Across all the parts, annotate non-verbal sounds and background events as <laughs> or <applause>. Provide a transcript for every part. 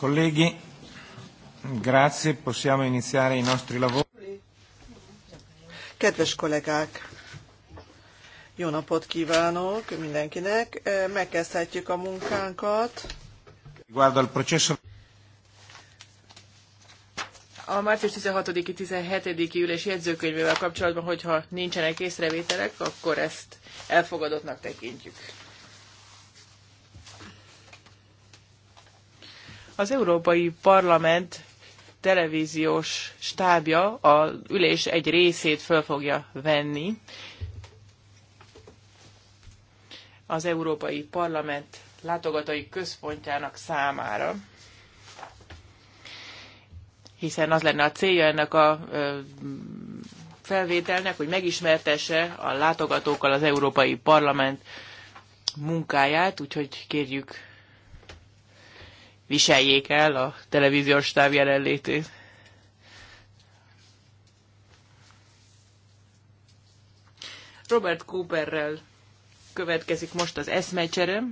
Colleghi, grazie, possiamo iniziare i nostri lavori. Kedves kollégák, jó napot kívánok mindenkinek. Eh, megkezdhetjük a munkánkat. Riguardo al processo a március 16-i 17 ülés jegyzőkönyvével kapcsolatban, hogyha nincsenek észrevételek, akkor ezt elfogadottnak tekintjük. Az Európai Parlament televíziós stábja a ülés egy részét föl fogja venni. Az Európai Parlament látogatói központjának számára hiszen az lenne a célja ennek a felvételnek, hogy megismertesse a látogatókkal az Európai Parlament munkáját, úgyhogy kérjük viseljék el a televíziós stáb jelenlétét. Robert Cooperrel következik most az eszmecsere.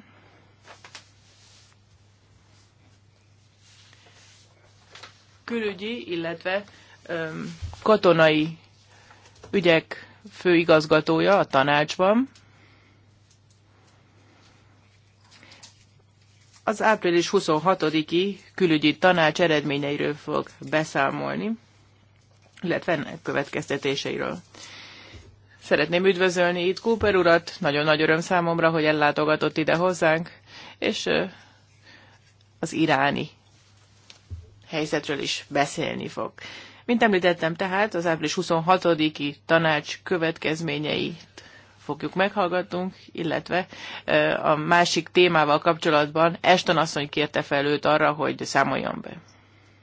Külügyi, illetve öm, katonai ügyek főigazgatója a tanácsban. az április 26-i külügyi tanács eredményeiről fog beszámolni, illetve ennek következtetéseiről. Szeretném üdvözölni itt Cooper urat, nagyon nagy öröm számomra, hogy ellátogatott ide hozzánk, és az iráni helyzetről is beszélni fog. Mint említettem tehát, az április 26-i tanács következményeit fogjuk meghallgatnunk, illetve a másik témával kapcsolatban Eston asszony kérte fel őt arra, hogy számoljon be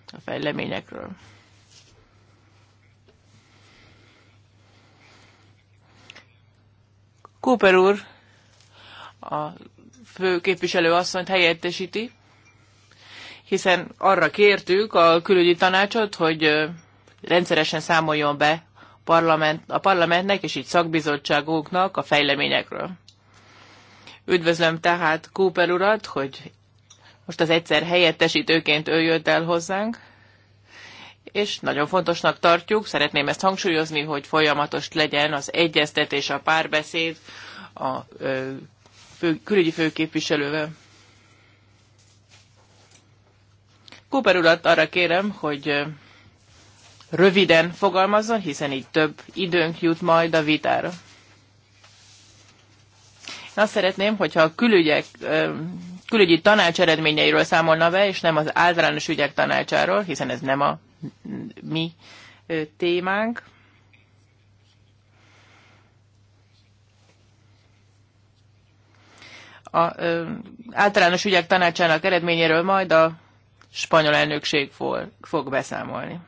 a fejleményekről. Cooper úr a főképviselő asszonyt helyettesíti, hiszen arra kértük a külügyi tanácsot, hogy rendszeresen számoljon be parlament, a parlamentnek és így szakbizottságoknak a fejleményekről. Üdvözlöm tehát Cooper urat, hogy most az egyszer helyettesítőként ő jött el hozzánk, és nagyon fontosnak tartjuk, szeretném ezt hangsúlyozni, hogy folyamatos legyen az egyeztetés, a párbeszéd a ö, fő, külügyi főképviselővel. Cooper urat arra kérem, hogy röviden fogalmazzon, hiszen így több időnk jut majd a vitára. Én azt szeretném, hogyha a külügyek, külügyi tanács eredményeiről számolna be, és nem az általános ügyek tanácsáról, hiszen ez nem a mi témánk. A ö, általános ügyek tanácsának eredményéről majd a spanyol elnökség fog, fog beszámolni.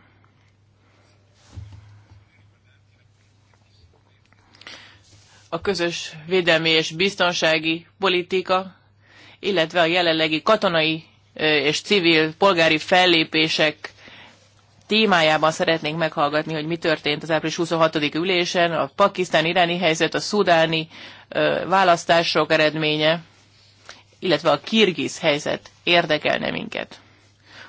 a közös védelmi és biztonsági politika, illetve a jelenlegi katonai és civil polgári fellépések témájában szeretnénk meghallgatni, hogy mi történt az április 26. ülésen, a pakisztán-iráni helyzet, a szudáni választások eredménye, illetve a kirgiz helyzet érdekelne minket.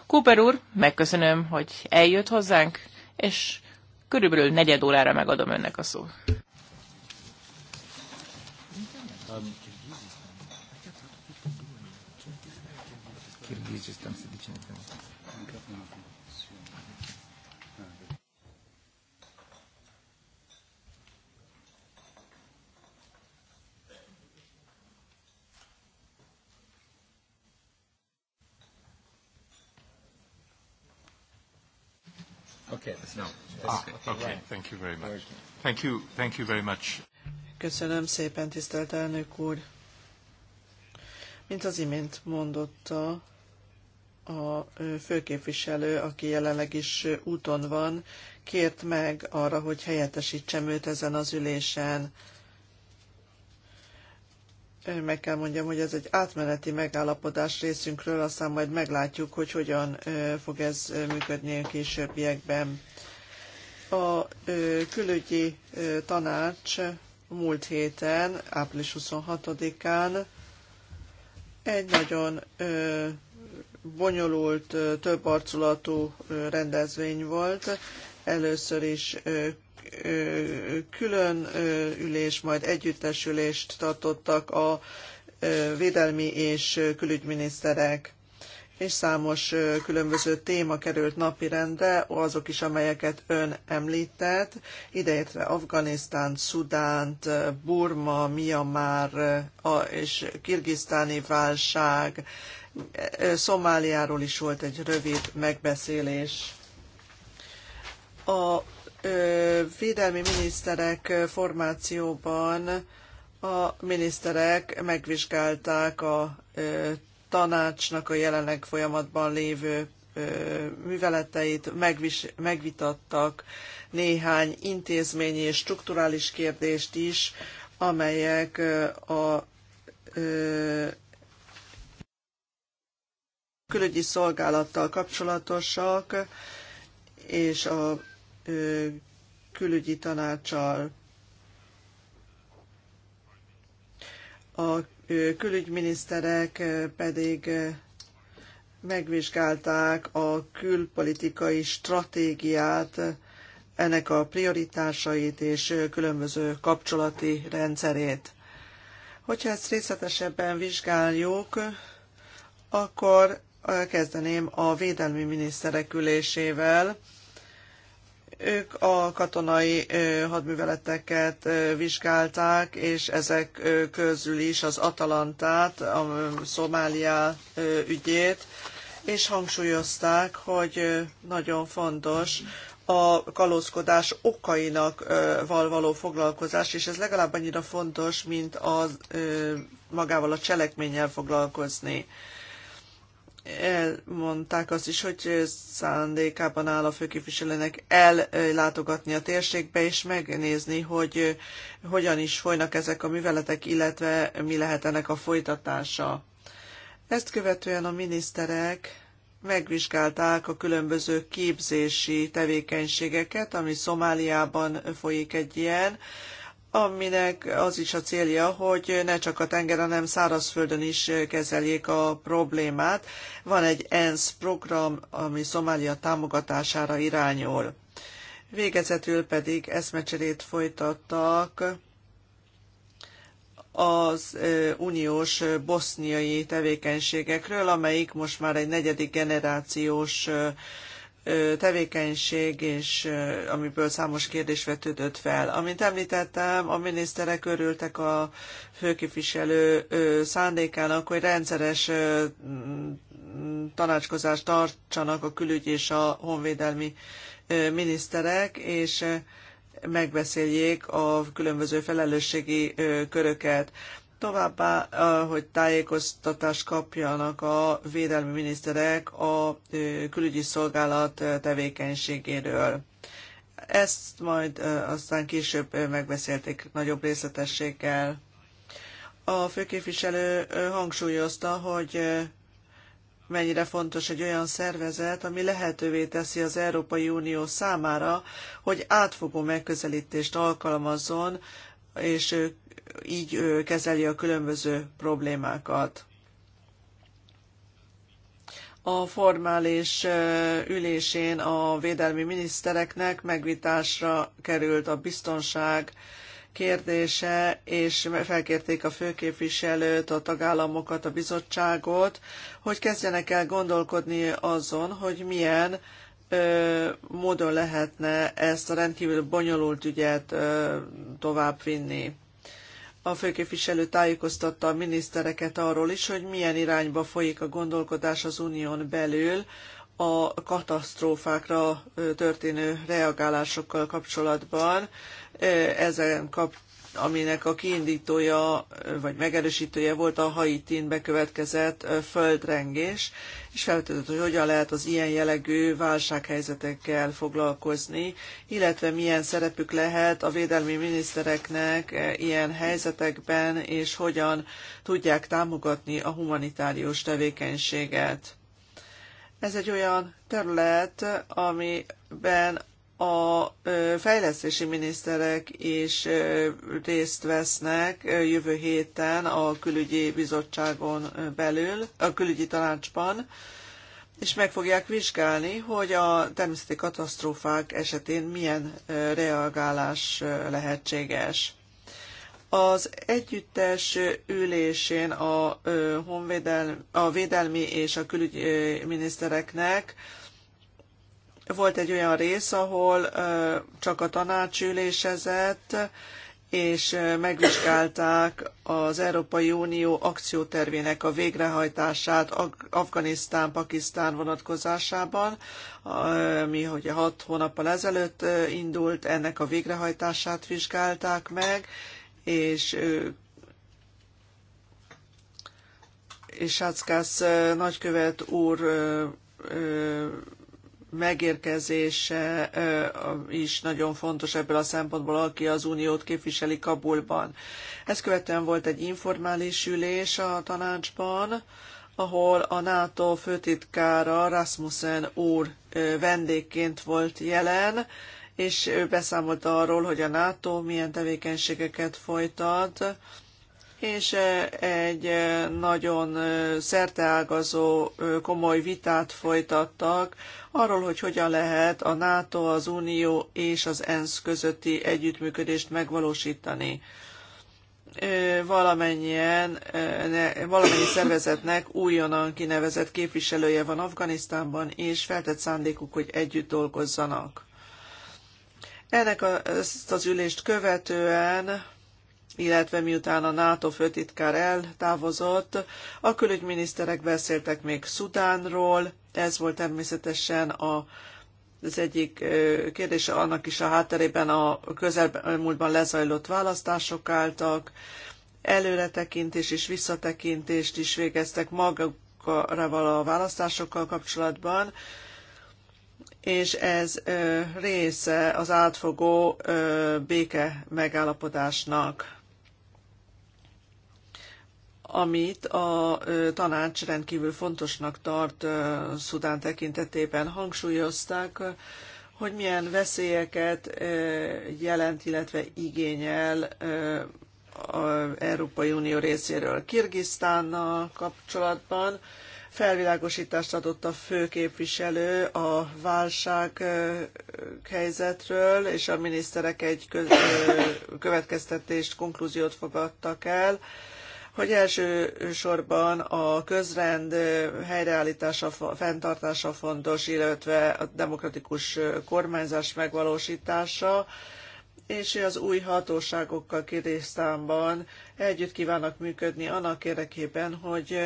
Cooper úr, megköszönöm, hogy eljött hozzánk, és körülbelül negyed órára megadom önnek a szót. 10 stanno 16 Köszönöm szépen, tisztelt elnök úr. Mint az imént mondotta, a főképviselő, aki jelenleg is úton van, kért meg arra, hogy helyettesítsem őt ezen az ülésen. Meg kell mondjam, hogy ez egy átmeneti megállapodás részünkről, aztán majd meglátjuk, hogy hogyan fog ez működni a későbbiekben. A külügyi tanács múlt héten, április 26-án egy nagyon bonyolult, több arculatú rendezvény volt. Először is külön ülés, majd együttesülést tartottak a védelmi és külügyminiszterek és számos különböző téma került napirendre, azok is, amelyeket ön említett, ideértve Afganisztánt, Szudánt, Burma, Myanmar és kirgisztáni válság, Szomáliáról is volt egy rövid megbeszélés. A védelmi miniszterek formációban a miniszterek megvizsgálták a tanácsnak a jelenleg folyamatban lévő műveleteit, megvis, megvitattak néhány intézményi és strukturális kérdést is, amelyek a külügyi szolgálattal kapcsolatosak, és a külügyi tanácsal. A külügyminiszterek pedig megvizsgálták a külpolitikai stratégiát, ennek a prioritásait és különböző kapcsolati rendszerét. Hogyha ezt részletesebben vizsgáljuk, akkor kezdeném a védelmi miniszterek ülésével. Ők a katonai hadműveleteket vizsgálták, és ezek közül is az Atalantát, a Szomáliá ügyét, és hangsúlyozták, hogy nagyon fontos a kalózkodás okainak való foglalkozás, és ez legalább annyira fontos, mint az magával a cselekménnyel foglalkozni elmondták azt is, hogy szándékában áll a főképviselőnek ellátogatni a térségbe, és megnézni, hogy hogyan is folynak ezek a műveletek, illetve mi lehet ennek a folytatása. Ezt követően a miniszterek megvizsgálták a különböző képzési tevékenységeket, ami Szomáliában folyik egy ilyen, aminek az is a célja, hogy ne csak a tengeren, hanem szárazföldön is kezeljék a problémát. Van egy ENSZ program, ami Szomália támogatására irányul. Végezetül pedig eszmecserét folytattak az uniós boszniai tevékenységekről, amelyik most már egy negyedik generációs tevékenység, és amiből számos kérdés vetődött fel. Amint említettem, a miniszterek örültek a főképviselő szándékának, hogy rendszeres tanácskozást tartsanak a külügy és a honvédelmi miniszterek, és megbeszéljék a különböző felelősségi köröket. Továbbá, eh, hogy tájékoztatást kapjanak a védelmi miniszterek a eh, külügyi szolgálat eh, tevékenységéről. Ezt majd aztán később megbeszélték nagyobb részletességgel. A főképviselő hangsúlyozta, hogy mennyire fontos egy olyan szervezet, ami lehetővé teszi az Európai Unió számára, hogy átfogó megközelítést alkalmazzon és ő így ő kezeli a különböző problémákat. A formális ülésén a védelmi minisztereknek megvitásra került a biztonság kérdése, és felkérték a főképviselőt, a tagállamokat, a bizottságot, hogy kezdjenek el gondolkodni azon, hogy milyen módon lehetne ezt a rendkívül bonyolult ügyet továbbvinni. A főképviselő tájékoztatta a minisztereket arról is, hogy milyen irányba folyik a gondolkodás az unión belül a katasztrófákra történő reagálásokkal kapcsolatban. Ezen kap aminek a kiindítója vagy megerősítője volt a Haitin bekövetkezett földrengés, és feltétlenül, hogy hogyan lehet az ilyen jellegű válsághelyzetekkel foglalkozni, illetve milyen szerepük lehet a védelmi minisztereknek ilyen helyzetekben, és hogyan tudják támogatni a humanitárius tevékenységet. Ez egy olyan terület, amiben a fejlesztési miniszterek is részt vesznek jövő héten a külügyi bizottságon belül, a külügyi tanácsban, és meg fogják vizsgálni, hogy a természeti katasztrófák esetén milyen reagálás lehetséges. Az együttes ülésén a, honvédelmi, a védelmi és a külügyi minisztereknek volt egy olyan rész, ahol csak a tanács ülésezett, és megvizsgálták az Európai Unió akciótervének a végrehajtását Afganisztán, Pakisztán vonatkozásában, ami hogy hat hónappal ezelőtt indult, ennek a végrehajtását vizsgálták meg, és és Sáckász nagykövet úr megérkezése is nagyon fontos ebből a szempontból, aki az uniót képviseli Kabulban. Ezt követően volt egy informális ülés a tanácsban, ahol a NATO főtitkára Rasmussen úr vendégként volt jelen, és ő beszámolt arról, hogy a NATO milyen tevékenységeket folytat, és eh, egy eh, nagyon eh, szerteágazó komoly vitát folytattak arról, hogy hogyan lehet a NATO, az Unió és az ENSZ közötti együttműködést megvalósítani. Valamennyien, valamennyi szervezetnek újonnan kinevezett képviselője van Afganisztánban, és feltett szándékuk, hogy együtt dolgozzanak. Ennek a, ezt az ülést követően illetve miután a NATO főtitkár eltávozott, a külügyminiszterek beszéltek még Szudánról, ez volt természetesen a az egyik kérdése annak is a hátterében a közelmúltban lezajlott választások álltak, előretekintést és visszatekintést is végeztek magukra a választásokkal kapcsolatban, és ez része az átfogó béke megállapodásnak amit a tanács rendkívül fontosnak tart Szudán tekintetében. Hangsúlyozták, hogy milyen veszélyeket jelent, illetve igényel az Európai Unió részéről Kirgisztánnal kapcsolatban. Felvilágosítást adott a főképviselő a válság helyzetről, és a miniszterek egy következtetést, konklúziót fogadtak el hogy első sorban a közrend helyreállítása, fenntartása fontos, illetve a demokratikus kormányzás megvalósítása, és az új hatóságokkal kérdés együtt kívánnak működni annak érdekében, hogy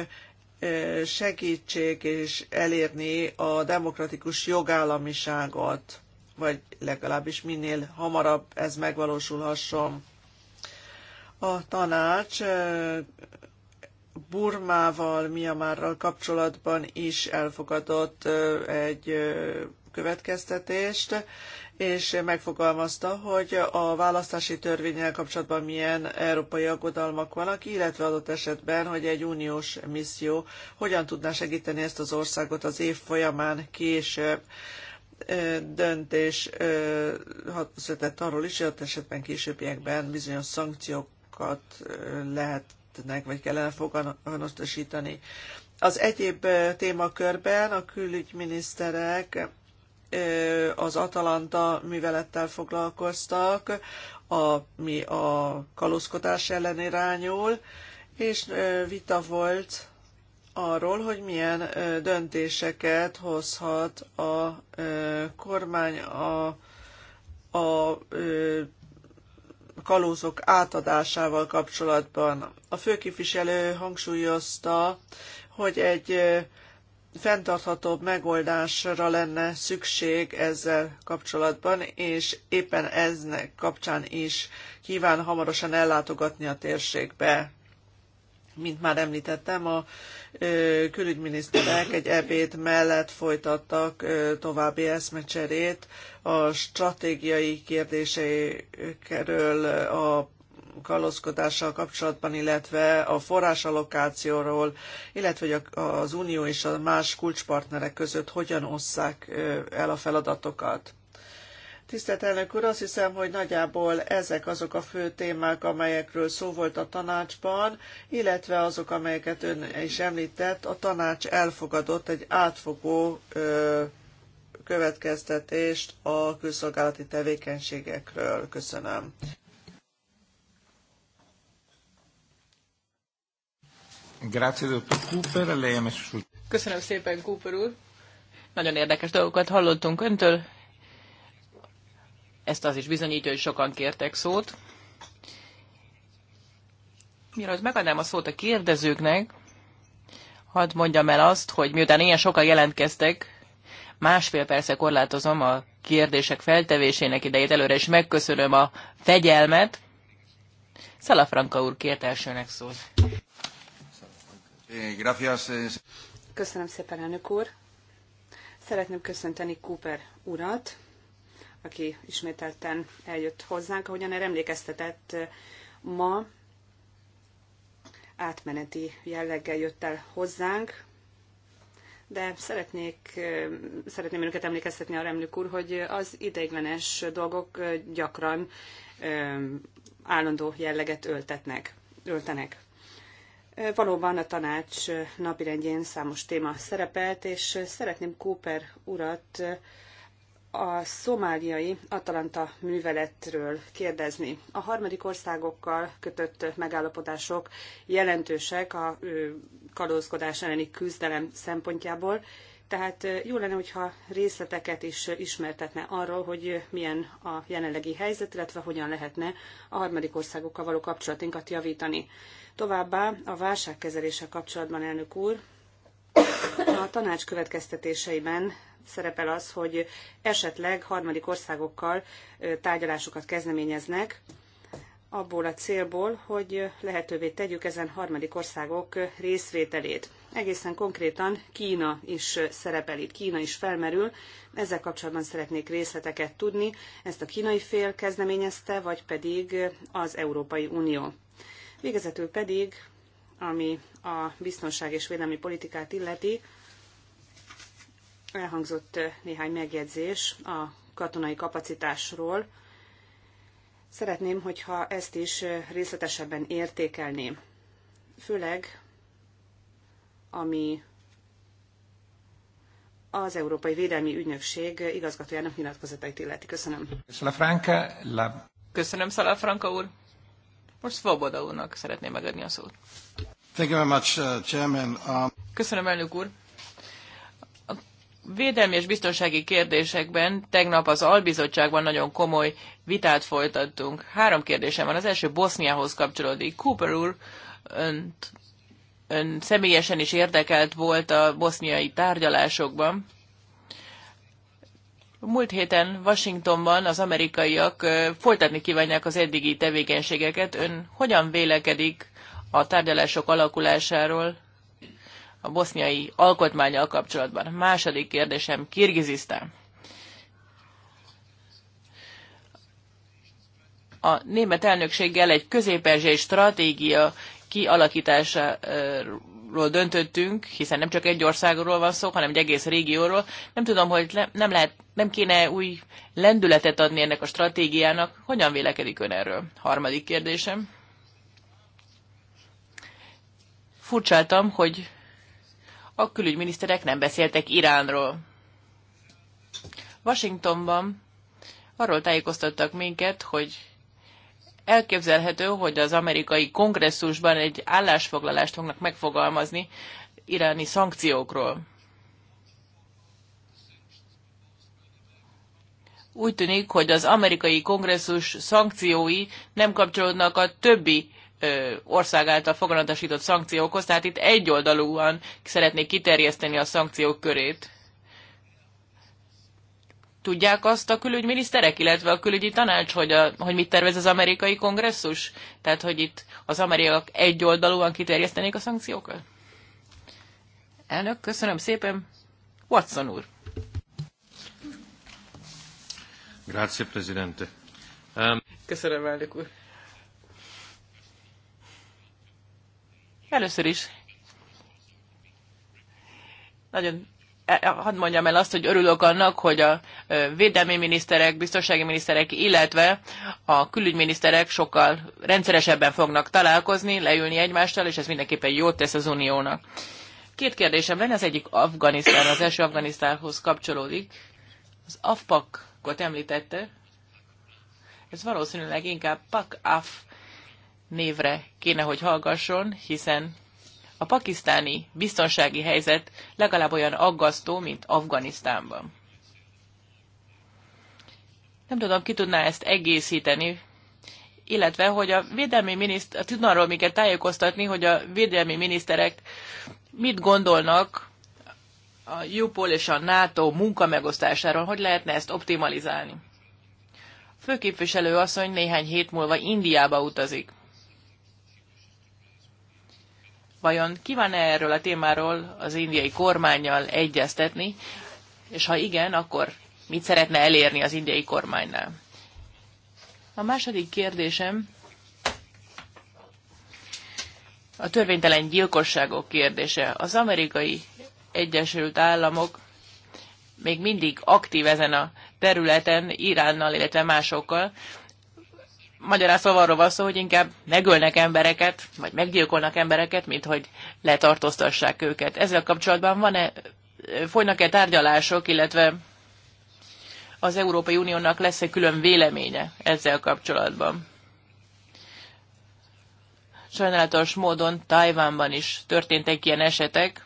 segítsék és elérni a demokratikus jogállamiságot, vagy legalábbis minél hamarabb ez megvalósulhasson. A tanács Burmával, Miamárral kapcsolatban is elfogadott egy következtetést, és megfogalmazta, hogy a választási törvényel kapcsolatban milyen európai aggodalmak vannak, illetve adott esetben, hogy egy uniós misszió hogyan tudná segíteni ezt az országot az év folyamán később döntés született arról is, hogy ott esetben későbbiekben bizonyos szankciók dolgokat lehetnek, vagy kellene foganosítani. Az egyéb témakörben a külügyminiszterek az Atalanta művelettel foglalkoztak, ami a kalózkodás ellen irányul, és vita volt arról, hogy milyen döntéseket hozhat a kormány a, a kalózok átadásával kapcsolatban. A főképviselő hangsúlyozta, hogy egy fenntarthatóbb megoldásra lenne szükség ezzel kapcsolatban, és éppen eznek kapcsán is kíván hamarosan ellátogatni a térségbe. Mint már említettem, a külügyminiszterek egy ebéd mellett folytattak további eszmecserét a stratégiai kérdésekről a kalózkodással kapcsolatban, illetve a forrásallokációról, illetve hogy az Unió és a más kulcspartnerek között hogyan osszák el a feladatokat. Tisztelt elnök úr, azt hiszem, hogy nagyjából ezek azok a fő témák, amelyekről szó volt a tanácsban, illetve azok, amelyeket ön is említett. A tanács elfogadott egy átfogó ö, következtetést a külszolgálati tevékenységekről. Köszönöm. Köszönöm szépen, Cooper úr. Nagyon érdekes dolgokat hallottunk öntől, ezt az is bizonyítja, hogy sokan kértek szót. Mielőtt megadnám a szót a kérdezőknek, hadd mondjam el azt, hogy miután ilyen sokan jelentkeztek, másfél perce korlátozom a kérdések feltevésének idejét. Előre és megköszönöm a fegyelmet. Franka úr kért elsőnek szót. Eh, eh. Köszönöm szépen, elnök úr. Szeretném köszönteni Cooper urat aki ismételten eljött hozzánk, ahogyan erre emlékeztetett eh, ma átmeneti jelleggel jött el hozzánk, de szeretnék, eh, szeretném önöket emlékeztetni a Remlük úr, hogy az ideiglenes dolgok eh, gyakran állandó jelleget öltetnek, öltenek. Valóban a tanács napirendjén számos téma szerepelt, és szeretném Cooper urat a szomáliai Atalanta műveletről kérdezni. A harmadik országokkal kötött megállapodások jelentősek a kalózkodás elleni küzdelem szempontjából, tehát jó lenne, hogyha részleteket is ismertetne arról, hogy milyen a jelenlegi helyzet, illetve hogyan lehetne a harmadik országokkal való kapcsolatinkat javítani. Továbbá a válságkezelése kapcsolatban, elnök úr, a tanács következtetéseiben szerepel az, hogy esetleg harmadik országokkal tárgyalásokat kezdeményeznek, abból a célból, hogy lehetővé tegyük ezen harmadik országok részvételét. Egészen konkrétan Kína is szerepel itt, Kína is felmerül. Ezzel kapcsolatban szeretnék részleteket tudni. Ezt a kínai fél kezdeményezte, vagy pedig az Európai Unió. Végezetül pedig ami a biztonság és védelmi politikát illeti, elhangzott eh, néhány megjegyzés a katonai kapacitásról. Szeretném, hogyha ezt is eh, részletesebben értékelném. Főleg, ami az Európai Védelmi Ügynökség igazgatójának nyilatkozatait illeti. Köszönöm. Köszönöm, Szalafranka úr. Most Svoboda úrnak szeretném megadni a szót. Thank you very much, uh, Chairman. Um... Köszönöm, elnök úr. A védelmi és biztonsági kérdésekben tegnap az albizottságban nagyon komoly vitát folytattunk. Három kérdésem van. Az első Boszniához kapcsolódik. Cooper úr, önt, ön személyesen is érdekelt volt a boszniai tárgyalásokban. Múlt héten Washingtonban az amerikaiak folytatni kívánják az eddigi tevékenységeket. Ön hogyan vélekedik a tárgyalások alakulásáról a boszniai alkotmányjal kapcsolatban? Második kérdésem, Kirgizisztán. a német elnökséggel egy közép stratégia kialakításáról döntöttünk, hiszen nem csak egy országról van szó, hanem egy egész régióról. Nem tudom, hogy le, nem, lehet, nem kéne új lendületet adni ennek a stratégiának. Hogyan vélekedik ön erről? Harmadik kérdésem. Furcsáltam, hogy a külügyminiszterek nem beszéltek Iránról. Washingtonban arról tájékoztattak minket, hogy elképzelhető, hogy az amerikai kongresszusban egy állásfoglalást fognak megfogalmazni iráni szankciókról. Úgy tűnik, hogy az amerikai kongresszus szankciói nem kapcsolódnak a többi ország által foganatosított szankciókhoz, tehát itt egyoldalúan szeretnék kiterjeszteni a szankciók körét tudják azt a külügyminiszterek, illetve a külügyi tanács, hogy, a, hogy mit tervez az amerikai kongresszus? Tehát, hogy itt az amerikak egyoldalúan kiterjesztenék a szankciókat? Elnök, köszönöm szépen. Watson úr. Grazie, Presidente. Um... Köszönöm, elnök úr. Először is nagyon E, hadd mondjam el azt, hogy örülök annak, hogy a e, védelmi miniszterek, biztonsági miniszterek, illetve a külügyminiszterek sokkal rendszeresebben fognak találkozni, leülni egymással, és ez mindenképpen jót tesz az uniónak. Két kérdésem lenne, az egyik Afganisztán, az első Afganisztánhoz kapcsolódik. Az AFPAK-ot említette, ez valószínűleg inkább PAK-AF névre kéne, hogy hallgasson, hiszen a pakisztáni biztonsági helyzet legalább olyan aggasztó, mint Afganisztánban. Nem tudom, ki tudná ezt egészíteni, illetve hogy a védelmi miniszter, tudna arról minket tájékoztatni, hogy a védelmi miniszterek mit gondolnak a UPOL és a NATO munkamegosztásáról, hogy lehetne ezt optimalizálni. főképviselő asszony néhány hét múlva Indiába utazik vajon kíván-e erről a témáról az indiai kormányjal egyeztetni, és ha igen, akkor mit szeretne elérni az indiai kormánynál? A második kérdésem a törvénytelen gyilkosságok kérdése. Az amerikai Egyesült Államok még mindig aktív ezen a területen Iránnal, illetve másokkal magyarán szóval arról van szó, hogy inkább megölnek embereket, vagy meggyilkolnak embereket, mint hogy letartóztassák őket. Ezzel kapcsolatban van-e, folynak-e tárgyalások, illetve az Európai Uniónak lesz-e külön véleménye ezzel kapcsolatban? Sajnálatos módon Tajvánban is történtek ilyen esetek.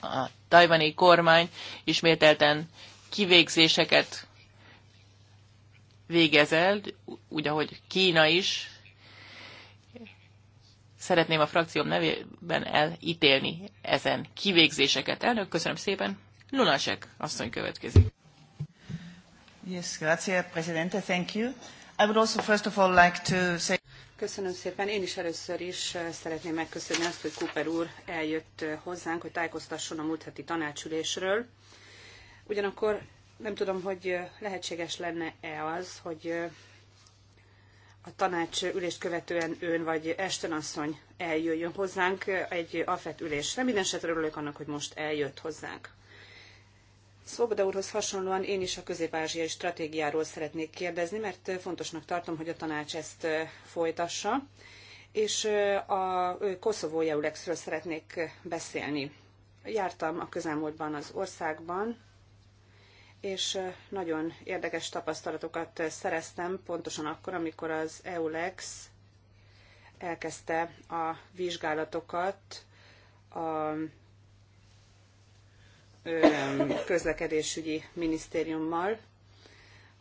A tajvani kormány ismételten kivégzéseket végezel, úgy ahogy Kína is. Szeretném a frakcióm nevében elítélni ezen kivégzéseket. Elnök, köszönöm szépen. Lunasek asszony következik. Yes, grazie, Presidente. Thank you. I would also first of all like to say... Köszönöm szépen. Én is először is eh, szeretném megköszönni azt, hogy Cooper úr eljött eh, hozzánk, hogy tájékoztasson a múlt heti tanácsülésről. Ugyanakkor nem tudom, hogy lehetséges lenne-e az, hogy a tanács ülést követően ön vagy Esten asszony eljöjjön hozzánk egy afet ülésre. Minden esetre örülök annak, hogy most eljött hozzánk. Szóboda úrhoz hasonlóan én is a közép-ázsiai stratégiáról szeretnék kérdezni, mert fontosnak tartom, hogy a tanács ezt folytassa, és a koszovói eulexről szeretnék beszélni. Jártam a közelmúltban az országban, és nagyon érdekes tapasztalatokat szereztem pontosan akkor, amikor az EULEX elkezdte a vizsgálatokat a közlekedésügyi minisztériummal,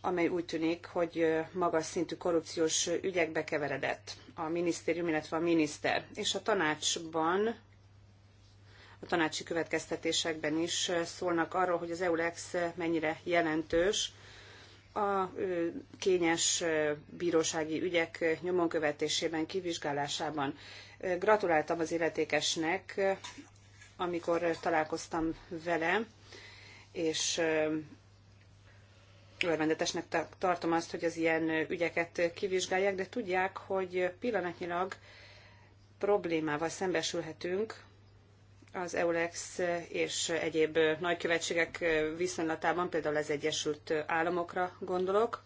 amely úgy tűnik, hogy magas szintű korrupciós ügyekbe keveredett a minisztérium, illetve a miniszter. És a tanácsban a tanácsi következtetésekben is szólnak arról, hogy az EULEX mennyire jelentős a kényes bírósági ügyek nyomon követésében, kivizsgálásában. Gratuláltam az illetékesnek, amikor találkoztam vele, és örvendetesnek tartom azt, hogy az ilyen ügyeket kivizsgálják, de tudják, hogy pillanatnyilag problémával szembesülhetünk, az EULEX és egyéb nagykövetségek viszonylatában, például az Egyesült Államokra gondolok.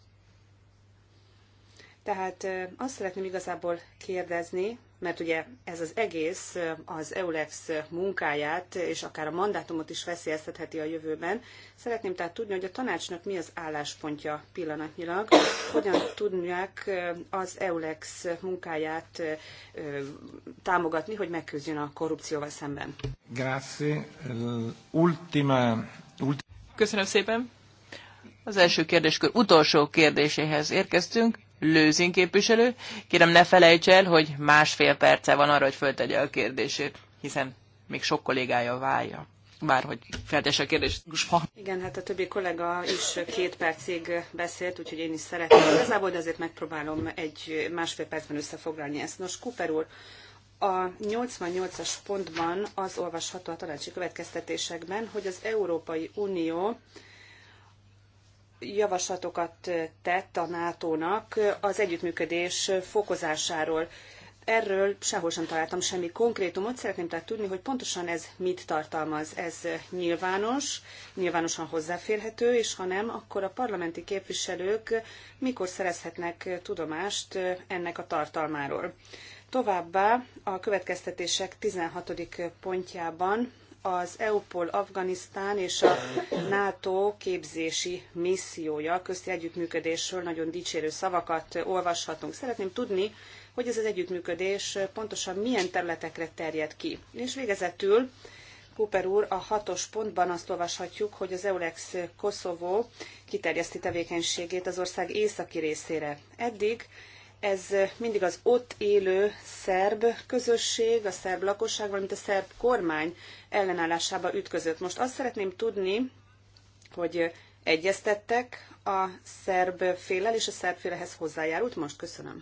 Tehát azt szeretném igazából kérdezni, mert ugye ez az egész az EULEX munkáját és akár a mandátumot is veszélyeztetheti a jövőben. Szeretném tehát tudni, hogy a tanácsnak mi az álláspontja pillanatnyilag, hogyan tudják az EULEX munkáját támogatni, hogy megküzdjön a korrupcióval szemben. Grazie. Ultima, ulti... Köszönöm szépen. Az első kérdéskör utolsó kérdéséhez érkeztünk. Lőzin képviselő. Kérem, ne felejts el, hogy másfél perce van arra, hogy föltegye a kérdését, hiszen még sok kollégája válja. Bár, hogy feltesse a kérdést. Igen, hát a többi kollega is két percig beszélt, úgyhogy én is szeretném igazából, de azért megpróbálom egy másfél percben összefoglalni ezt. Nos, Cooper úr, a 88-as pontban az olvasható a tanácsi következtetésekben, hogy az Európai Unió javaslatokat tett a NATO-nak az együttműködés fokozásáról. Erről sehol sem találtam semmi konkrétumot, szeretném tehát tudni, hogy pontosan ez mit tartalmaz. Ez nyilvános, nyilvánosan hozzáférhető, és ha nem, akkor a parlamenti képviselők mikor szerezhetnek tudomást ennek a tartalmáról. Továbbá a következtetések 16. pontjában az EUPOL Afganisztán és a NATO képzési missziója közti együttműködésről nagyon dicsérő szavakat olvashatunk. Szeretném tudni, hogy ez az együttműködés pontosan milyen területekre terjed ki. És végezetül Cooper úr, a hatos pontban azt olvashatjuk, hogy az Eulex Koszovó kiterjeszti tevékenységét az ország északi részére. Eddig ez mindig az ott élő szerb közösség, a szerb lakosság, valamint a szerb kormány ellenállásába ütközött. Most azt szeretném tudni, hogy egyeztettek a szerb félel, és a szerb félehez hozzájárult most? Köszönöm.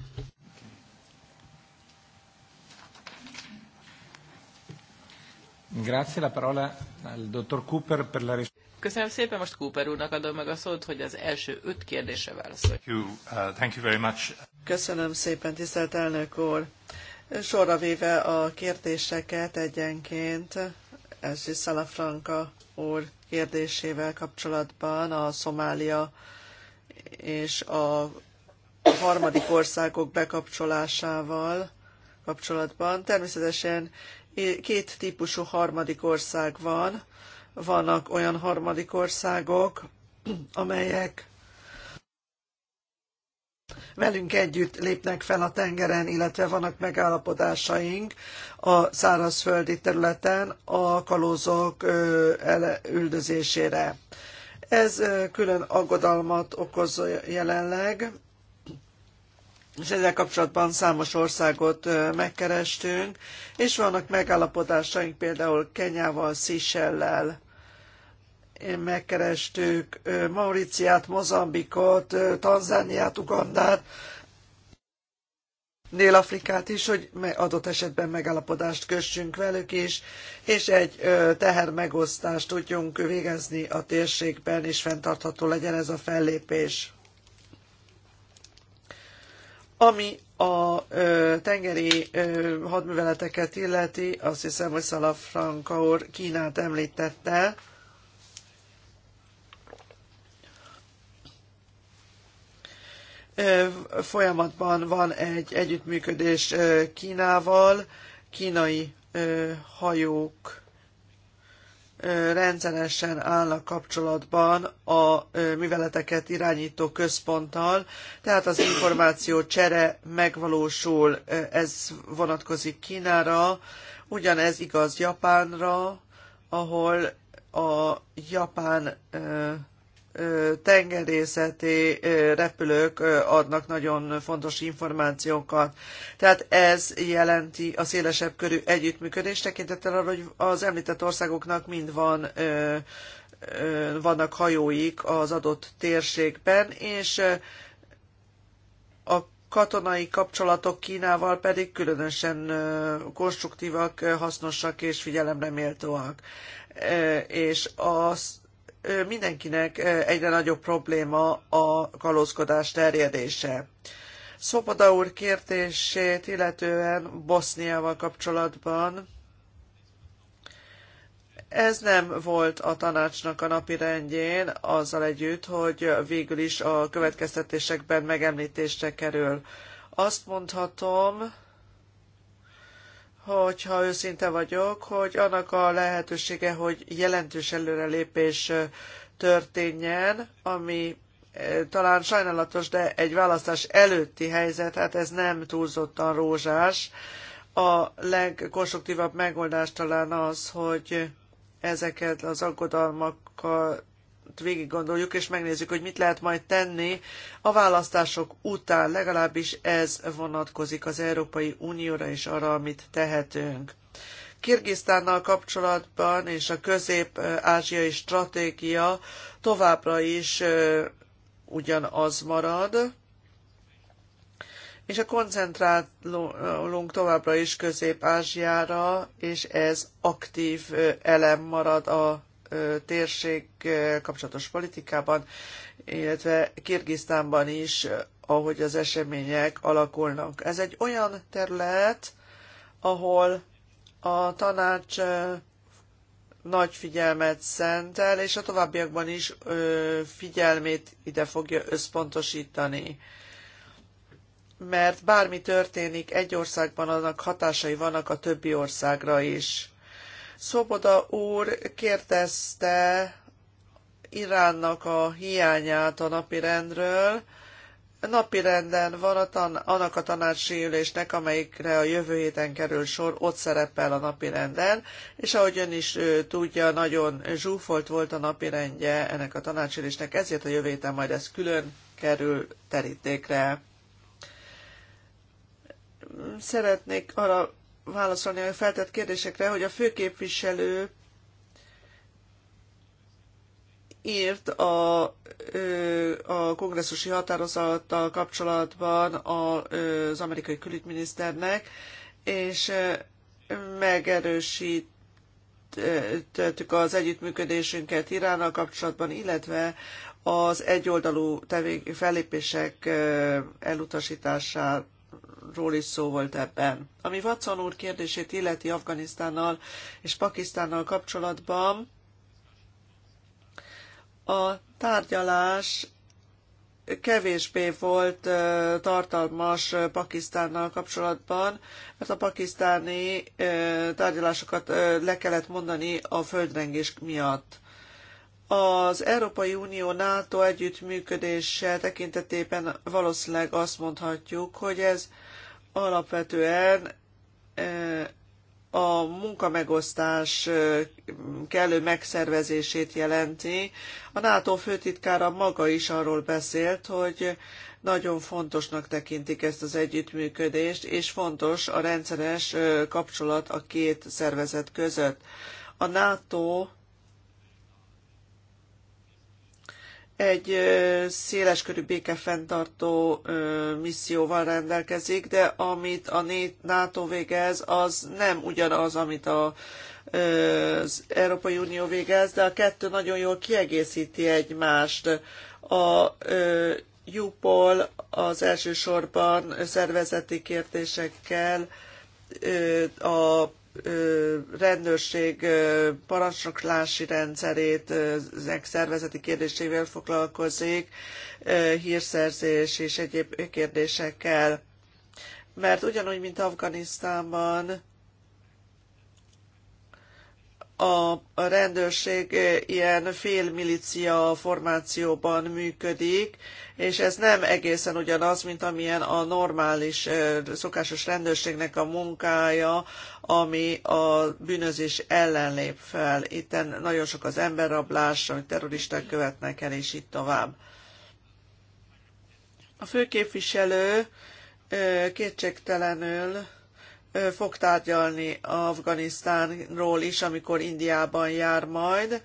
Grazie la parola al dottor Cooper per la Köszönöm szépen, most Cooper úrnak adom meg a szót, hogy az első öt kérdésre válaszolj. Thank you, uh, thank you very much. Köszönöm szépen, tisztelt elnök úr. Sorra véve a kérdéseket egyenként első Salafranca úr kérdésével kapcsolatban a Szomália és a harmadik országok bekapcsolásával kapcsolatban. Természetesen két típusú harmadik ország van. Vannak olyan harmadik országok, amelyek velünk együtt lépnek fel a tengeren, illetve vannak megállapodásaink a szárazföldi területen a kalózok üldözésére. Ez külön aggodalmat okoz jelenleg, és ezzel kapcsolatban számos országot megkerestünk, és vannak megállapodásaink például Kenyával, Szisellel megkerestük Mauriciát, Mozambikot, Tanzániát, Ugandát, Dél-Afrikát is, hogy adott esetben megállapodást kössünk velük is, és egy tehermegosztást tudjunk végezni a térségben, és fenntartható legyen ez a fellépés. Ami a ö, tengeri ö, hadműveleteket illeti, azt hiszem, hogy Szalafranka úr Kínát említette, Folyamatban van egy együttműködés Kínával, kínai hajók rendszeresen állnak kapcsolatban a műveleteket irányító központtal, tehát az információ csere megvalósul, ez vonatkozik Kínára, ugyanez igaz Japánra, ahol a japán tengerészeti repülők adnak nagyon fontos információkat. Tehát ez jelenti a szélesebb körű együttműködést, tekintettel arra, hogy az említett országoknak mind van vannak hajóik az adott térségben, és a katonai kapcsolatok Kínával pedig különösen konstruktívak, hasznosak és figyelemre méltóak. És az mindenkinek egyre nagyobb probléma a kalózkodás terjedése. Szoboda úr kérdését illetően Boszniával kapcsolatban ez nem volt a tanácsnak a napi rendjén, azzal együtt, hogy végül is a következtetésekben megemlítésre kerül. Azt mondhatom, hogyha őszinte vagyok, hogy annak a lehetősége, hogy jelentős előrelépés történjen, ami talán sajnálatos, de egy választás előtti helyzet, hát ez nem túlzottan rózsás. A legkonstruktívabb megoldás talán az, hogy ezeket az aggodalmakat végig gondoljuk, és megnézzük, hogy mit lehet majd tenni a választások után, legalábbis ez vonatkozik az Európai Unióra és arra, amit tehetünk. Kirgisztánnal kapcsolatban és a közép-ázsiai stratégia továbbra is ugyanaz marad, és a koncentrálunk továbbra is Közép-Ázsiára, és ez aktív elem marad a térség kapcsolatos politikában, illetve Kirgisztánban is, ahogy az események alakulnak. Ez egy olyan terület, ahol a tanács nagy figyelmet szentel, és a továbbiakban is figyelmét ide fogja összpontosítani mert bármi történik egy országban, annak hatásai vannak a többi országra is. Szoboda úr kérdezte Iránnak a hiányát a napirendről. Napirenden van a tan- annak a tanácsi ülésnek, amelyikre a jövő héten kerül sor, ott szerepel a napirenden, és ahogy ön is ő, tudja, nagyon zsúfolt volt a napirendje ennek a ülésnek, ezért a jövő héten majd ez külön kerül terítékre. Szeretnék arra válaszolni a feltett kérdésekre, hogy a főképviselő írt a, a kongresszusi határozattal kapcsolatban az amerikai külügyminiszternek, és megerősítettük az együttműködésünket Iránnal kapcsolatban, illetve az egyoldalú tevé- fellépések elutasítását ról is szó volt ebben. Ami Watson úr kérdését illeti Afganisztánnal és Pakisztánnal kapcsolatban, a tárgyalás kevésbé volt tartalmas Pakisztánnal kapcsolatban, mert a pakisztáni tárgyalásokat le kellett mondani a földrengés miatt az Európai Unió NATO együttműködése tekintetében valószínűleg azt mondhatjuk, hogy ez alapvetően e, a munkamegosztás e, kellő megszervezését jelenti. A NATO főtitkára maga is arról beszélt, hogy nagyon fontosnak tekintik ezt az együttműködést, és fontos a rendszeres e, kapcsolat a két szervezet között. A NATO egy széleskörű békefenntartó misszióval rendelkezik, de amit a NATO végez, az nem ugyanaz, amit a, az Európai Unió végez, de a kettő nagyon jól kiegészíti egymást. A UPOL az elsősorban szervezeti kérdésekkel a rendőrség parancsnoklási rendszerét, ezek szervezeti kérdésével foglalkozik, hírszerzés és egyéb kérdésekkel. Mert ugyanúgy, mint Afganisztánban, a rendőrség eh, ilyen félmilícia formációban működik, és ez nem egészen ugyanaz, mint amilyen a normális, eh, szokásos rendőrségnek a munkája, ami a bűnözés ellen lép fel. Itt nagyon sok az emberrablás, amit terroristák követnek el, és így tovább. A főképviselő eh, kétségtelenül fog tárgyalni Afganisztánról is, amikor Indiában jár majd.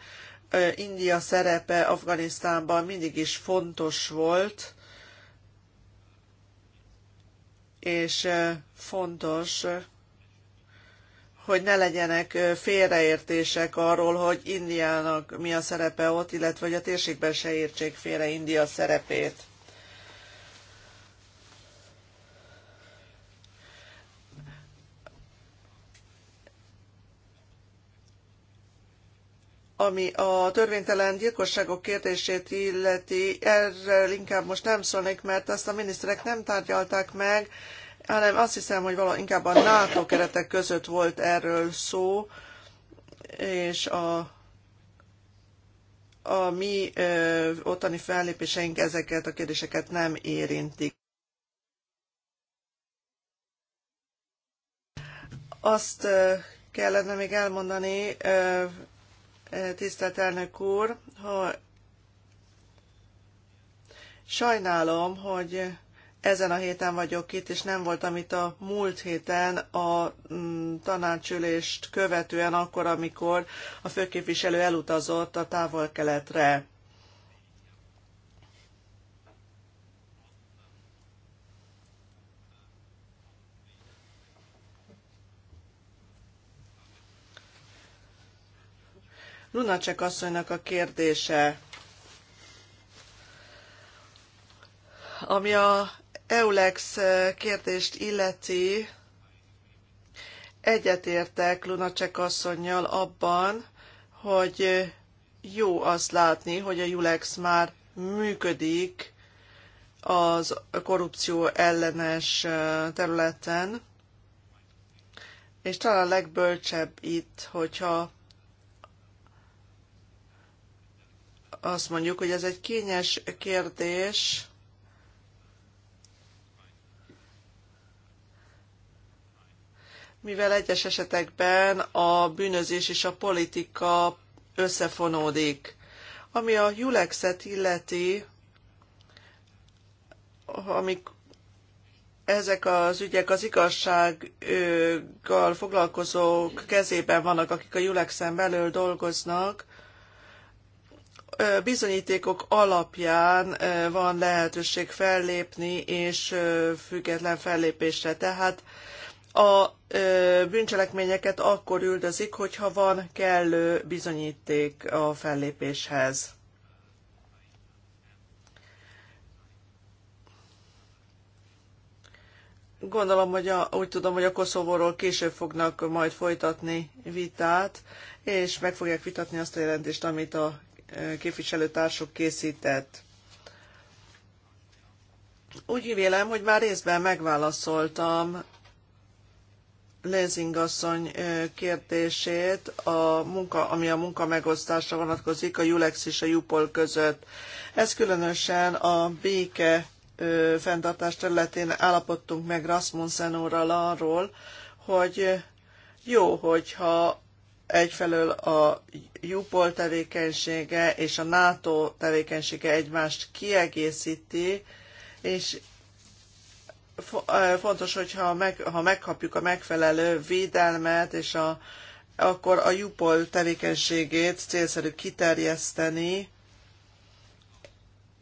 India szerepe Afganisztánban mindig is fontos volt, és fontos, hogy ne legyenek félreértések arról, hogy Indiának mi a szerepe ott, illetve hogy a térségben se értsék félre India szerepét. ami a törvénytelen gyilkosságok kérdését illeti, erről inkább most nem szólnék, mert ezt a miniszterek nem tárgyalták meg, hanem azt hiszem, hogy valahol inkább a NATO keretek között volt erről szó, és a, a mi ö, ottani fellépéseink ezeket a kérdéseket nem érintik. Azt ö, kellene még elmondani, ö, tisztelt elnök úr, hogy sajnálom, hogy ezen a héten vagyok itt, és nem voltam itt a múlt héten a mm, tanácsülést követően akkor, amikor a főképviselő elutazott a távol-keletre. Lunacek asszonynak a kérdése, ami a EULEX kérdést illeti, egyetértek Lunacek asszonynal abban, hogy jó azt látni, hogy a Julex már működik az korrupció ellenes területen, és talán legbölcsebb itt, hogyha azt mondjuk, hogy ez egy kényes kérdés, mivel egyes esetekben a bűnözés és a politika összefonódik. Ami a Julexet illeti, amik ezek az ügyek az igazsággal foglalkozók kezében vannak, akik a Julexen belül dolgoznak, bizonyítékok alapján van lehetőség fellépni és független fellépésre. Tehát a bűncselekményeket akkor üldözik, hogyha van kellő bizonyíték a fellépéshez. Gondolom, hogy a, úgy tudom, hogy a Koszovóról később fognak majd folytatni vitát, és meg fogják vitatni azt a jelentést, amit a képviselőtársuk készített. Úgy vélem, hogy már részben megválaszoltam Lézing asszony kérdését, a munka, ami a munka megosztásra vonatkozik a Julex és a Jupol között. Ez különösen a béke fenntartás területén állapodtunk meg Rasmussen úrral arról, hogy jó, hogyha egyfelől a UPOL tevékenysége és a NATO tevékenysége egymást kiegészíti, és fontos, hogyha meg, ha megkapjuk a megfelelő védelmet, és a, akkor a UPOL tevékenységét célszerű kiterjeszteni.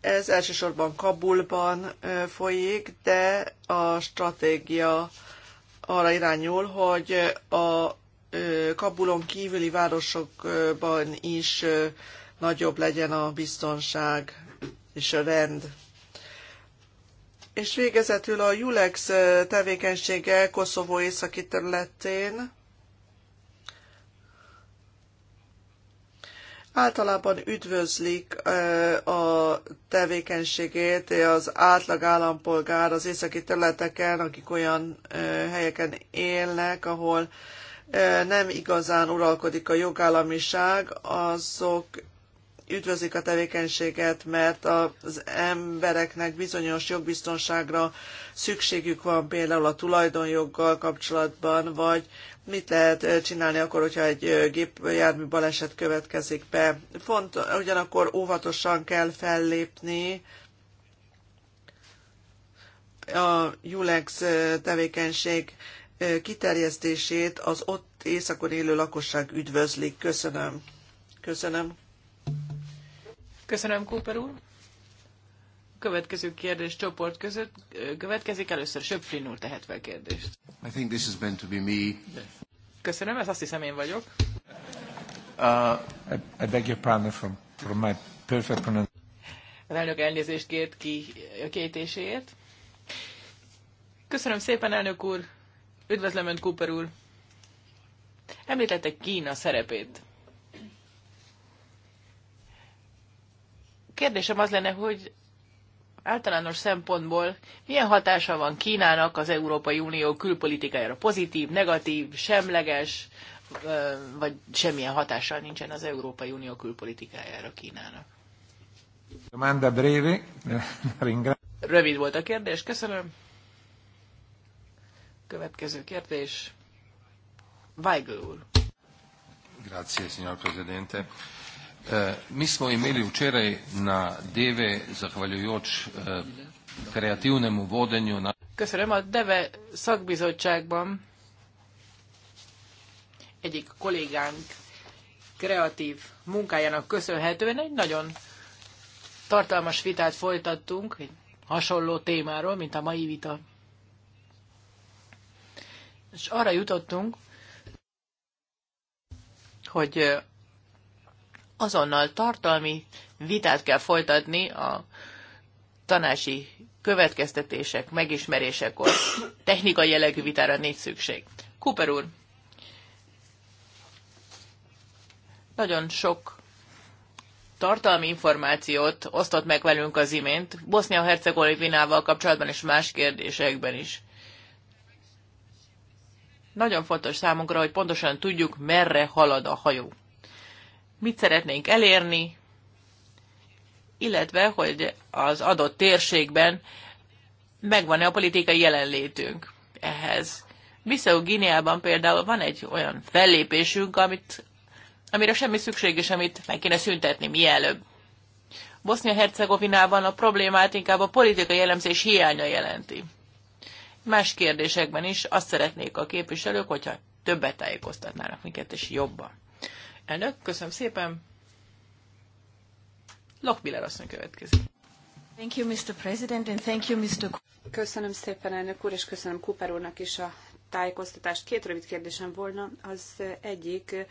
Ez elsősorban Kabulban folyik, de a stratégia arra irányul, hogy a Kabulon kívüli városokban is nagyobb legyen a biztonság és a rend. És végezetül a Julex tevékenysége Koszovó északi területén általában üdvözlik a tevékenységét az átlag állampolgár az északi területeken, akik olyan helyeken élnek, ahol nem igazán uralkodik a jogállamiság, azok üdvözlik a tevékenységet, mert az embereknek bizonyos jogbiztonságra szükségük van például a tulajdonjoggal kapcsolatban, vagy mit lehet csinálni akkor, hogyha egy gépjármű baleset következik be. Font, ugyanakkor óvatosan kell fellépni, a Julex tevékenység kiterjesztését az ott északon élő lakosság üdvözlik. Köszönöm. Köszönöm. Köszönöm, Cooper úr. Következő kérdés csoport között következik. Először Söpflin úr tehet fel kérdést. I think this is meant to be me. Köszönöm, ez azt hiszem én vagyok. Uh, I, beg your pardon from, from my perfect pronunciation. Az elnök elnézést kért ki a kétéséért. Köszönöm szépen, elnök úr. Üdvözlöm Önt, Cooper úr! Említette Kína szerepét. Kérdésem az lenne, hogy általános szempontból milyen hatása van Kínának az Európai Unió külpolitikájára? Pozitív, negatív, semleges, vagy semmilyen hatással nincsen az Európai Unió külpolitikájára Kínának? <laughs> Rövid volt a kérdés, köszönöm. Következő kérdés. Weigl úr. Grazie, signor Presidente. Eh, mi smo imeli včeraj na Deve, zahvaljujoč eh, kreativnemu vodenju na... Köszönöm, a Deve szakbizottságban egyik kollégánk kreatív munkájának köszönhetően egy nagyon tartalmas vitát folytattunk, egy hasonló témáról, mint a mai vita és arra jutottunk, hogy azonnal tartalmi vitát kell folytatni a tanási következtetések megismerésekor. Technikai jellegű vitára nincs szükség. Cooper úr, nagyon sok tartalmi információt osztott meg velünk az imént, Bosznia-Hercegovinával kapcsolatban és más kérdésekben is. Nagyon fontos számunkra, hogy pontosan tudjuk, merre halad a hajó. Mit szeretnénk elérni, illetve, hogy az adott térségben megvan-e a politikai jelenlétünk ehhez. Viszont Guineában például van egy olyan fellépésünk, amit, amire semmi szükség, és amit meg kéne szüntetni mielőbb. Bosznia-Hercegovinában a problémát inkább a politikai jellemzés hiánya jelenti más kérdésekben is azt szeretnék a képviselők, hogyha többet tájékoztatnának minket, és jobban. Elnök, köszönöm szépen. Lochbiller asszony következik. Thank you, Mr. President, and thank you, Mr. Köszönöm szépen, elnök úr, és köszönöm Cooper úrnak is a tájékoztatást. Két rövid kérdésem volna. Az egyik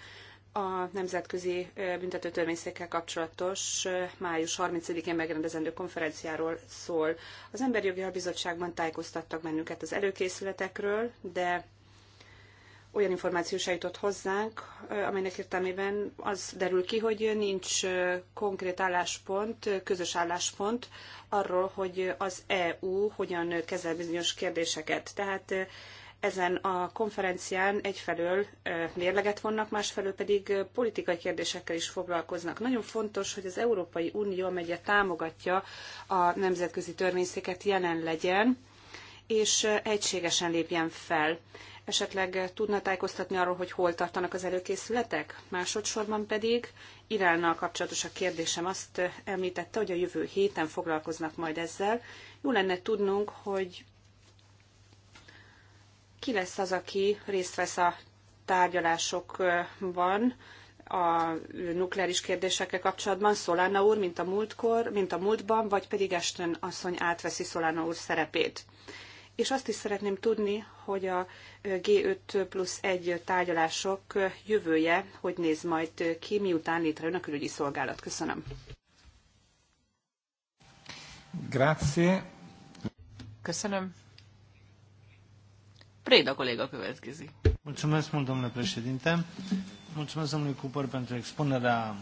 a Nemzetközi Büntetőtörvényszékkel kapcsolatos május 30-én megrendezendő konferenciáról szól. Az Emberjogi Bizottságban tájékoztattak bennünket az előkészületekről, de olyan információ se jutott hozzánk, amelynek értelmében az derül ki, hogy nincs konkrét álláspont, közös álláspont arról, hogy az EU hogyan kezel bizonyos kérdéseket. Tehát ezen a konferencián egyfelől mérleget vonnak, másfelől pedig politikai kérdésekkel is foglalkoznak. Nagyon fontos, hogy az Európai Unió, megye támogatja a nemzetközi törvényszéket, jelen legyen, és egységesen lépjen fel. Esetleg tudna tájékoztatni arról, hogy hol tartanak az előkészületek? Másodszorban pedig Iránnal kapcsolatos a kérdésem. Azt említette, hogy a jövő héten foglalkoznak majd ezzel. Jó lenne tudnunk, hogy ki lesz az, aki részt vesz a tárgyalásokban a nukleáris kérdésekkel kapcsolatban, Szolána úr, mint a múltkor, mint a múltban, vagy pedig Esten asszony átveszi Szolána úr szerepét. És azt is szeretném tudni, hogy a G5 plusz 1 tárgyalások jövője hogy néz majd ki, miután létrejön a külügyi szolgálat. Köszönöm. Grazie. Köszönöm. Préda kolléga következik. Mulțumesc mult, domnule președinte. Mulțumesc domnului Cooper pentru expunerea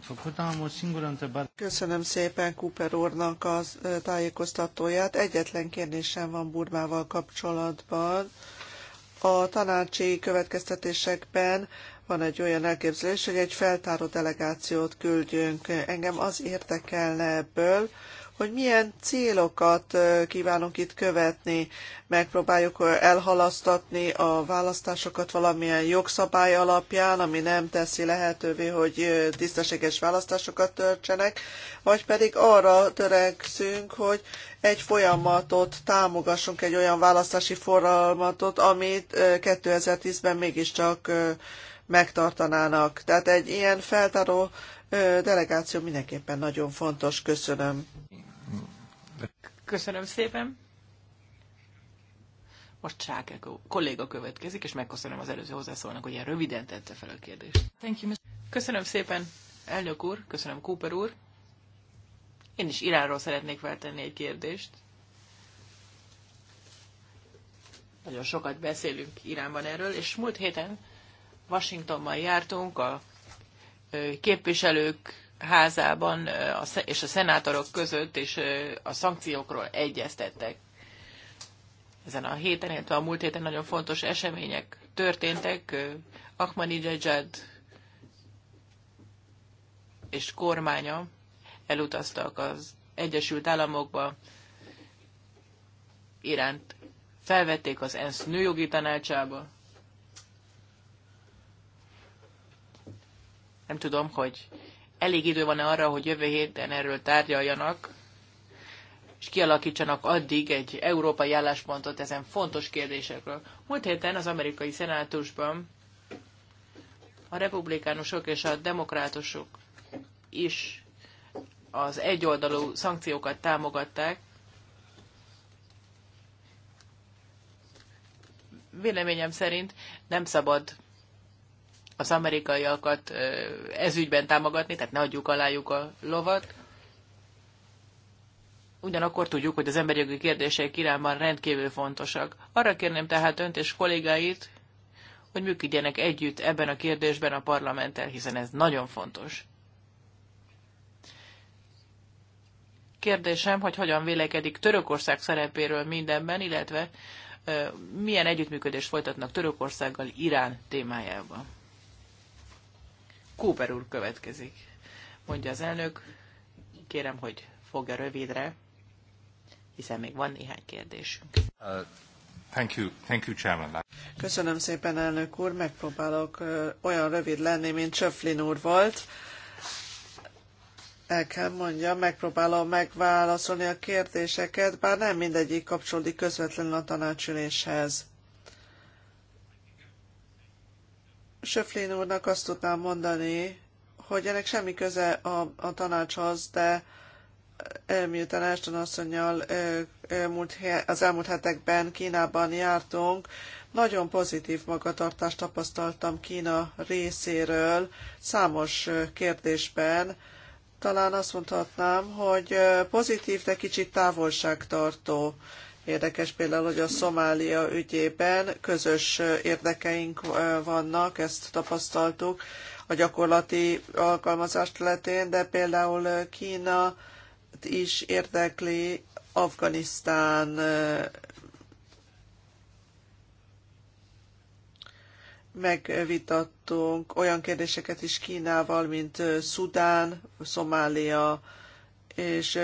făcută. Am o singură întrebare. Köszönöm szépen Cooper úrnak a e, tájékoztatóját. Egyetlen kérdésem van Burmával kapcsolatban. A tanácsi következtetésekben van egy olyan elképzelés, hogy egy feltáró delegációt küldjünk. Engem az érdekelne ebből, hogy milyen célokat kívánunk itt követni. Megpróbáljuk elhalasztatni a választásokat valamilyen jogszabály alapján, ami nem teszi lehetővé, hogy tisztességes választásokat töltsenek, vagy pedig arra törekszünk, hogy egy folyamatot támogassunk, egy olyan választási forralmatot, amit 2010-ben mégiscsak megtartanának. Tehát egy ilyen feltáró delegáció mindenképpen nagyon fontos. Köszönöm. Köszönöm szépen. Most Sáke kolléga következik, és megköszönöm az előző hozzászólnak, hogy ilyen röviden tette fel a kérdést. Thank you, köszönöm szépen, elnök úr, köszönöm Cooper úr. Én is Iránról szeretnék feltenni egy kérdést. Nagyon sokat beszélünk Iránban erről, és múlt héten Washingtonban jártunk, a képviselők házában és a szenátorok között és a szankciókról egyeztettek. Ezen a héten, illetve a múlt héten nagyon fontos események történtek. Ahmadinejad és kormánya elutaztak az Egyesült Államokba, iránt felvették az ENSZ nőjogi tanácsába. Nem tudom, hogy elég idő van arra, hogy jövő héten erről tárgyaljanak, és kialakítsanak addig egy európai álláspontot ezen fontos kérdésekről. Múlt héten az amerikai szenátusban a republikánusok és a demokrátusok is az egyoldalú szankciókat támogatták. Véleményem szerint nem szabad az amerikaiakat ezügyben támogatni, tehát ne adjuk alájuk a lovat. Ugyanakkor tudjuk, hogy az emberi jogi kérdések Iránban rendkívül fontosak. Arra kérném tehát önt és kollégáit, hogy működjenek együtt ebben a kérdésben a parlamenttel, hiszen ez nagyon fontos. Kérdésem, hogy hogyan vélekedik Törökország szerepéről mindenben, illetve milyen együttműködést folytatnak Törökországgal Irán témájában. Cooper úr következik. Mondja az elnök, kérem, hogy fogja rövidre, hiszen még van néhány kérdésünk. Uh, thank you, thank you, Chairman. Köszönöm szépen, elnök úr. Megpróbálok uh, olyan rövid lenni, mint Csöflin úr volt. El kell mondja, megpróbálom megválaszolni a kérdéseket, bár nem mindegyik kapcsolódik közvetlenül a tanácsüléshez. Söflén úrnak azt tudnám mondani, hogy ennek semmi köze a, a tanácshoz, de eh, miután Ashton asszonynal eh, eh, az elmúlt hetekben Kínában jártunk, nagyon pozitív magatartást tapasztaltam Kína részéről számos kérdésben. Talán azt mondhatnám, hogy pozitív, de kicsit távolságtartó. Érdekes például, hogy a Szomália ügyében közös érdekeink vannak, ezt tapasztaltuk a gyakorlati alkalmazás területén, de például Kína is érdekli Afganisztán megvitattunk olyan kérdéseket is Kínával, mint Szudán, Szomália és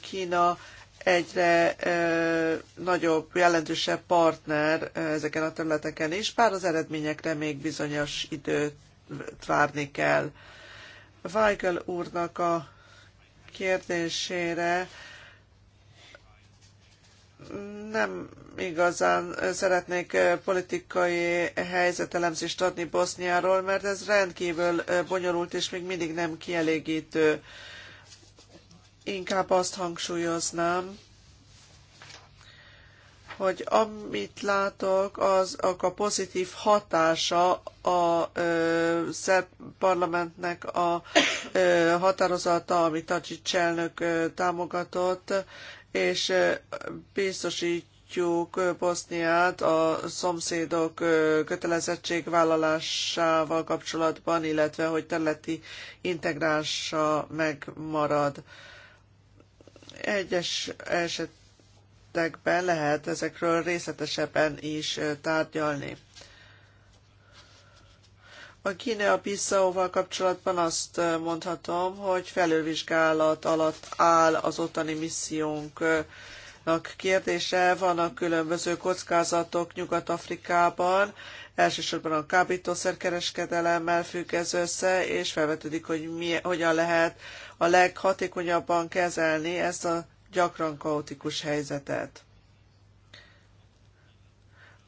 Kína egyre nagyobb, jelentősebb partner ezeken a területeken is, bár az eredményekre még bizonyos időt várni kell. Weigel úrnak a kérdésére nem igazán szeretnék politikai helyzetelemzést adni Boszniáról, mert ez rendkívül bonyolult és még mindig nem kielégítő inkább azt hangsúlyoznám, hogy amit látok, az a pozitív hatása a ö, szerb parlamentnek a ö, határozata, amit Tacsics elnök ö, támogatott, és ö, biztosítjuk Boszniát a szomszédok ö, kötelezettségvállalásával kapcsolatban, illetve hogy területi integrálása megmarad. Ö, egyes esetekben lehet ezekről részletesebben is tárgyalni. A guinea a val kapcsolatban azt mondhatom, hogy felülvizsgálat alatt áll az ottani missziónknak kérdése. Vannak különböző kockázatok Nyugat-Afrikában, elsősorban a kábítószerkereskedelemmel függ ez össze, és felvetődik, hogy mi, hogyan lehet a leghatékonyabban kezelni ezt a gyakran kaotikus helyzetet.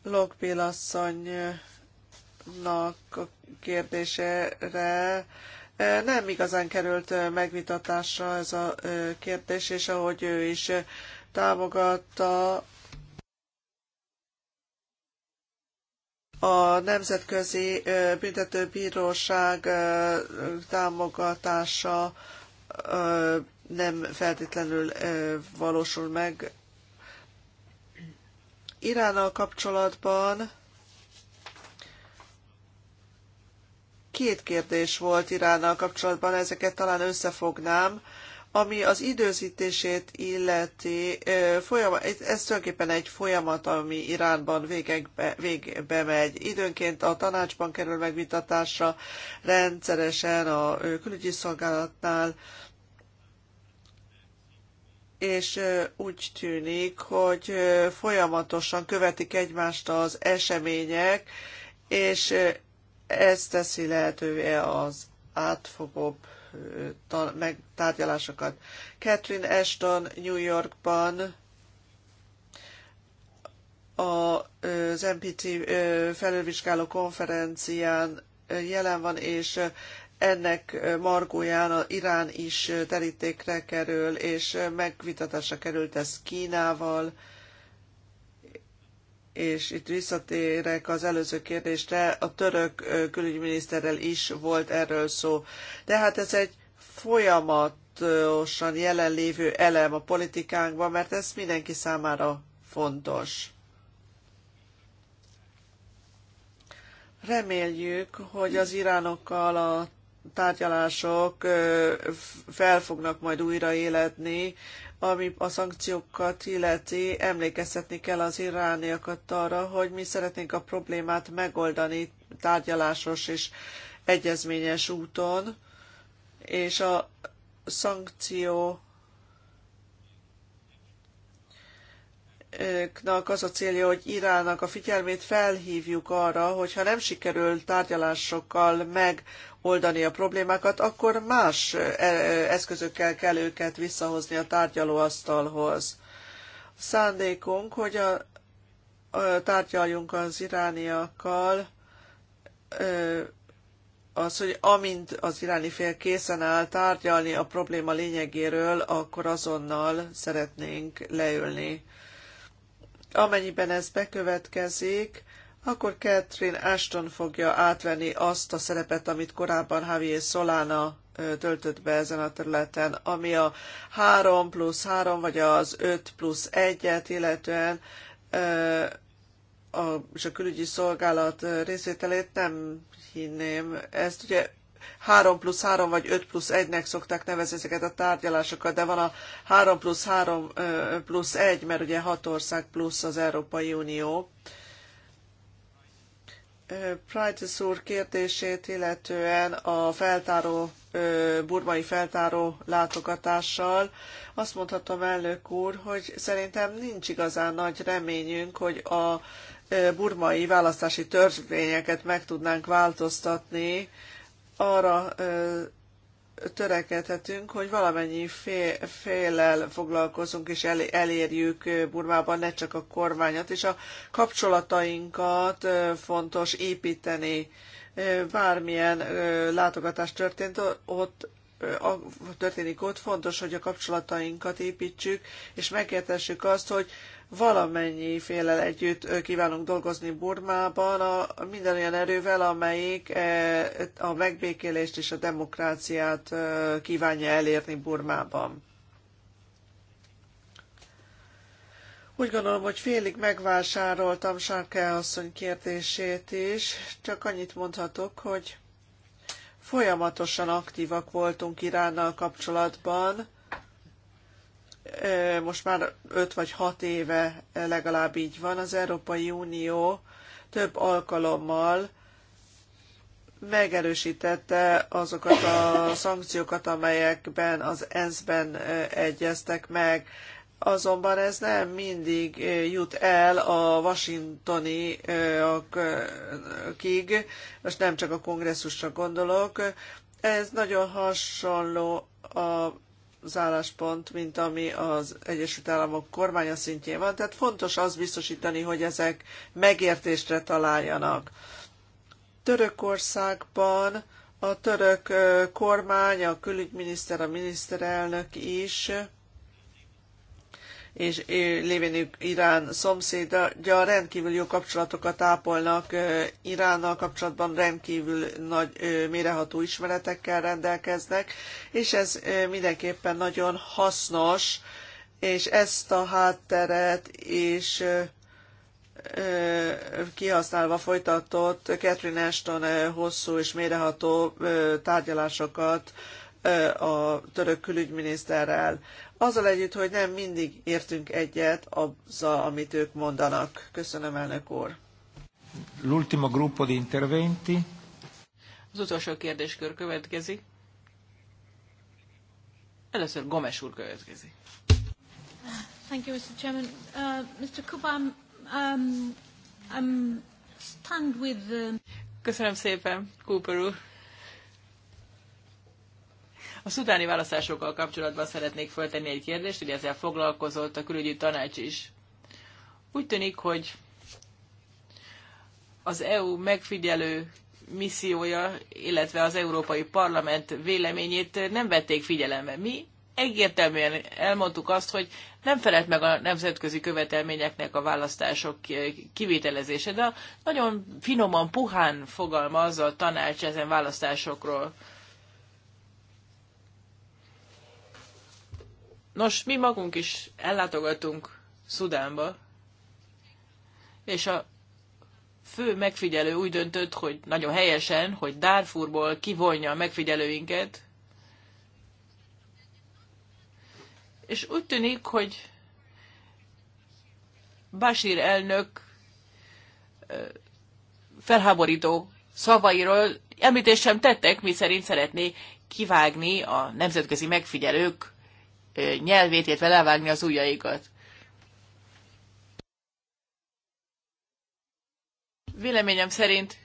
Lokbél asszonynak a kérdésére e, nem igazán került e, megvitatásra ez a e, kérdés, és ahogy ő is támogatta a Nemzetközi Büntetőbíróság támogatása nem feltétlenül valósul meg. Iránnal kapcsolatban két kérdés volt Iránnal kapcsolatban, ezeket talán összefognám. Ami az időzítését illeti, folyamat, ez tulajdonképpen egy folyamat, ami Iránban végekbe, végbe megy. Időnként a tanácsban kerül megvitatásra, rendszeresen a külügyi szolgálatnál, és úgy tűnik, hogy folyamatosan követik egymást az események, és ez teszi lehetővé az átfogóbb tárgyalásokat. Catherine Ashton New Yorkban az MPT felülvizsgáló konferencián jelen van, és ennek margóján a Irán is terítékre kerül, és megvitatásra került ez Kínával, és itt visszatérek az előző kérdésre, a török külügyminiszterrel is volt erről szó. Tehát ez egy folyamatosan jelenlévő elem a politikánkban, mert ez mindenki számára fontos. Reméljük, hogy az iránokkal a tárgyalások fel fognak majd újra életni, ami a szankciókat illeti, emlékeztetni kell az irániakat arra, hogy mi szeretnénk a problémát megoldani tárgyalásos és egyezményes úton, és a szankció az a célja, hogy Iránnak a figyelmét felhívjuk arra, hogy ha nem sikerül tárgyalásokkal meg oldani a problémákat, akkor más e, e, eszközökkel kell őket visszahozni a tárgyalóasztalhoz. A szándékunk, hogy a, a tárgyaljunk az irániakkal, e, az, hogy amint az iráni fél készen áll tárgyalni a probléma lényegéről, akkor azonnal szeretnénk leülni. Amennyiben ez bekövetkezik, akkor Catherine Ashton fogja átvenni azt a szerepet, amit korábban Javier Solana töltött be ezen a területen, ami a 3 plusz 3, vagy az 5 plusz 1-et illetően a, és a külügyi szolgálat részvételét nem hinném. Ezt ugye 3 plusz 3 vagy 5 plusz 1-nek szokták nevezni ezeket a tárgyalásokat, de van a 3 plusz 3 plusz 1, mert ugye 6 ország plusz az Európai Unió. Ö, Pride úr kérdését illetően a feltáró, burmai feltáró látogatással azt mondhatom elnök úr, hogy szerintem nincs igazán nagy reményünk, hogy a burmai választási törvényeket meg tudnánk változtatni arra törekedhetünk, hogy valamennyi félel foglalkozunk és elérjük Burmában ne csak a kormányat, és a kapcsolatainkat fontos építeni. Bármilyen látogatás történt, ott történik ott, fontos, hogy a kapcsolatainkat építsük, és megértessük azt, hogy valamennyi félel együtt kívánunk dolgozni Burmában, a, minden olyan erővel, amelyik e, a megbékélést és a demokráciát kívánja elérni Burmában. Úgy gondolom, hogy félig megvásároltam Sárke asszony kérdését is, csak annyit mondhatok, hogy Folyamatosan aktívak voltunk Iránnal kapcsolatban, most már 5 vagy 6 éve legalább így van, az Európai Unió több alkalommal megerősítette azokat a szankciókat, amelyekben az ENSZ-ben egyeztek meg azonban ez nem mindig jut el a Washingtoni kig, most nem csak a kongresszusra gondolok. Ez nagyon hasonló a az álláspont, mint ami az Egyesült Államok kormánya szintjén van. Tehát fontos az biztosítani, hogy ezek megértésre találjanak. Törökországban a török kormány, a külügyminiszter, a miniszterelnök is és lévén Irán szomszédja rendkívül jó kapcsolatokat ápolnak Iránnal kapcsolatban, rendkívül nagy méreható ismeretekkel rendelkeznek, és ez mindenképpen nagyon hasznos, és ezt a hátteret és kihasználva folytatott Catherine Ashton hosszú és méreható tárgyalásokat a török külügyminiszterrel azzal együtt, hogy nem mindig értünk egyet azzal, amit ők mondanak. Köszönöm, elnök úr. L'ultimo gruppo di interventi. Az utolsó kérdéskör következik. Először Gomes úr következik. Thank you, Mr. Chairman. Uh, Mr. Kuba, I'm, um, I'm stunned with the... Köszönöm szépen, Cooper úr. A szudáni választásokkal kapcsolatban szeretnék föltenni egy kérdést, hogy ezzel foglalkozott a külügyi tanács is. Úgy tűnik, hogy az EU megfigyelő missziója, illetve az Európai Parlament véleményét nem vették figyelembe. Mi egyértelműen elmondtuk azt, hogy nem felelt meg a nemzetközi követelményeknek a választások kivitelezése, de nagyon finoman, puhán fogalmaz a tanács ezen választásokról. Nos, mi magunk is ellátogatunk Szudánba, és a fő megfigyelő úgy döntött, hogy nagyon helyesen, hogy Darfurból kivonja a megfigyelőinket, és úgy tűnik, hogy Basír elnök felháborító szavairól említést sem tettek, mi szerint szeretné kivágni a nemzetközi megfigyelők nyelvét, illetve levágni az ujjaikat. Véleményem szerint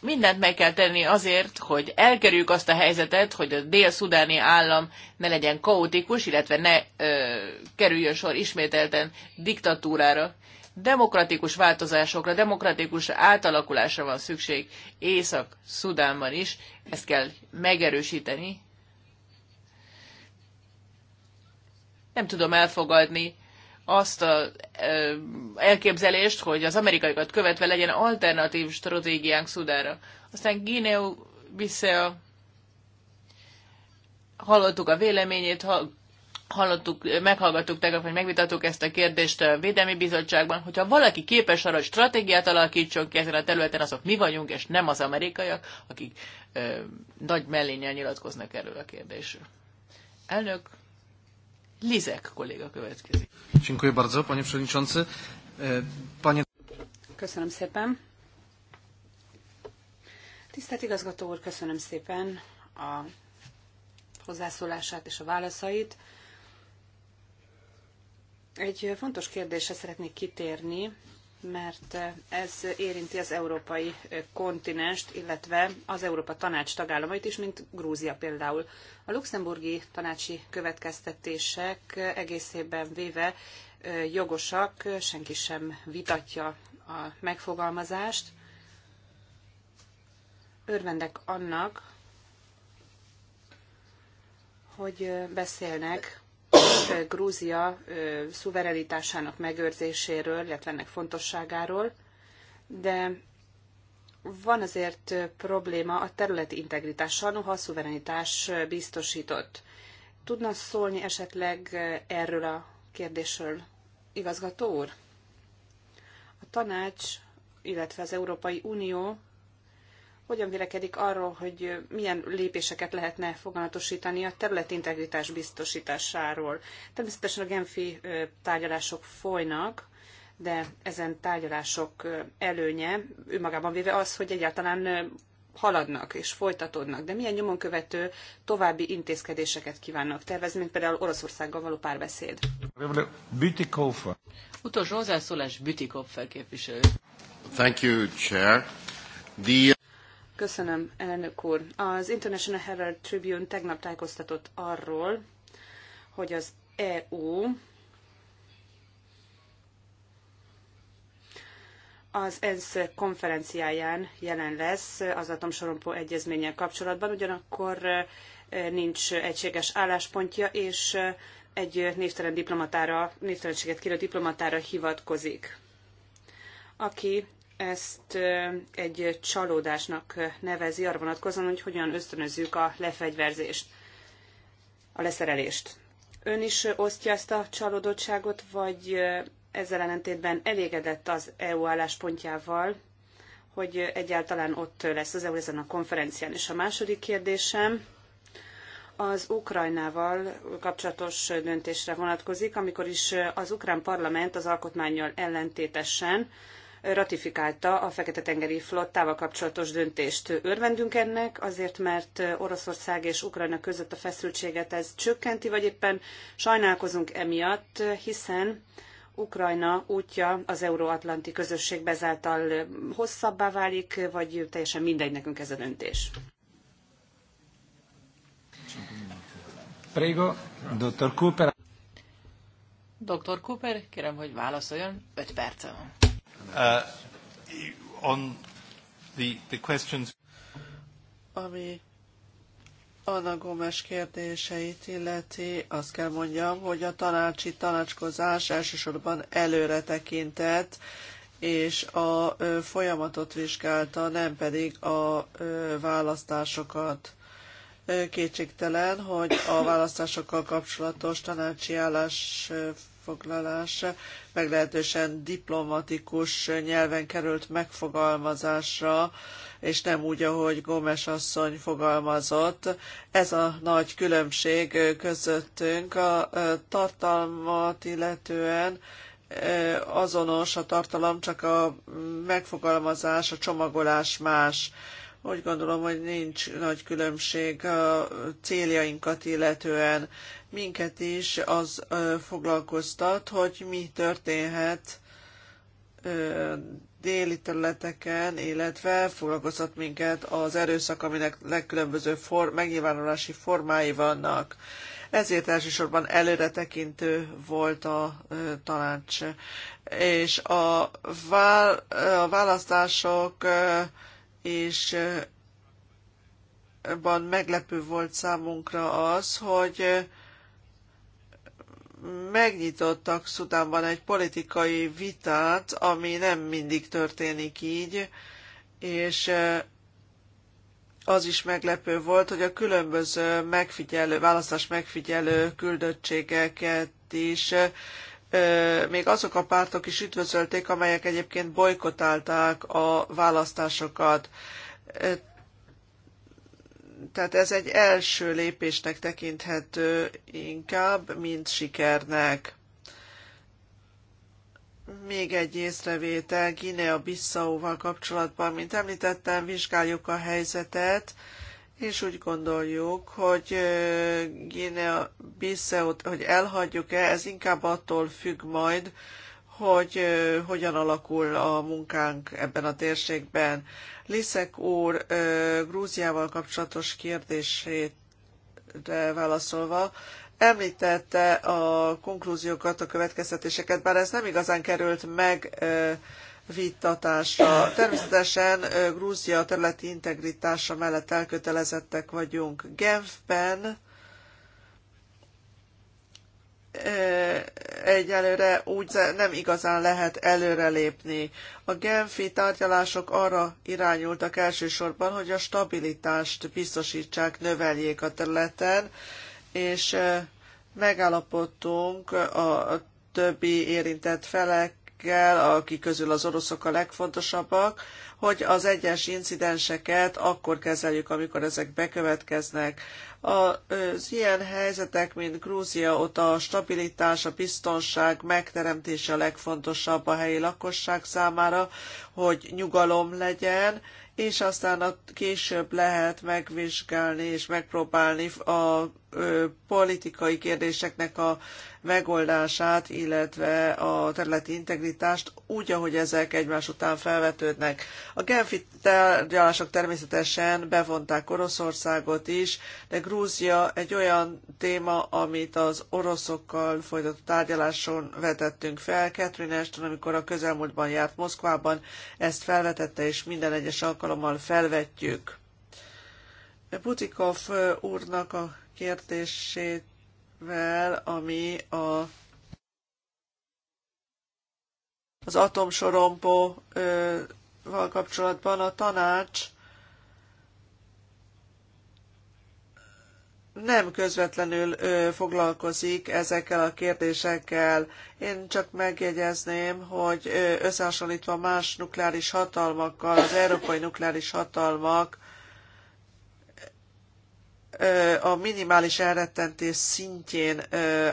mindent meg kell tenni azért, hogy elkerüljük azt a helyzetet, hogy a dél-szudáni állam ne legyen kaotikus, illetve ne ö, kerüljön sor ismételten diktatúrára. Demokratikus változásokra, demokratikus átalakulásra van szükség Észak-Szudánban is, ezt kell megerősíteni, nem tudom elfogadni azt az elképzelést, hogy az amerikaiakat követve legyen alternatív stratégiánk Szudára. Aztán vissza a... hallottuk a véleményét, hallottuk, meghallgattuk tegnap, hogy megvitattuk ezt a kérdést a Védelmi Bizottságban, hogyha valaki képes arra, hogy stratégiát alakítson ki ezen a területen, azok mi vagyunk, és nem az amerikaiak, akik ö, nagy mellénnyel nyilatkoznak erről a kérdésről. Elnök, Lizek kolléga következik. Dziękuję bardzo, panie przewodniczący. E, panie... Köszönöm szépen. Tisztelt igazgató úr, köszönöm szépen a hozzászólását és a válaszait. Egy fontos kérdésre szeretnék kitérni, mert ez érinti az európai kontinenst, illetve az Európa Tanács tagállamait is, mint Grúzia például. A luxemburgi tanácsi következtetések egészében véve jogosak, senki sem vitatja a megfogalmazást. Örvendek annak, hogy beszélnek Grúzia szuverenitásának megőrzéséről, illetve ennek fontosságáról, de van azért probléma a területi integritással, noha a szuverenitás biztosított. Tudna szólni esetleg erről a kérdésről, igazgató úr? A tanács, illetve az Európai Unió hogyan vélekedik arról, hogy milyen lépéseket lehetne foganatosítani a terület integritás biztosításáról. Természetesen a Genfi tárgyalások folynak, de ezen tárgyalások előnye önmagában véve az, hogy egyáltalán haladnak és folytatódnak, de milyen nyomon követő további intézkedéseket kívánnak tervezni, mint például Oroszországgal való párbeszéd. Utolsó hozzászólás Bütikofer Thank you, Chair. The... Köszönöm, elnök úr. Az International Herald Tribune tegnap tájékoztatott arról, hogy az EU az ENSZ konferenciáján jelen lesz az atomsorompó egyezménnyel kapcsolatban, ugyanakkor eh, nincs egységes álláspontja, és eh, egy névtelen diplomatára, névtelenséget kérő diplomatára hivatkozik, aki ezt egy csalódásnak nevezi arra vonatkozóan, hogy hogyan ösztönözzük a lefegyverzést, a leszerelést. Ön is osztja ezt a csalódottságot, vagy ezzel ellentétben elégedett az EU álláspontjával, hogy egyáltalán ott lesz az EU ezen a konferencián. És a második kérdésem az Ukrajnával kapcsolatos döntésre vonatkozik, amikor is az ukrán parlament az alkotmányjal ellentétesen ratifikálta a Fekete-tengeri flottával kapcsolatos döntést. Örvendünk ennek, azért mert Oroszország és Ukrajna között a feszültséget ez csökkenti, vagy éppen sajnálkozunk emiatt, hiszen Ukrajna útja az euróatlanti közösség bezáltal hosszabbá válik, vagy teljesen mindegy nekünk ez a döntés. Prego, dr. Cooper. Dr. Cooper, kérem, hogy válaszoljon, 5 perc van. Uh, on the, the questions... Ami Anna Gomes kérdéseit illeti, azt kell mondjam, hogy a tanácsi tanácskozás elsősorban előre tekintett, és a folyamatot vizsgálta, nem pedig a választásokat. Kétségtelen, hogy a választásokkal kapcsolatos tanácsi állás állásfoglalás meglehetősen diplomatikus nyelven került megfogalmazásra, és nem úgy, ahogy Gómez asszony fogalmazott. Ez a nagy különbség közöttünk a tartalmat illetően, azonos a tartalom, csak a megfogalmazás, a csomagolás más. Úgy gondolom, hogy nincs nagy különbség a céljainkat illetően minket is az foglalkoztat, hogy mi történhet déli területeken, illetve foglalkoztat minket az erőszak, aminek legkülönböző for- megnyilvánulási formái vannak. Ezért elsősorban előretekintő volt a tanács. És a, vá- a választások és meglepő volt számunkra az, hogy megnyitottak Szudánban egy politikai vitát, ami nem mindig történik így, és az is meglepő volt, hogy a különböző megfigyelő, választás megfigyelő küldöttségeket is még azok a pártok is üdvözölték, amelyek egyébként bolykotálták a választásokat tehát ez egy első lépésnek tekinthető inkább, mint sikernek. Még egy észrevétel Guinea-Bissau-val kapcsolatban, mint említettem, vizsgáljuk a helyzetet, és úgy gondoljuk, hogy Guinea-Bissau-t, hogy elhagyjuk-e, ez inkább attól függ majd, hogy hogyan alakul a munkánk ebben a térségben. Liszek úr Grúziával kapcsolatos kérdését válaszolva, említette a konklúziókat, a következtetéseket, bár ez nem igazán került meg vittatásra. Természetesen Grúzia területi integritása mellett elkötelezettek vagyunk. Genfben egyelőre úgy nem igazán lehet előrelépni. A Genfi tárgyalások arra irányultak elsősorban, hogy a stabilitást biztosítsák, növeljék a területen, és megállapodtunk a többi érintett felekkel, akik közül az oroszok a legfontosabbak, hogy az egyes incidenseket akkor kezeljük, amikor ezek bekövetkeznek. Az ilyen helyzetek, mint Grúzia, ott a stabilitás, a biztonság megteremtése a legfontosabb a helyi lakosság számára, hogy nyugalom legyen, és aztán a később lehet megvizsgálni és megpróbálni a politikai kérdéseknek a megoldását, illetve a területi integritást, úgy, ahogy ezek egymás után felvetődnek. A Genfi tárgyalások természetesen bevonták Oroszországot is, de Grúzia egy olyan téma, amit az oroszokkal folytatott tárgyaláson vetettünk fel. Catherine Ashton, amikor a közelmúltban járt Moszkvában, ezt felvetette, és minden egyes alkalommal felvetjük. Putikov úrnak a kérdésével, ami a az atomsorompóval kapcsolatban a tanács nem közvetlenül ö, foglalkozik ezekkel a kérdésekkel. Én csak megjegyezném, hogy ö, összehasonlítva más nukleáris hatalmakkal, az európai nukleáris hatalmak a minimális elrettentés szintjén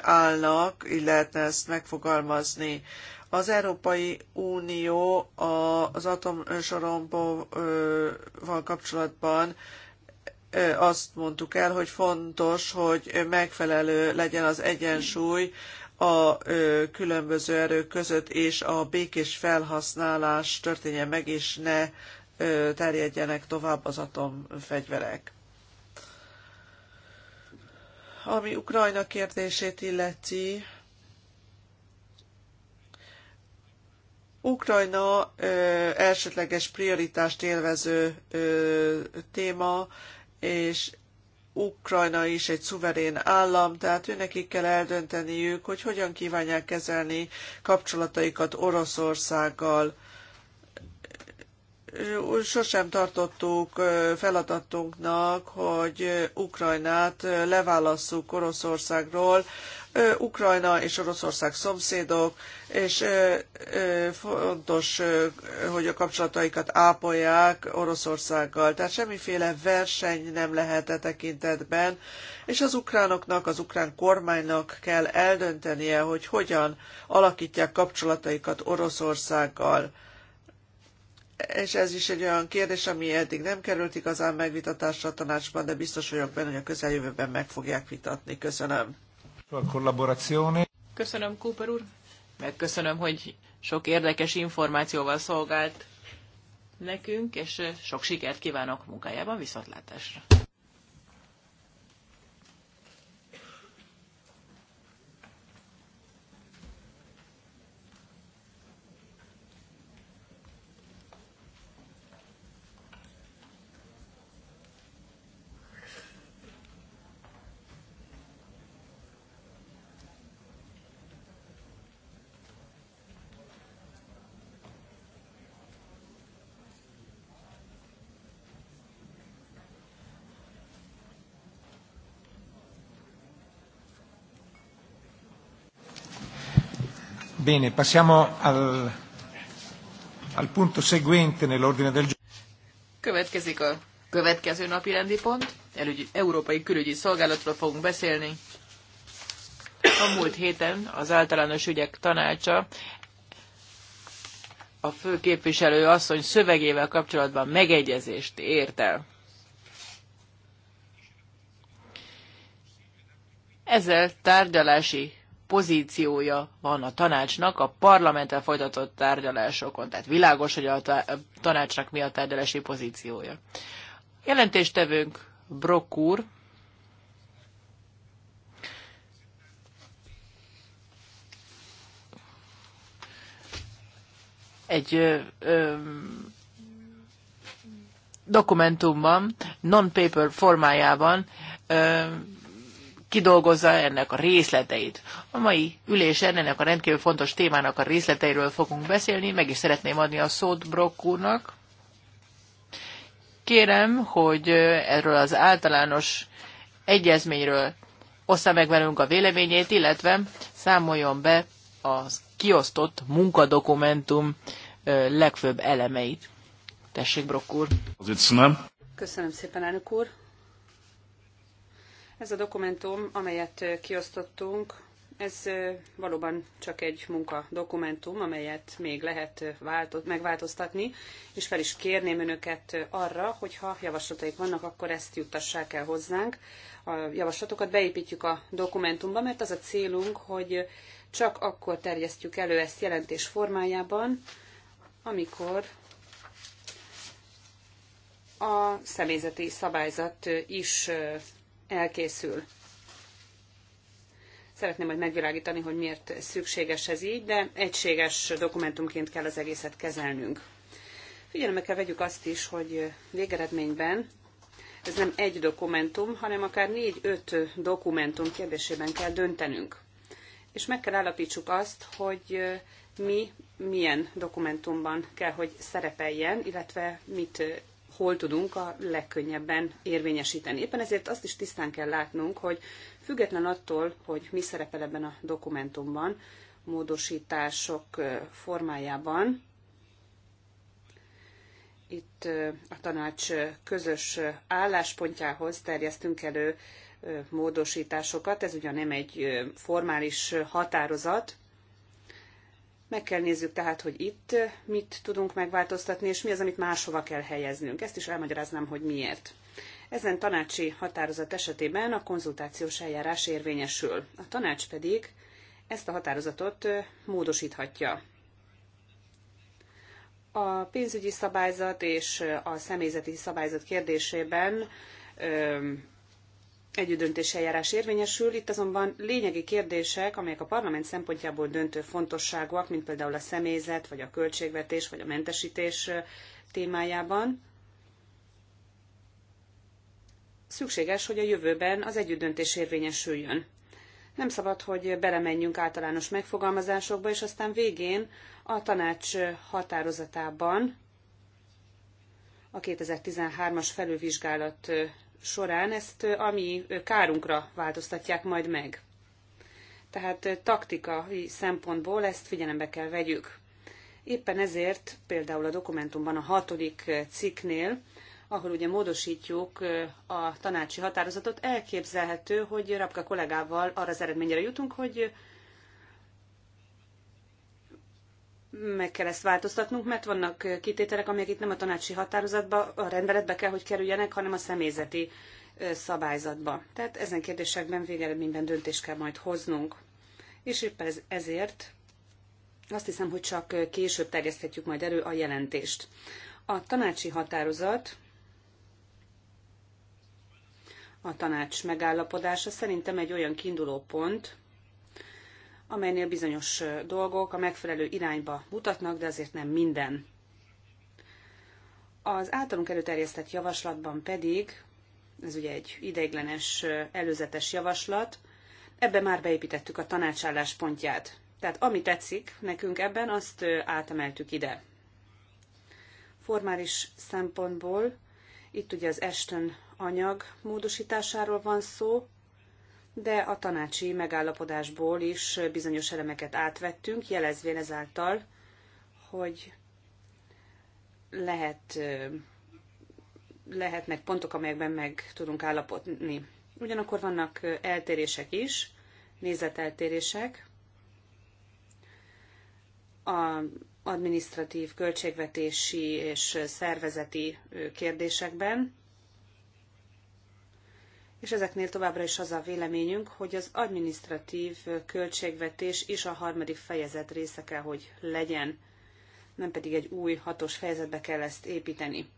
állnak, így lehetne ezt megfogalmazni. Az Európai Unió az atomsorompóval kapcsolatban azt mondtuk el, hogy fontos, hogy megfelelő legyen az egyensúly a különböző erők között, és a békés felhasználás történjen meg, és ne terjedjenek tovább az atomfegyverek. Ami Ukrajna kérdését illeti, Ukrajna ö, elsődleges prioritást élvező ö, téma, és Ukrajna is egy szuverén állam, tehát őnekik kell eldönteniük, hogy hogyan kívánják kezelni kapcsolataikat Oroszországgal sosem tartottuk feladatunknak, hogy Ukrajnát leválasszuk Oroszországról. Ukrajna és Oroszország szomszédok, és fontos, hogy a kapcsolataikat ápolják Oroszországgal. Tehát semmiféle verseny nem lehet e tekintetben, és az ukránoknak, az ukrán kormánynak kell eldöntenie, hogy hogyan alakítják kapcsolataikat Oroszországgal és ez is egy olyan kérdés, ami eddig nem került igazán megvitatásra a tanácsban, de biztos vagyok benne, hogy a közeljövőben meg fogják vitatni. Köszönöm. A kollaborazione. Köszönöm, Cooper úr. Megköszönöm, hogy sok érdekes információval szolgált nekünk, és sok sikert kívánok munkájában viszontlátásra. Bene, passiamo al, al punto seguente nell'ordine del giorno. Következik a következő napi rendi pont. Elügy, Európai Külügyi Szolgálatról fogunk beszélni. A múlt héten az általános ügyek tanácsa a fő képviselő asszony szövegével kapcsolatban megegyezést ért el. Ezzel tárgyalási pozíciója van a tanácsnak a parlamenttel folytatott tárgyalásokon. Tehát világos, hogy a tanácsnak mi a tárgyalási pozíciója. Jelentéstevőnk Brock úr, egy ö, ö, dokumentumban, non-paper formájában ö, kidolgozza ennek a részleteit. A mai ülésen ennek a rendkívül fontos témának a részleteiről fogunk beszélni, meg is szeretném adni a szót Brock úrnak. Kérem, hogy erről az általános egyezményről ossza meg velünk a véleményét, illetve számoljon be a kiosztott munkadokumentum legfőbb elemeit. Tessék, Brock úr! Köszönöm szépen, elnök úr! Ez a dokumentum, amelyet kiosztottunk, ez valóban csak egy munkadokumentum, amelyet még lehet megváltoztatni, és fel is kérném önöket arra, hogy ha javaslataik vannak, akkor ezt juttassák el hozzánk. A javaslatokat beépítjük a dokumentumba, mert az a célunk, hogy csak akkor terjesztjük elő ezt jelentés formájában, amikor a személyzeti szabályzat is elkészül. Szeretném majd megvilágítani, hogy miért szükséges ez így, de egységes dokumentumként kell az egészet kezelnünk. Figyelembe kell vegyük azt is, hogy végeredményben ez nem egy dokumentum, hanem akár négy-öt dokumentum kérdésében kell döntenünk. És meg kell állapítsuk azt, hogy mi milyen dokumentumban kell, hogy szerepeljen, illetve mit hol tudunk a legkönnyebben érvényesíteni. Éppen ezért azt is tisztán kell látnunk, hogy független attól, hogy mi szerepel ebben a dokumentumban, módosítások formájában, itt a tanács közös álláspontjához terjesztünk elő módosításokat. Ez ugyan nem egy formális határozat, meg kell nézzük tehát, hogy itt eh, mit tudunk megváltoztatni, és mi az, amit máshova kell helyeznünk. Ezt is elmagyaráznám, hogy miért. Ezen tanácsi határozat esetében a konzultációs eljárás érvényesül. A tanács pedig ezt a határozatot eh, módosíthatja. A pénzügyi szabályzat és eh, a személyzeti szabályzat kérdésében együttdöntés eljárás érvényesül, itt azonban lényegi kérdések, amelyek a parlament szempontjából döntő fontosságúak, mint például a személyzet, vagy a költségvetés, vagy a mentesítés témájában. Szükséges, hogy a jövőben az együttdöntés érvényesüljön. Nem szabad, hogy belemenjünk általános megfogalmazásokba, és aztán végén a tanács határozatában a 2013-as felülvizsgálat során ezt ami kárunkra változtatják majd meg. Tehát taktikai szempontból ezt figyelembe kell vegyük. Éppen ezért például a dokumentumban a hatodik cikknél, ahol ugye módosítjuk a tanácsi határozatot, elképzelhető, hogy Rabka kollégával arra az eredményre jutunk, hogy meg kell ezt változtatnunk, mert vannak kitételek, amelyek itt nem a tanácsi határozatba, a rendeletbe kell, hogy kerüljenek, hanem a személyzeti szabályzatba. Tehát ezen kérdésekben végeredményben döntést kell majd hoznunk. És éppen ezért azt hiszem, hogy csak később terjeszthetjük majd elő a jelentést. A tanácsi határozat, a tanács megállapodása szerintem egy olyan kiinduló pont, amelynél bizonyos dolgok a megfelelő irányba mutatnak, de azért nem minden. Az általunk előterjesztett javaslatban pedig, ez ugye egy ideiglenes előzetes javaslat, ebbe már beépítettük a tanácsállás pontját. Tehát ami tetszik nekünk ebben, azt átemeltük ide. Formális szempontból itt ugye az Ashton anyag módosításáról van szó, de a tanácsi megállapodásból is bizonyos elemeket átvettünk, jelezvén ezáltal, hogy lehet, lehetnek pontok, amelyekben meg tudunk állapodni. Ugyanakkor vannak eltérések is, nézeteltérések. A administratív, költségvetési és szervezeti kérdésekben és ezeknél továbbra is az a véleményünk, hogy az administratív költségvetés is a harmadik fejezet része kell, hogy legyen, nem pedig egy új hatos fejezetbe kell ezt építeni.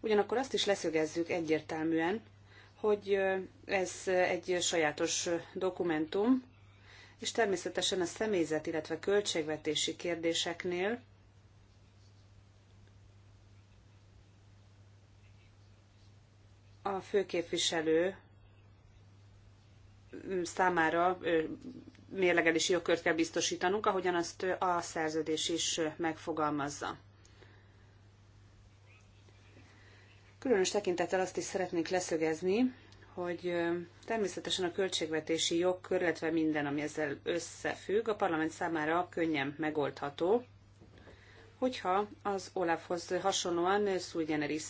Ugyanakkor azt is leszögezzük egyértelműen, hogy ez egy sajátos dokumentum, és természetesen a személyzet, illetve költségvetési kérdéseknél a főképviselő számára mérlegelési jogkört kell biztosítanunk, ahogyan azt a szerződés is megfogalmazza. Különös tekintettel azt is szeretnénk leszögezni, hogy természetesen a költségvetési jogkör, illetve minden, ami ezzel összefügg, a parlament számára könnyen megoldható, hogyha az Olafhoz hasonlóan sui generis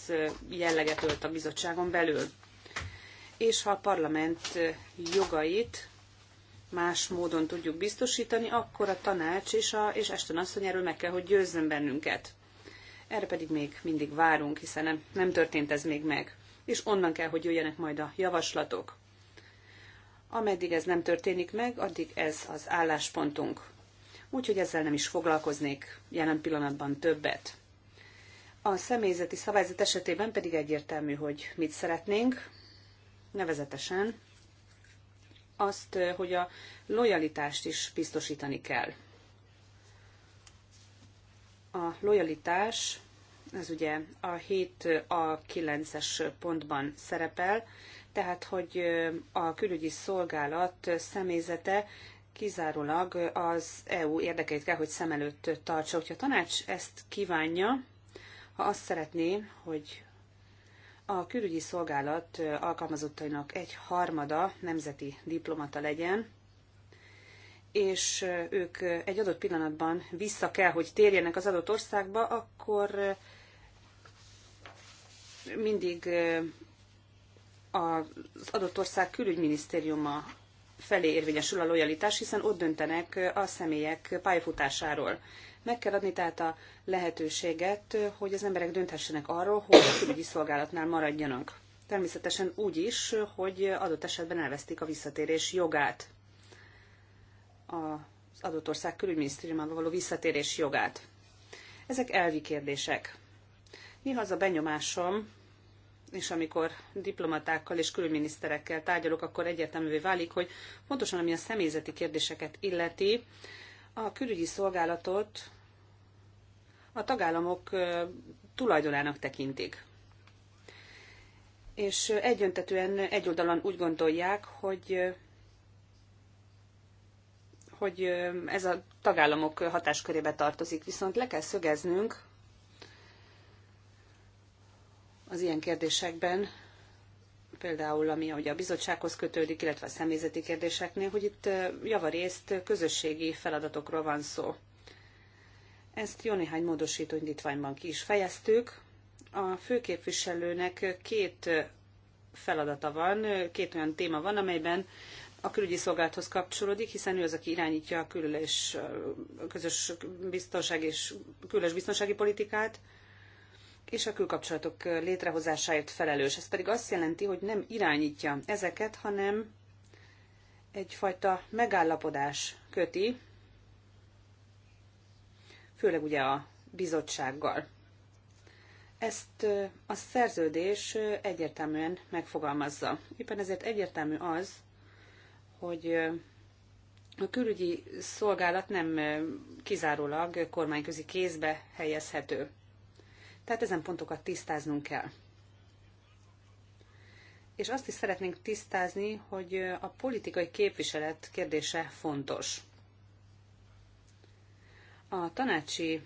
jelleget ölt a bizottságon belül és ha a parlament jogait más módon tudjuk biztosítani, akkor a tanács és, a, és Eston asszony erről meg kell, hogy győzzön bennünket. Erre pedig még mindig várunk, hiszen nem, nem történt ez még meg. És onnan kell, hogy jöjjenek majd a javaslatok. Ameddig ez nem történik meg, addig ez az álláspontunk. Úgyhogy ezzel nem is foglalkoznék jelen pillanatban többet. A személyzeti szabályzat esetében pedig egyértelmű, hogy mit szeretnénk, nevezetesen azt, eh, hogy a lojalitást is biztosítani kell. A lojalitás, ez ugye a 7 a 9-es pontban szerepel, tehát hogy eh, a külügyi szolgálat személyzete kizárólag az EU érdekeit kell, hogy szem előtt tartsa. Hogyha a tanács ezt kívánja, ha azt szeretné, hogy a külügyi szolgálat alkalmazottainak egy harmada nemzeti diplomata legyen, és ők egy adott pillanatban vissza kell, hogy térjenek az adott országba, akkor mindig az adott ország külügyminisztériuma felé érvényesül a lojalitás, hiszen ott döntenek a személyek pályafutásáról. Meg kell adni tehát a lehetőséget, hogy az emberek dönthessenek arról, hogy a külügyi szolgálatnál maradjanak. Természetesen úgy is, hogy adott esetben elvesztik a visszatérés jogát. Az adott ország külügyminisztériumába való visszatérés jogát. Ezek elvi kérdések. Néha az a benyomásom, és amikor diplomatákkal és külügyminiszterekkel tárgyalok, akkor egyértelművé válik, hogy pontosan ami a személyzeti kérdéseket illeti, a külügyi szolgálatot a tagállamok tulajdonának tekintik. És egyöntetően oldalon úgy gondolják, hogy hogy ez a tagállamok hatáskörébe tartozik, viszont le kell szögeznünk az ilyen kérdésekben, például, ami ahogy a bizottsághoz kötődik, illetve a személyzeti kérdéseknél, hogy itt javarészt közösségi feladatokról van szó. Ezt jó néhány módosító indítványban ki is fejeztük. A főképviselőnek két feladata van, két olyan téma van, amelyben a külügyi szolgálathoz kapcsolódik, hiszen ő az, aki irányítja a külös, közös biztonság és külös biztonsági politikát, és a külkapcsolatok létrehozásáért felelős. Ez pedig azt jelenti, hogy nem irányítja ezeket, hanem egyfajta megállapodás köti, főleg ugye a bizottsággal. Ezt a szerződés egyértelműen megfogalmazza. Éppen ezért egyértelmű az, hogy a külügyi szolgálat nem kizárólag kormányközi kézbe helyezhető. Tehát ezen pontokat tisztáznunk kell. És azt is szeretnénk tisztázni, hogy a politikai képviselet kérdése fontos. A tanácsi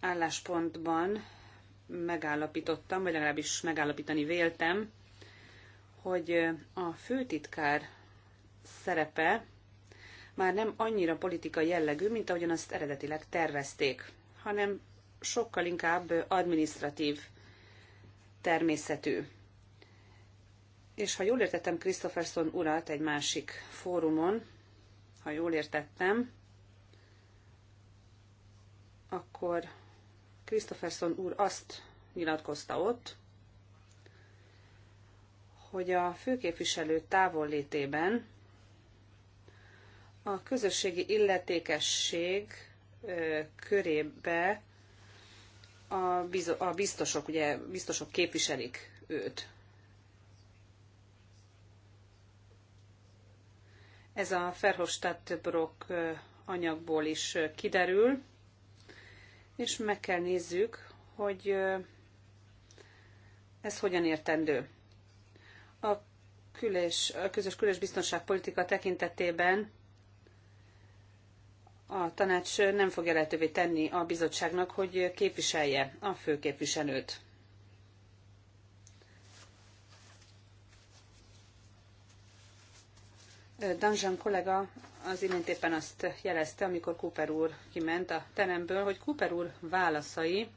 álláspontban megállapítottam, vagy legalábbis megállapítani véltem, hogy a főtitkár szerepe már nem annyira politika jellegű, mint ahogyan azt eredetileg tervezték, hanem sokkal inkább administratív természetű. És ha jól értettem Christopherson urat egy másik fórumon, ha jól értettem, akkor Christopherson úr azt nyilatkozta ott, hogy a főképviselő távollétében a közösségi illetékesség körébe a, biz, a biztosok, ugye biztosok képviselik őt. Ez a Ferhofstadt Brock anyagból is kiderül, és meg kell nézzük, hogy ez hogyan értendő. A, külés, a közös külös biztonságpolitika tekintetében a tanács nem fogja lehetővé tenni a bizottságnak, hogy képviselje a főképviselőt. Danzsan kollega az imént éppen azt jelezte, amikor Cooper úr kiment a teremből, hogy Cooper úr válaszai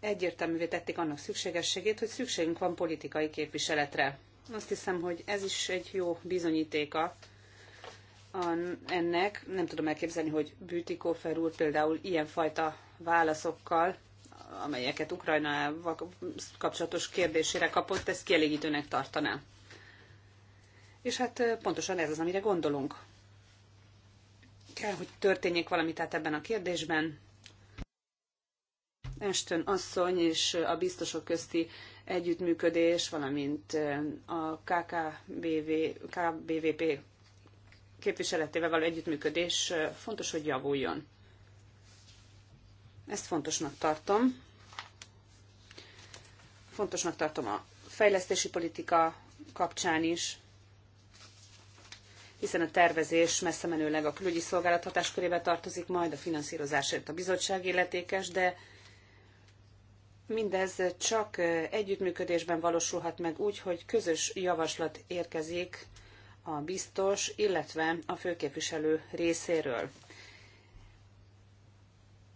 egyértelművé tették annak szükségességét, hogy szükségünk van politikai képviseletre. Azt hiszem, hogy ez is egy jó bizonyítéka ennek. Nem tudom elképzelni, hogy Bütikofer úr például ilyenfajta válaszokkal, amelyeket Ukrajnával kapcsolatos kérdésére kapott, ezt kielégítőnek tartaná. És hát pontosan ez az, amire gondolunk. Kell, hogy történjék valami tehát ebben a kérdésben. Estön asszony és a biztosok közti együttműködés, valamint a KKBV, KBVP képviseletével való együttműködés fontos, hogy javuljon. Ezt fontosnak tartom. Fontosnak tartom a fejlesztési politika kapcsán is, hiszen a tervezés messze menőleg a külügyi szolgálat hatáskörébe tartozik, majd a finanszírozásért a bizottság illetékes, de mindez csak együttműködésben valósulhat meg úgy, hogy közös javaslat érkezik a biztos, illetve a főképviselő részéről.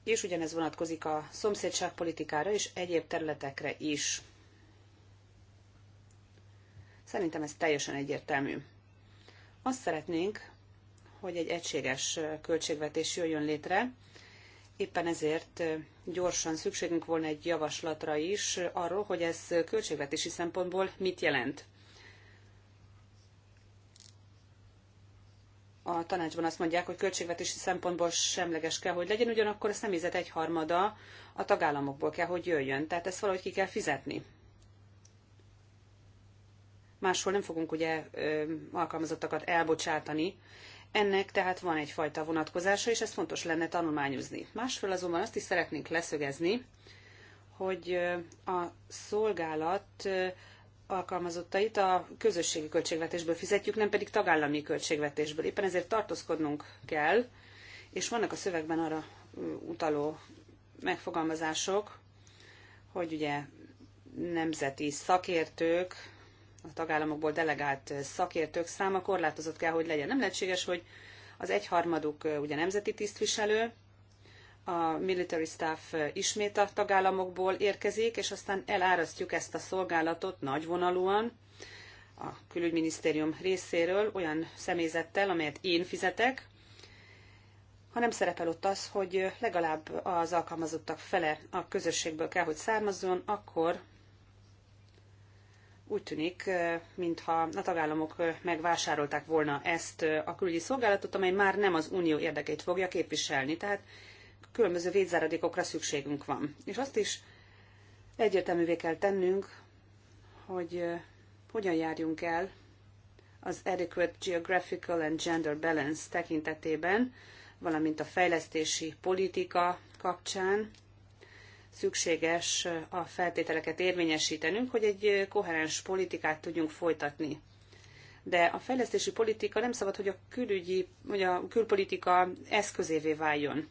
És ugyanez vonatkozik a szomszédságpolitikára és egyéb területekre is. Szerintem ez teljesen egyértelmű. Azt szeretnénk, hogy egy egységes költségvetés jöjjön létre, Éppen ezért gyorsan szükségünk volna egy javaslatra is arról, hogy ez költségvetési szempontból mit jelent. a tanácsban azt mondják, hogy költségvetési szempontból semleges kell, hogy legyen, ugyanakkor a személyzet egyharmada a tagállamokból kell, hogy jöjjön. Tehát ezt valahogy ki kell fizetni. Máshol nem fogunk ugye alkalmazottakat elbocsátani, ennek tehát van egyfajta vonatkozása, és ezt fontos lenne tanulmányozni. Másfél azonban azt is szeretnénk leszögezni, hogy a szolgálat alkalmazottait a közösségi költségvetésből fizetjük, nem pedig tagállami költségvetésből. Éppen ezért tartózkodnunk kell, és vannak a szövegben arra utaló megfogalmazások, hogy ugye nemzeti szakértők, a tagállamokból delegált szakértők száma korlátozott kell, hogy legyen. Nem lehetséges, hogy az egyharmaduk ugye nemzeti tisztviselő, a military staff ismét a tagállamokból érkezik, és aztán elárasztjuk ezt a szolgálatot nagyvonalúan a külügyminisztérium részéről olyan személyzettel, amelyet én fizetek, hanem szerepel ott az, hogy legalább az alkalmazottak fele a közösségből kell, hogy származzon, akkor úgy tűnik, mintha a tagállamok megvásárolták volna ezt a külügyi szolgálatot, amely már nem az unió érdekeit fogja képviselni. Tehát különböző védzáradékokra szükségünk van. És azt is egyértelművé kell tennünk, hogy hogyan járjunk el az Adequate Geographical and Gender Balance tekintetében, valamint a fejlesztési politika kapcsán szükséges a feltételeket érvényesítenünk, hogy egy koherens politikát tudjunk folytatni. De a fejlesztési politika nem szabad, hogy a külügyi, vagy a külpolitika eszközévé váljon.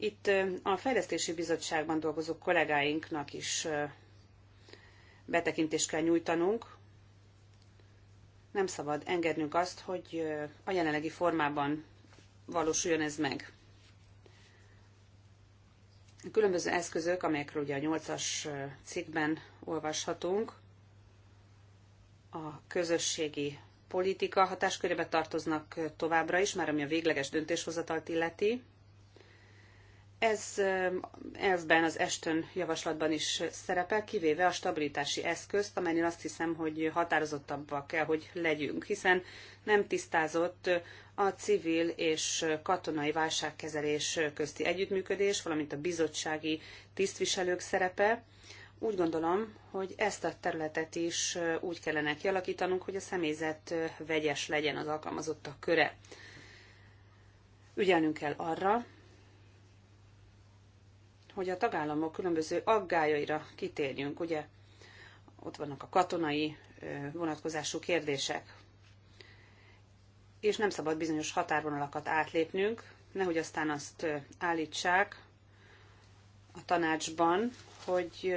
Itt a Fejlesztési Bizottságban dolgozó kollégáinknak is betekintést kell nyújtanunk. Nem szabad engednünk azt, hogy a jelenlegi formában valósuljon ez meg. A különböző eszközök, amelyekről ugye a 8-as cikkben olvashatunk, a közösségi politika hatáskörébe tartoznak továbbra is, már ami a végleges döntéshozatalt illeti, ez elvben eh, az Eston javaslatban is szerepel, kivéve a stabilitási eszközt, amelyen azt hiszem, hogy határozottabbak kell, hogy legyünk, hiszen nem tisztázott a civil és katonai válságkezelés közti együttműködés, valamint a bizottsági tisztviselők szerepe. Úgy gondolom, hogy ezt a területet is úgy kellene kialakítanunk, hogy a személyzet vegyes legyen az alkalmazottak köre. Ügyelnünk kell arra, hogy a tagállamok különböző aggájaira kitérjünk. Ugye ott vannak a katonai vonatkozású kérdések, és nem szabad bizonyos határvonalakat átlépnünk, nehogy aztán azt állítsák a tanácsban, hogy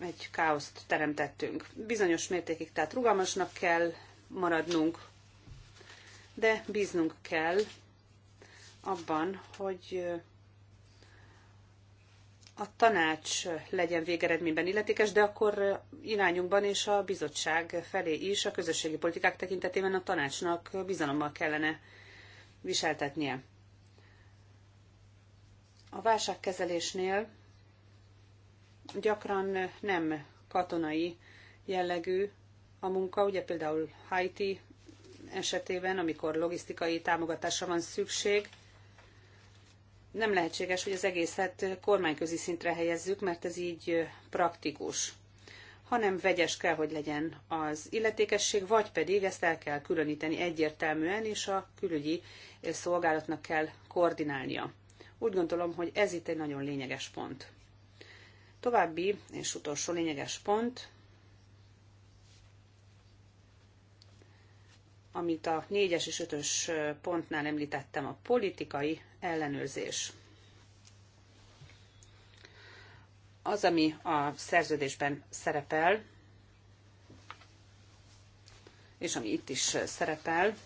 egy káoszt teremtettünk. Bizonyos mértékig tehát rugalmasnak kell maradnunk, de bíznunk kell abban, hogy a tanács legyen végeredményben illetékes, de akkor irányunkban és a bizottság felé is a közösségi politikák tekintetében a tanácsnak bizalommal kellene viseltetnie. A válságkezelésnél gyakran nem katonai jellegű a munka, ugye például Haiti esetében, amikor logisztikai támogatásra van szükség, nem lehetséges, hogy az egészet kormányközi szintre helyezzük, mert ez így praktikus hanem vegyes kell, hogy legyen az illetékesség, vagy pedig ezt el kell különíteni egyértelműen, és a külügyi szolgálatnak kell koordinálnia. Úgy gondolom, hogy ez itt egy nagyon lényeges pont. További és utolsó lényeges pont, amit a négyes és ötös pontnál említettem, a politikai ellenőrzés. Az, ami a szerződésben szerepel, és ami itt is szerepel,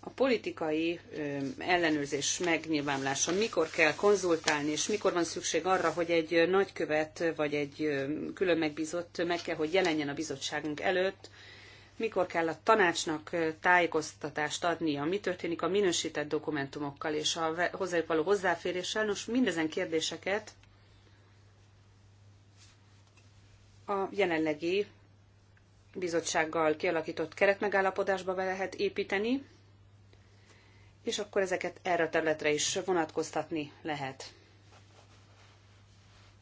a politikai ellenőrzés megnyilvánulása, mikor kell konzultálni, és mikor van szükség arra, hogy egy nagykövet vagy egy külön megbízott meg kell, hogy jelenjen a bizottságunk előtt, mikor kell a tanácsnak tájékoztatást adnia, mi történik a minősített dokumentumokkal és a hozzájuk való hozzáféréssel. Nos, mindezen kérdéseket a jelenlegi bizottsággal kialakított keretmegállapodásba be lehet építeni, és akkor ezeket erre a területre is vonatkoztatni lehet.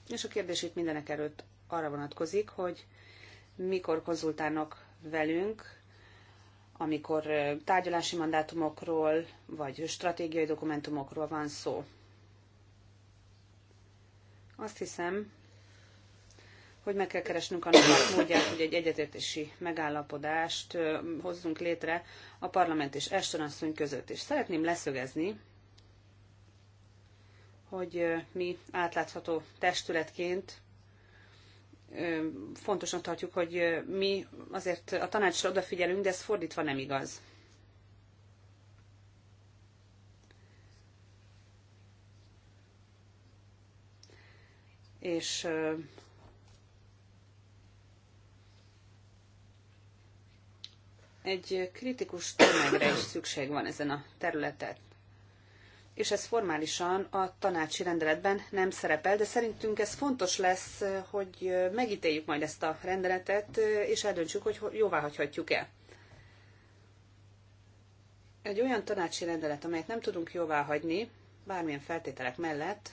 És a kérdés itt mindenek előtt arra vonatkozik, hogy mikor konzultálnak velünk, amikor tárgyalási mandátumokról vagy stratégiai dokumentumokról van szó. Azt hiszem, hogy meg kell keresnünk annak módját, hogy egy egyetértési megállapodást hozzunk létre a parlament és Eston asszony között. És szeretném leszögezni, hogy mi átlátható testületként fontosnak tartjuk, hogy mi azért a tanácsra odafigyelünk, de ez fordítva nem igaz. És egy kritikus tömegre is szükség van ezen a területen és ez formálisan a tanácsi rendeletben nem szerepel, de szerintünk ez fontos lesz, hogy megítéljük majd ezt a rendeletet, és eldöntsük, hogy jóvá hagyhatjuk-e. Egy olyan tanácsi rendelet, amelyet nem tudunk jóvá hagyni, bármilyen feltételek mellett,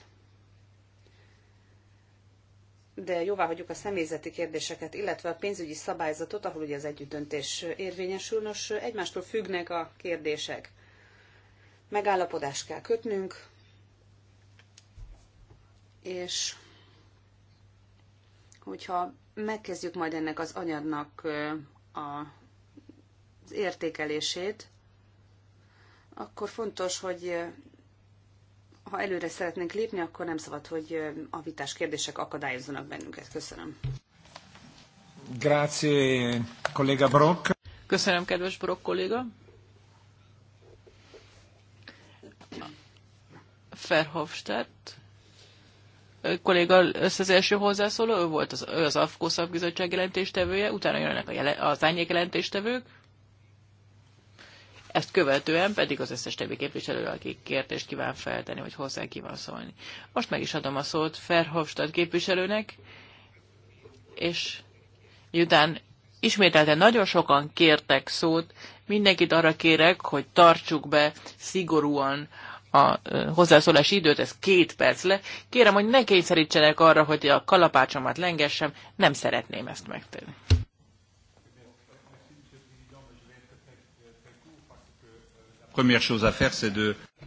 de jóvá hagyjuk a személyzeti kérdéseket, illetve a pénzügyi szabályzatot, ahol ugye az együttdöntés érvényesül. Nos, egymástól függnek a kérdések megállapodást kell kötnünk, és hogyha megkezdjük majd ennek az anyagnak a, az értékelését, akkor fontos, hogy ha előre szeretnénk lépni, akkor nem szabad, hogy a vitás kérdések akadályozzanak bennünket. Köszönöm. Grazie, collega Brock. Köszönöm, kedves Brock kolléga. Verhofstadt kolléga lesz az első hozzászóló, ő volt az, ő az AFKO szakbizottság jelentéstevője, utána jönnek a jele, az árnyék jelentéstevők, ezt követően pedig az összes többi képviselő, aki kérdést kíván feltenni, hogy hozzá kíván szólni. Most meg is adom a szót Ferhofstadt képviselőnek, és miután ismételten nagyon sokan kértek szót, mindenkit arra kérek, hogy tartsuk be szigorúan a hozzászólási időt, ez két perc le. Kérem, hogy ne kényszerítsenek arra, hogy a kalapácsomat lengessem, nem szeretném ezt megtenni.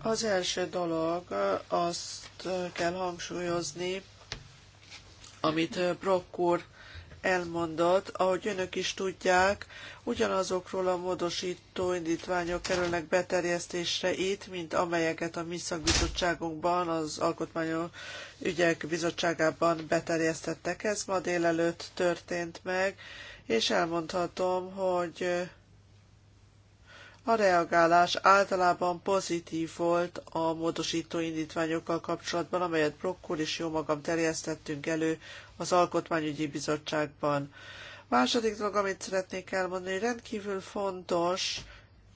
Az első dolog, azt kell hangsúlyozni, amit Brock úr elmondott, ahogy önök is tudják, ugyanazokról a módosító indítványok kerülnek beterjesztésre itt, mint amelyeket a mi szakbizottságunkban, az Alkotmányos Ügyek Bizottságában beterjesztettek. Ez ma délelőtt történt meg, és elmondhatom, hogy a reagálás általában pozitív volt a módosító indítványokkal kapcsolatban, amelyet Brokkul és jó magam terjesztettünk elő az Alkotmányügyi Bizottságban. Második dolog, amit szeretnék elmondani, rendkívül fontos,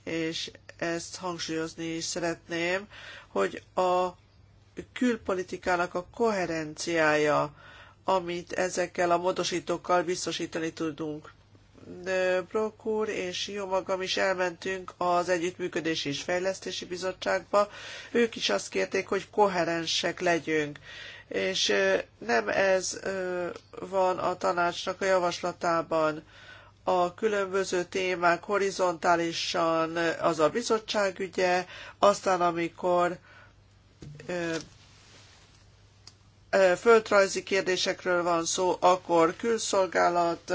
és ezt hangsúlyozni is szeretném, hogy a külpolitikának a koherenciája, amit ezekkel a módosítókkal biztosítani tudunk. Brok úr és jó magam is elmentünk az Együttműködési és Fejlesztési Bizottságba. Ők is azt kérték, hogy koherensek legyünk és nem ez van a tanácsnak a javaslatában. A különböző témák horizontálisan az a bizottság ügye, aztán amikor földrajzi kérdésekről van szó, akkor külszolgálat,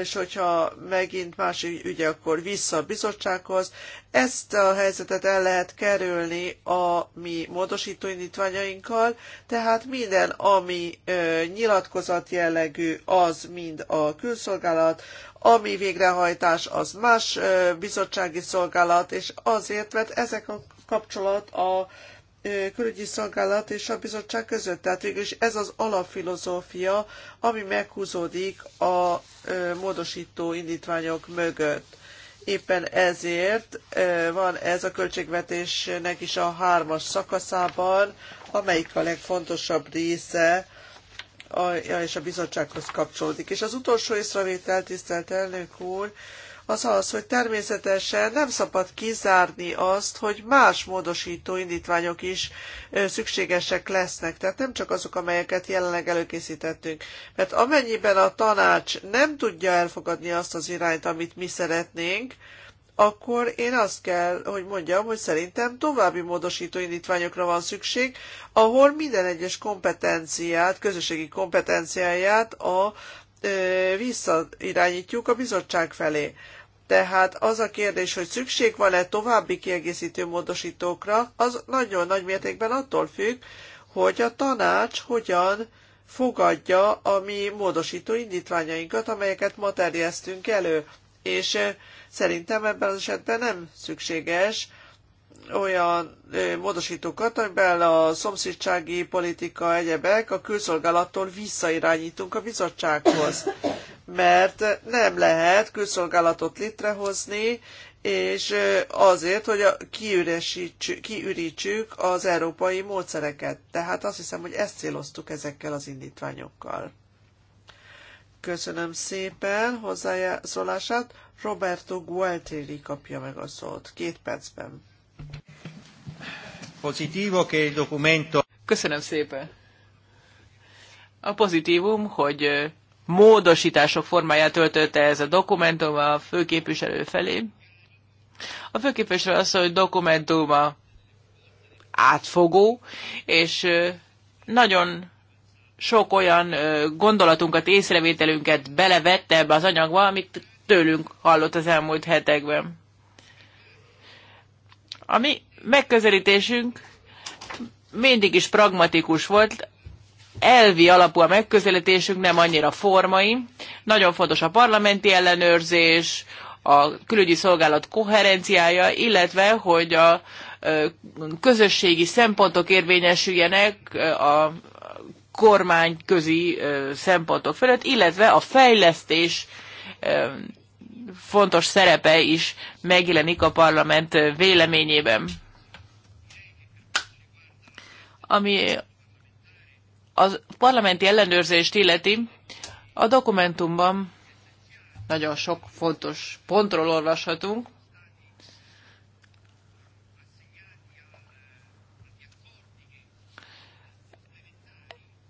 és hogyha megint más ügy, akkor vissza a bizottsághoz. Ezt a helyzetet el lehet kerülni a mi indítványainkkal, tehát minden, ami ö, nyilatkozat jellegű, az mind a külszolgálat, ami végrehajtás, az más ö, bizottsági szolgálat, és azért, mert ezek a kapcsolat a külügyi szolgálat és a bizottság között. Tehát is ez az alapfilozófia, ami meghúzódik a módosító indítványok mögött. Éppen ezért van ez a költségvetésnek is a hármas szakaszában, amelyik a legfontosabb része, és a bizottsághoz kapcsolódik. És az utolsó észrevétel, tisztelt elnök úr, az az, hogy természetesen nem szabad kizárni azt, hogy más módosító indítványok is szükségesek lesznek, tehát nem csak azok, amelyeket jelenleg előkészítettünk. Mert amennyiben a tanács nem tudja elfogadni azt az irányt, amit mi szeretnénk, akkor én azt kell, hogy mondjam, hogy szerintem további módosító indítványokra van szükség, ahol minden egyes kompetenciát, közösségi kompetenciáját a, ö, visszairányítjuk a bizottság felé. Tehát az a kérdés, hogy szükség van-e további kiegészítő módosítókra, az nagyon nagy mértékben attól függ, hogy a tanács hogyan fogadja a mi módosító indítványainkat, amelyeket ma terjesztünk elő. És eh, szerintem ebben az esetben nem szükséges olyan eh, módosítókat, amiben a szomszédsági politika egyebek a külszolgálattól visszairányítunk a bizottsághoz mert nem lehet külszolgálatot létrehozni, és azért, hogy a kiürítsük az európai módszereket. Tehát azt hiszem, hogy ezt céloztuk ezekkel az indítványokkal. Köszönöm szépen hozzászólását. Roberto Gualtieri kapja meg a szót. Két percben. Pozitívo che il Köszönöm szépen. A pozitívum, hogy módosítások formáját töltötte ez a dokumentum a főképviselő felé. A főképviselő az, hogy dokumentum a átfogó, és nagyon sok olyan gondolatunkat, észrevételünket belevette ebbe az anyagba, amit tőlünk hallott az elmúlt hetekben. A mi megközelítésünk mindig is pragmatikus volt, elvi alapú a megközelítésünk, nem annyira formai. Nagyon fontos a parlamenti ellenőrzés, a külügyi szolgálat koherenciája, illetve hogy a közösségi szempontok érvényesüljenek a kormányközi szempontok fölött, illetve a fejlesztés fontos szerepe is megjelenik a parlament véleményében. Ami a parlamenti ellenőrzést illeti, a dokumentumban nagyon sok fontos pontról olvashatunk.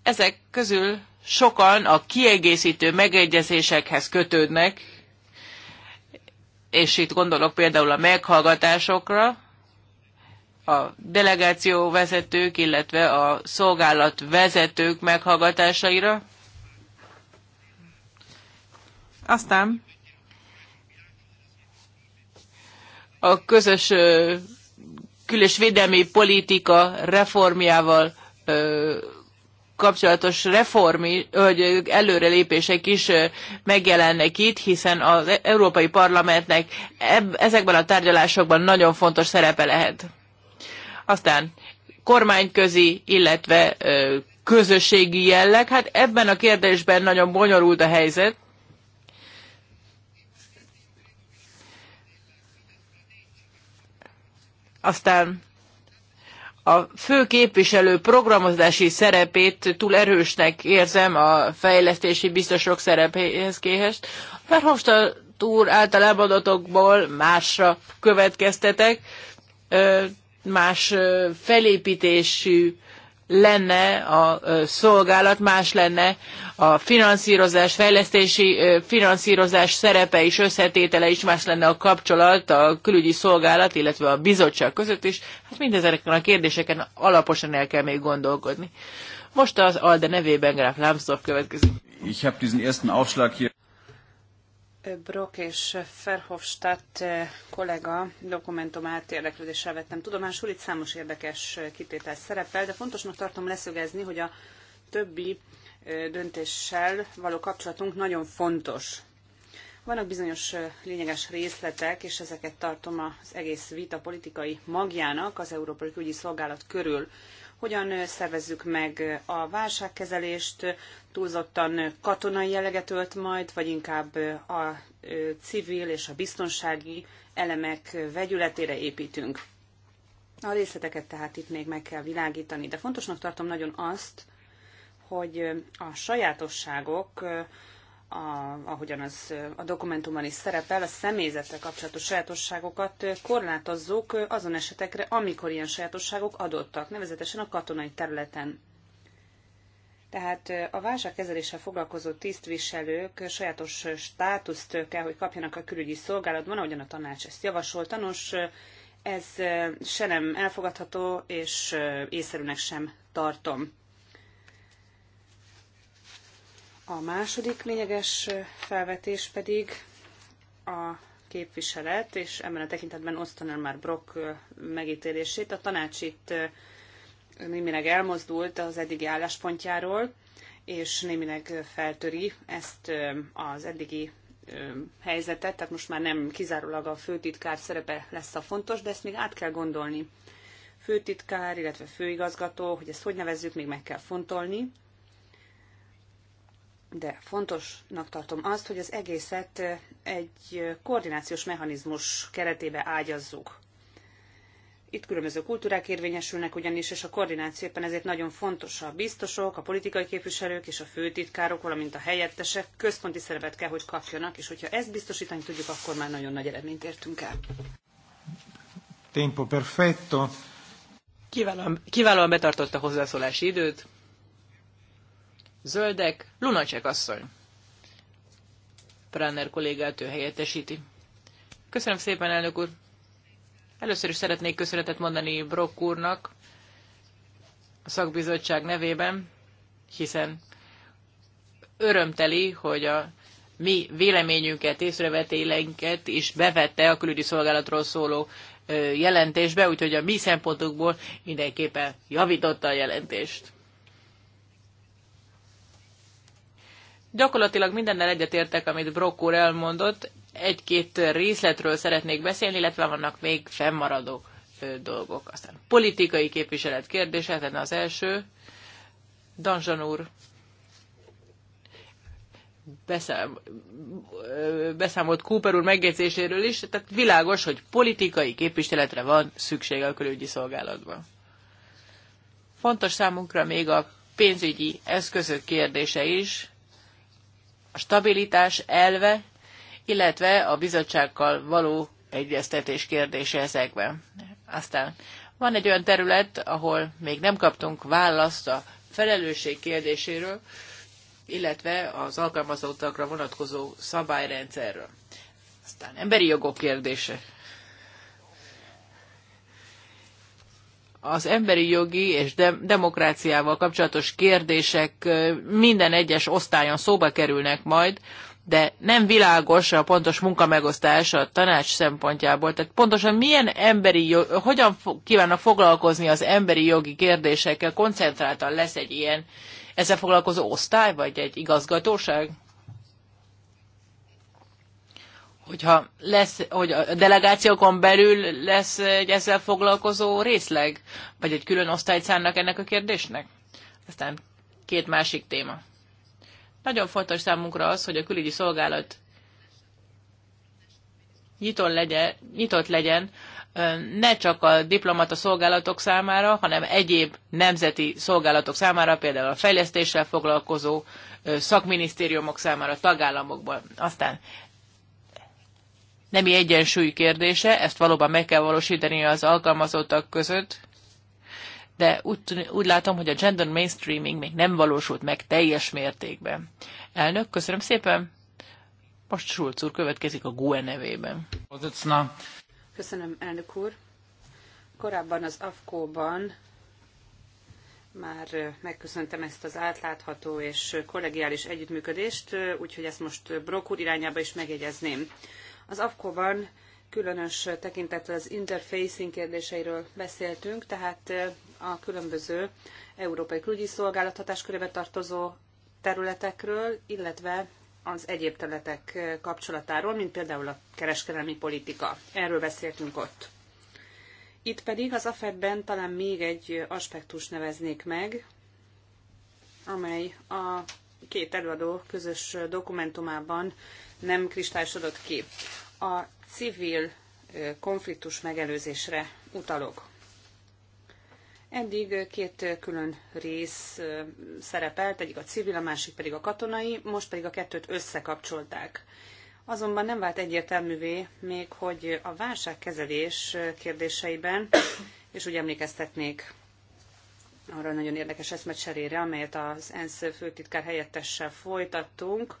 Ezek közül sokan a kiegészítő megegyezésekhez kötődnek, és itt gondolok például a meghallgatásokra, a delegáció vezetők, illetve a szolgálat vezetők meghallgatásaira. Aztán a közös kül- és védelmi politika reformjával kapcsolatos reformi, hogy előrelépések is megjelennek itt, hiszen az Európai Parlamentnek ezekben a tárgyalásokban nagyon fontos szerepe lehet. Aztán kormányközi, illetve közösségi jelleg. Hát ebben a kérdésben nagyon bonyolult a helyzet. Aztán a fő képviselő programozási szerepét túl erősnek érzem a fejlesztési biztosok szerepéhez képest. a túr általában adatokból másra következtetek más felépítésű lenne a szolgálat, más lenne a finanszírozás, fejlesztési finanszírozás szerepe és összetétele is, más lenne a kapcsolat a külügyi szolgálat, illetve a bizottság között is. Hát mindezeken a kérdéseken alaposan el kell még gondolkodni. Most az ALDE nevében Graf Lambsdorff következik. Ich habe diesen ersten Aufschlag hier. Brock és Verhofstadt eh, kollega dokumentum átérdeklődéssel vettem tudomásul. Itt számos érdekes eh, kitétel szerepel, de fontosnak tartom leszögezni, hogy a többi eh, döntéssel való kapcsolatunk nagyon fontos. Vannak bizonyos lényeges részletek, és ezeket tartom az egész vita politikai magjának az Európai Ügyi Szolgálat körül hogyan szervezzük meg a válságkezelést, túlzottan katonai jelleget ölt majd, vagy inkább a civil és a biztonsági elemek vegyületére építünk. A részleteket tehát itt még meg kell világítani, de fontosnak tartom nagyon azt, hogy a sajátosságok, a, ahogyan az a dokumentumban is szerepel, a személyzettel kapcsolatos sajátosságokat korlátozzuk azon esetekre, amikor ilyen sajátosságok adottak, nevezetesen a katonai területen. Tehát a válságkezeléssel foglalkozó tisztviselők sajátos státuszt kell, hogy kapjanak a külügyi szolgálatban, ahogyan a tanács ezt javasolta. Nos, ez se nem elfogadható, és észszerűnek sem tartom. A második lényeges felvetés pedig a képviselet, és ebben a tekintetben osztanám már Brock megítélését. A tanács itt némileg elmozdult az eddigi álláspontjáról, és némileg feltöri ezt az eddigi helyzetet, tehát most már nem kizárólag a főtitkár szerepe lesz a fontos, de ezt még át kell gondolni. Főtitkár, illetve főigazgató, hogy ezt hogy nevezzük, még meg kell fontolni de fontosnak tartom azt, hogy az egészet egy koordinációs mechanizmus keretébe ágyazzuk. Itt különböző kultúrák érvényesülnek ugyanis, és a koordináció éppen ezért nagyon fontos. A biztosok, a politikai képviselők és a főtitkárok, valamint a helyettesek központi szerepet kell, hogy kapjanak, és hogyha ezt biztosítani tudjuk, akkor már nagyon nagy eredményt értünk el. Tempo perfetto. Kiválóan, kiválóan betartotta hozzászólási időt zöldek, Lunacek asszony. Pranner kollégát ő helyettesíti. Köszönöm szépen, elnök úr. Először is szeretnék köszönetet mondani Brock úrnak a szakbizottság nevében, hiszen örömteli, hogy a mi véleményünket, észrevetéleinket is bevette a külügyi szolgálatról szóló jelentésbe, úgyhogy a mi szempontokból mindenképpen javította a jelentést. Gyakorlatilag mindennel egyetértek, amit Brock úr elmondott. Egy-két részletről szeretnék beszélni, illetve vannak még fennmaradó dolgok. Aztán politikai képviselet kérdése, tehát az első. Danzsan úr beszám, beszámolt Cooper úr megjegyzéséről is, tehát világos, hogy politikai képviseletre van szüksége a külügyi szolgálatban. Fontos számunkra még a pénzügyi eszközök kérdése is a stabilitás elve, illetve a bizottsággal való egyeztetés kérdése ezekben. Aztán van egy olyan terület, ahol még nem kaptunk választ a felelősség kérdéséről, illetve az alkalmazottakra vonatkozó szabályrendszerről. Aztán emberi jogok kérdése. az emberi jogi és de- demokráciával kapcsolatos kérdések minden egyes osztályon szóba kerülnek majd, de nem világos a pontos munkamegosztás a tanács szempontjából. Tehát pontosan milyen emberi, jog, hogyan kívánnak foglalkozni az emberi jogi kérdésekkel, koncentráltan lesz egy ilyen ezzel foglalkozó osztály, vagy egy igazgatóság? hogyha lesz, hogy a delegációkon belül lesz egy ezzel foglalkozó részleg, vagy egy külön osztályt szánnak ennek a kérdésnek? Aztán két másik téma. Nagyon fontos számunkra az, hogy a külügyi szolgálat nyitott legyen, nyitott legyen ne csak a diplomata szolgálatok számára, hanem egyéb nemzeti szolgálatok számára, például a fejlesztéssel foglalkozó szakminisztériumok számára tagállamokban. Aztán nemi egyensúly kérdése, ezt valóban meg kell valósítani az alkalmazottak között, de úgy, úgy látom, hogy a gender mainstreaming még nem valósult meg teljes mértékben. Elnök, köszönöm szépen! Most Schulz úr következik a GUE nevében. Köszönöm, elnök úr! Korábban az AFKO-ban már megköszöntem ezt az átlátható és kollegiális együttműködést, úgyhogy ezt most Brok úr irányába is megjegyezném. Az afco ban különös tekintettel az interfacing kérdéseiről beszéltünk, tehát eh, a különböző európai külügyi szolgálat hatáskörébe tartozó területekről, illetve az egyéb területek eh, kapcsolatáról, mint például a kereskedelmi politika. Erről beszéltünk ott. Itt pedig az AFED-ben talán még egy aspektus neveznék meg, amely a két előadó közös dokumentumában nem kristálysodott ki. A civil konfliktus megelőzésre utalok. Eddig két külön rész szerepelt, egyik a civil, a másik pedig a katonai, most pedig a kettőt összekapcsolták. Azonban nem vált egyértelművé még, hogy a válságkezelés kérdéseiben, és úgy emlékeztetnék arra nagyon érdekes eszmecserére, amelyet az ENSZ főtitkár helyettessel folytattunk.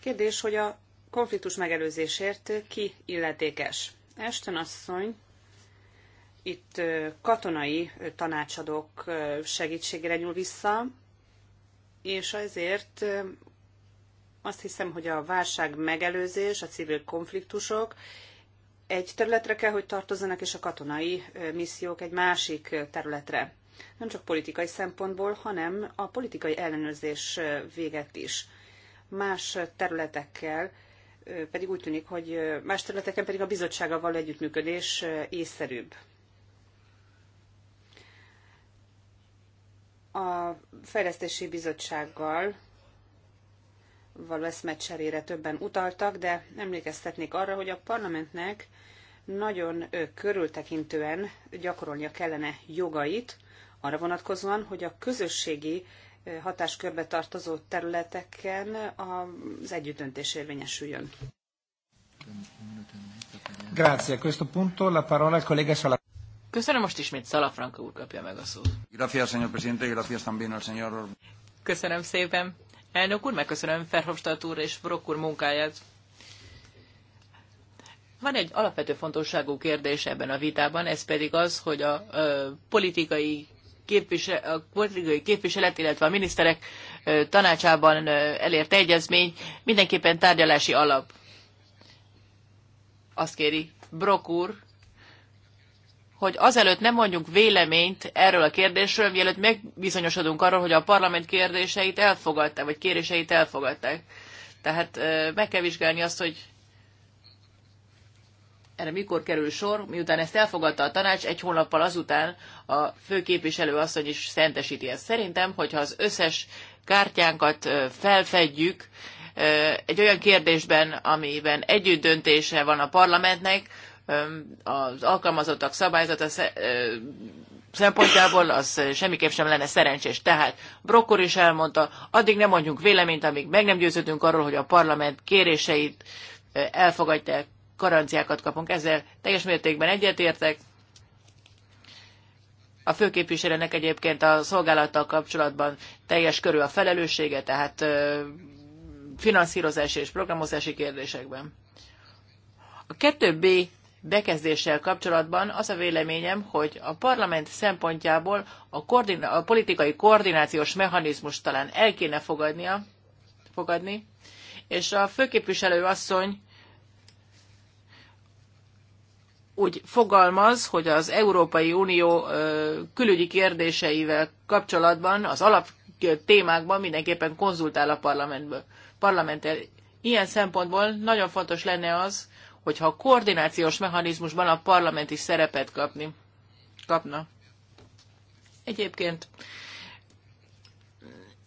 Kérdés, hogy a konfliktus megelőzésért ki illetékes? Esten asszony itt katonai tanácsadók segítségére nyúl vissza, és ezért azt hiszem, hogy a válság megelőzés, a civil konfliktusok egy területre kell, hogy tartozzanak, és a katonai missziók egy másik területre nem csak politikai szempontból, hanem a politikai ellenőrzés véget is. Más területekkel pedig úgy tűnik, hogy más területeken pedig a bizottsággal való együttműködés észszerűbb. a fejlesztési bizottsággal való eszmecserére többen utaltak, de emlékeztetnék arra, hogy a parlamentnek nagyon körültekintően gyakorolnia kellene jogait, arra vonatkozóan, hogy a közösségi hatáskörbe tartozó területeken az együttdöntés érvényesüljön. Grazie. A questo punto la parola al collega Sala. Köszönöm, most ismét Salafranca úr kapja meg a szót. Gracias, señor presidente, gracias también al señor... Köszönöm szépen. Elnök úr, megköszönöm Ferhofstadt úr és Brock úr munkáját. Van egy alapvető fontosságú kérdés ebben a vitában, ez pedig az, hogy a a politikai képvisel, a portugói képviselet, illetve a miniszterek tanácsában elért egyezmény mindenképpen tárgyalási alap. Azt kéri Brok úr, hogy azelőtt nem mondjunk véleményt erről a kérdésről, mielőtt megbizonyosodunk arról, hogy a parlament kérdéseit elfogadták, vagy kéréseit elfogadták. Tehát meg kell vizsgálni azt, hogy erre mikor kerül sor, miután ezt elfogadta a tanács, egy hónappal azután a főképviselő asszony is szentesíti ezt. Szerintem, hogyha az összes kártyánkat felfedjük egy olyan kérdésben, amiben együtt döntése van a parlamentnek, az alkalmazottak szabályzata szempontjából az semmiképp sem lenne szerencsés. Tehát Brokkor is elmondta, addig nem mondjunk véleményt, amíg meg nem győződünk arról, hogy a parlament kéréseit elfogadják garanciákat kapunk. Ezzel teljes mértékben egyetértek. A főképviselőnek egyébként a szolgálattal kapcsolatban teljes körül a felelőssége, tehát finanszírozási és programozási kérdésekben. A 2B bekezdéssel kapcsolatban az a véleményem, hogy a parlament szempontjából a, koordina- a politikai koordinációs mechanizmus talán el kéne fogadnia, fogadni, és a főképviselő asszony úgy fogalmaz, hogy az Európai Unió külügyi kérdéseivel kapcsolatban az alap témákban mindenképpen konzultál a parlamentből. parlamenttel. Ilyen szempontból nagyon fontos lenne az, hogyha a koordinációs mechanizmusban a parlament is szerepet kapni, kapna. Egyébként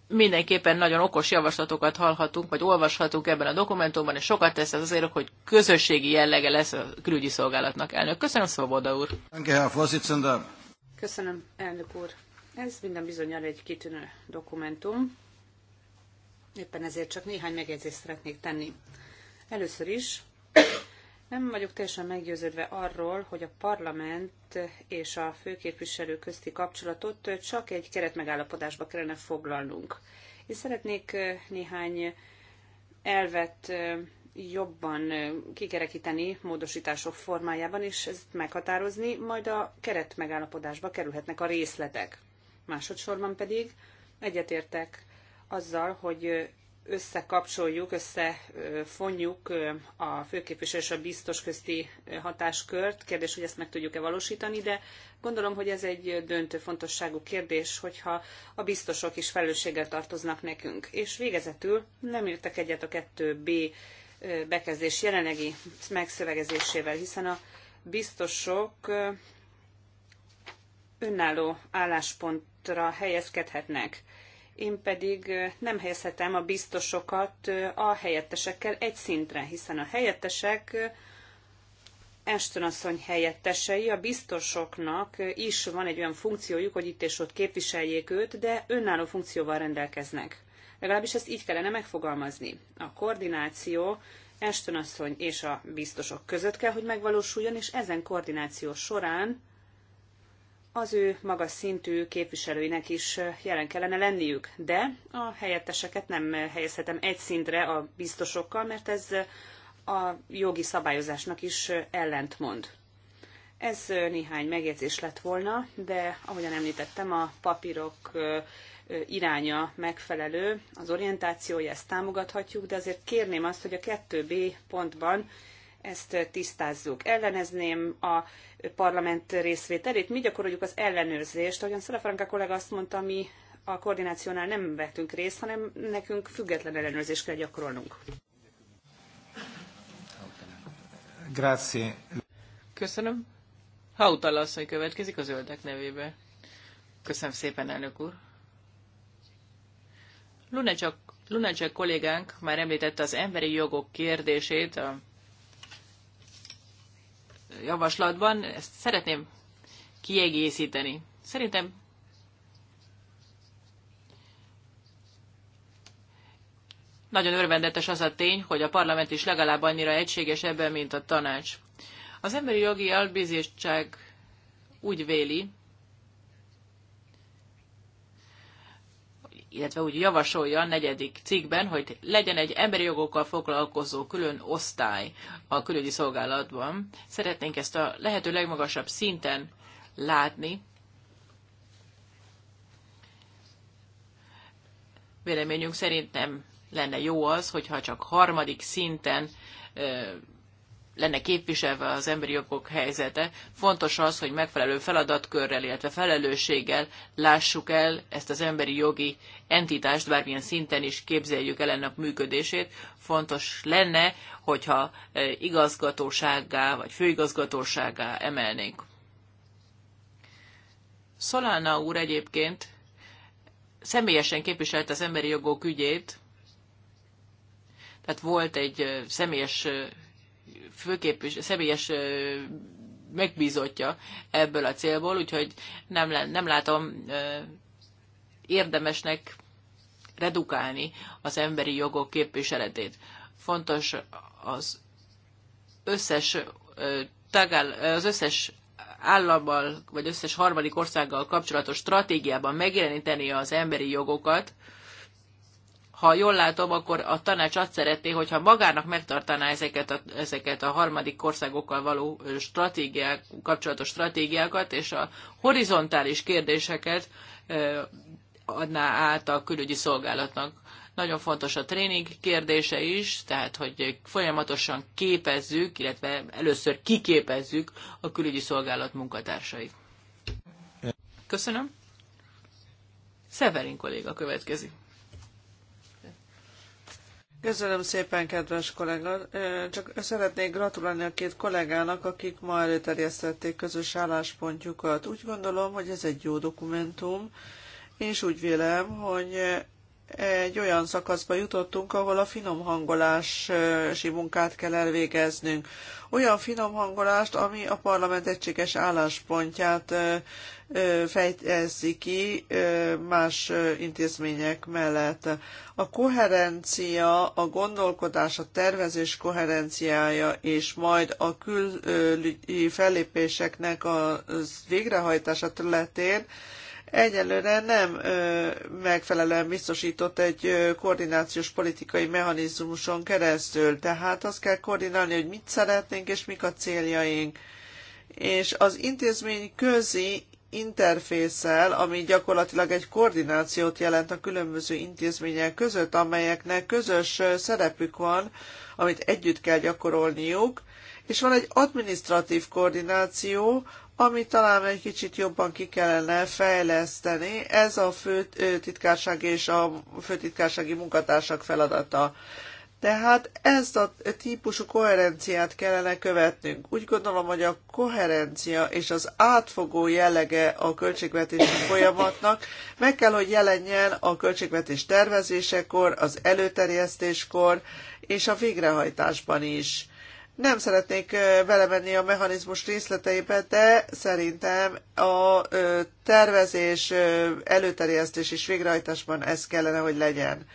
mindenképpen nagyon okos javaslatokat hallhatunk, vagy olvashatunk ebben a dokumentumban, és sokat tesz ez azért, hogy közösségi jellege lesz a külügyi szolgálatnak. Elnök, köszönöm, Szoboda úr! Köszönöm, elnök úr! Ez minden bizonyal egy kitűnő dokumentum. Éppen ezért csak néhány megjegyzést szeretnék tenni. Először is nem vagyok teljesen meggyőződve arról, hogy a parlament és a főképviselő közti kapcsolatot csak egy keretmegállapodásba kellene foglalnunk. Én szeretnék néhány elvet jobban kikerekíteni módosítások formájában, és ezt meghatározni, majd a keretmegállapodásba kerülhetnek a részletek. Másodszorban pedig egyetértek azzal, hogy összekapcsoljuk, összefonjuk a főképviselő és a biztos közti hatáskört. Kérdés, hogy ezt meg tudjuk-e valósítani, de gondolom, hogy ez egy döntő fontosságú kérdés, hogyha a biztosok is felelősséggel tartoznak nekünk. És végezetül nem értek egyet a 2B bekezdés jelenlegi megszövegezésével, hiszen a biztosok önálló álláspontra helyezkedhetnek én pedig nem helyezhetem a biztosokat a helyettesekkel egy szintre, hiszen a helyettesek Ashton asszony helyettesei, a biztosoknak is van egy olyan funkciójuk, hogy itt és ott képviseljék őt, de önálló funkcióval rendelkeznek. Legalábbis ezt így kellene megfogalmazni. A koordináció Ashton asszony és a biztosok között kell, hogy megvalósuljon, és ezen koordináció során az ő magas szintű képviselőinek is jelen kellene lenniük, de a helyetteseket nem helyezhetem egy szintre a biztosokkal, mert ez a jogi szabályozásnak is ellentmond. Ez néhány megjegyzés lett volna, de ahogyan említettem, a papírok iránya megfelelő, az orientációja, ezt támogathatjuk, de azért kérném azt, hogy a 2B pontban ezt tisztázzuk. Ellenezném a parlament részvételét. Mi gyakoroljuk az ellenőrzést. Ahogyan Szalafranka kollega azt mondta, mi a koordinációnál nem vettünk részt, hanem nekünk független ellenőrzést kell gyakorolnunk. Grazie. Köszönöm. Hautala asszony következik az zöldek nevébe. Köszönöm szépen, elnök úr. Lunacsak, kollégánk már említette az emberi jogok kérdését a javaslatban, ezt szeretném kiegészíteni. Szerintem nagyon örvendetes az a tény, hogy a parlament is legalább annyira egységes ebben, mint a tanács. Az Emberi Jogi Albizottság úgy véli, illetve úgy javasolja a negyedik cikkben, hogy legyen egy emberi jogokkal foglalkozó külön osztály a külügyi szolgálatban. Szeretnénk ezt a lehető legmagasabb szinten látni. Véleményünk szerint nem lenne jó az, hogyha csak harmadik szinten lenne képviselve az emberi jogok helyzete. Fontos az, hogy megfelelő feladatkörrel, illetve felelősséggel lássuk el ezt az emberi jogi entitást, bármilyen szinten is képzeljük el ennek működését. Fontos lenne, hogyha e, igazgatósággá vagy főigazgatósággá emelnénk. Szolána úr egyébként személyesen képviselte az emberi jogok ügyét, tehát volt egy e, személyes e, főképvis, személyes megbízottja ebből a célból, úgyhogy nem, nem látom érdemesnek redukálni az emberi jogok képviseletét. Fontos az összes tagál, az összes állammal, vagy összes harmadik országgal kapcsolatos stratégiában megjeleníteni az emberi jogokat, ha jól látom, akkor a tanács azt szeretné, hogyha magának megtartaná ezeket a, ezeket a harmadik országokkal való stratégiák, kapcsolatos stratégiákat, és a horizontális kérdéseket adná át a külügyi szolgálatnak. Nagyon fontos a tréning kérdése is, tehát hogy folyamatosan képezzük, illetve először kiképezzük a külügyi szolgálat munkatársait. Köszönöm. Severin kolléga következik. Köszönöm szépen, kedves kollega. Csak szeretnék gratulálni a két kollégának, akik ma előterjesztették közös álláspontjukat. Úgy gondolom, hogy ez egy jó dokumentum, és úgy vélem, hogy egy olyan szakaszba jutottunk, ahol a finom hangolási munkát kell elvégeznünk. Olyan finom hangolást, ami a parlament egységes álláspontját fejtezi ki más intézmények mellett. A koherencia, a gondolkodás, a tervezés koherenciája, és majd a külügyi fellépéseknek a végrehajtása területén egyelőre nem megfelelően biztosított egy koordinációs politikai mechanizmuson keresztül. Tehát azt kell koordinálni, hogy mit szeretnénk és mik a céljaink. És az intézmény közi interfészel, ami gyakorlatilag egy koordinációt jelent a különböző intézmények között, amelyeknek közös szerepük van, amit együtt kell gyakorolniuk, és van egy administratív koordináció, ami talán egy kicsit jobban ki kellene fejleszteni. Ez a fő titkárság és a főtitkársági munkatársak feladata. Tehát ezt a típusú koherenciát kellene követnünk. Úgy gondolom, hogy a koherencia és az átfogó jellege a költségvetési folyamatnak meg kell, hogy jelenjen a költségvetés tervezésekor, az előterjesztéskor és a végrehajtásban is nem szeretnék belemenni a mechanizmus részleteibe, de szerintem a tervezés, előterjesztés és végrehajtásban ez kellene, hogy legyen.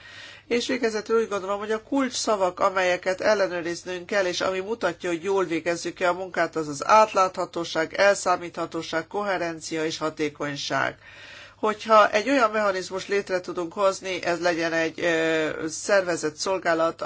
És végezetül úgy gondolom, hogy a kulcs szavak, amelyeket ellenőriznünk kell, és ami mutatja, hogy jól végezzük el a munkát, az az átláthatóság, elszámíthatóság, koherencia és hatékonyság hogyha egy olyan mechanizmus létre tudunk hozni, ez legyen egy szervezett szolgálat,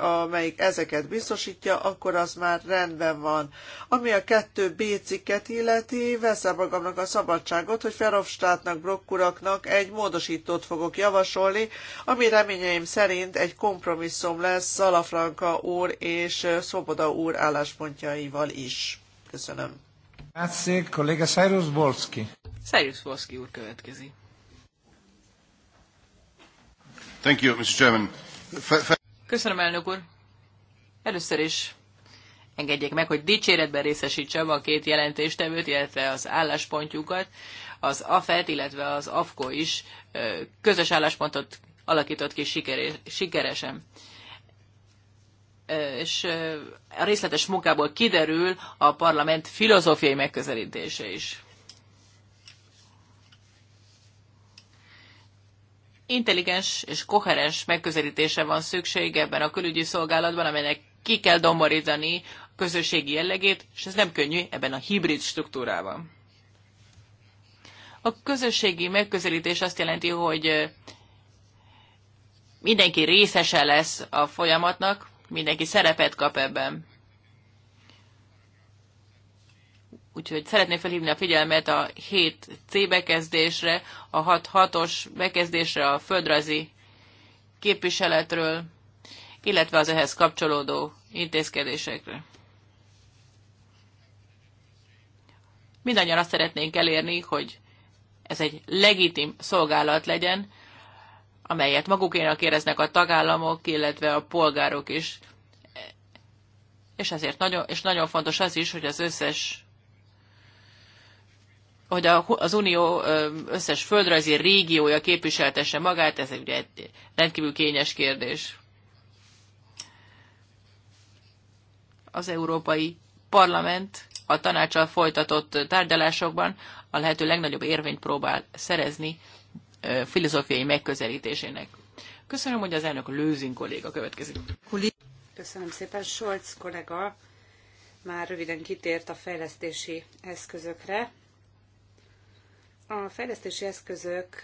amelyik ezeket biztosítja, akkor az már rendben van. Ami a kettő B cikket illeti, veszem magamnak a szabadságot, hogy Ferovstátnak, Brokkuraknak egy módosítót fogok javasolni, ami reményeim szerint egy kompromisszum lesz Szalafranka úr és Szoboda úr álláspontjaival is. Köszönöm. Grazie, kollega Cyrus Bolski. Szerjusz Foszki úr következi. Thank you, Mr. Chairman. Köszönöm, elnök úr. Először is engedjék meg, hogy dicséretben részesítsem a két jelentéstevőt, illetve az álláspontjukat. Az AFET, illetve az AFKO is közös álláspontot alakított ki sikeresen. És a részletes munkából kiderül a parlament filozófiai megközelítése is. intelligens és koherens megközelítése van szükség ebben a külügyi szolgálatban, amelynek ki kell domborítani a közösségi jellegét, és ez nem könnyű ebben a hibrid struktúrában. A közösségi megközelítés azt jelenti, hogy mindenki részese lesz a folyamatnak, mindenki szerepet kap ebben. Úgyhogy szeretném felhívni a figyelmet a 7C bekezdésre, a 6-6-os bekezdésre a földrajzi képviseletről, illetve az ehhez kapcsolódó intézkedésekre. Mindannyian azt szeretnénk elérni, hogy ez egy legitim szolgálat legyen, amelyet magukénak éreznek a tagállamok, illetve a polgárok is. És ezért nagyon, és nagyon fontos az is, hogy az összes hogy a, az Unió összes földrajzi régiója képviseltesse magát, ez egy rendkívül kényes kérdés. Az Európai Parlament a tanácsal folytatott tárgyalásokban a lehető legnagyobb érvényt próbál szerezni filozófiai megközelítésének. Köszönöm, hogy az elnök Lőzin kolléga következik. Köszönöm szépen, Scholz kollega már röviden kitért a fejlesztési eszközökre, a fejlesztési eszközök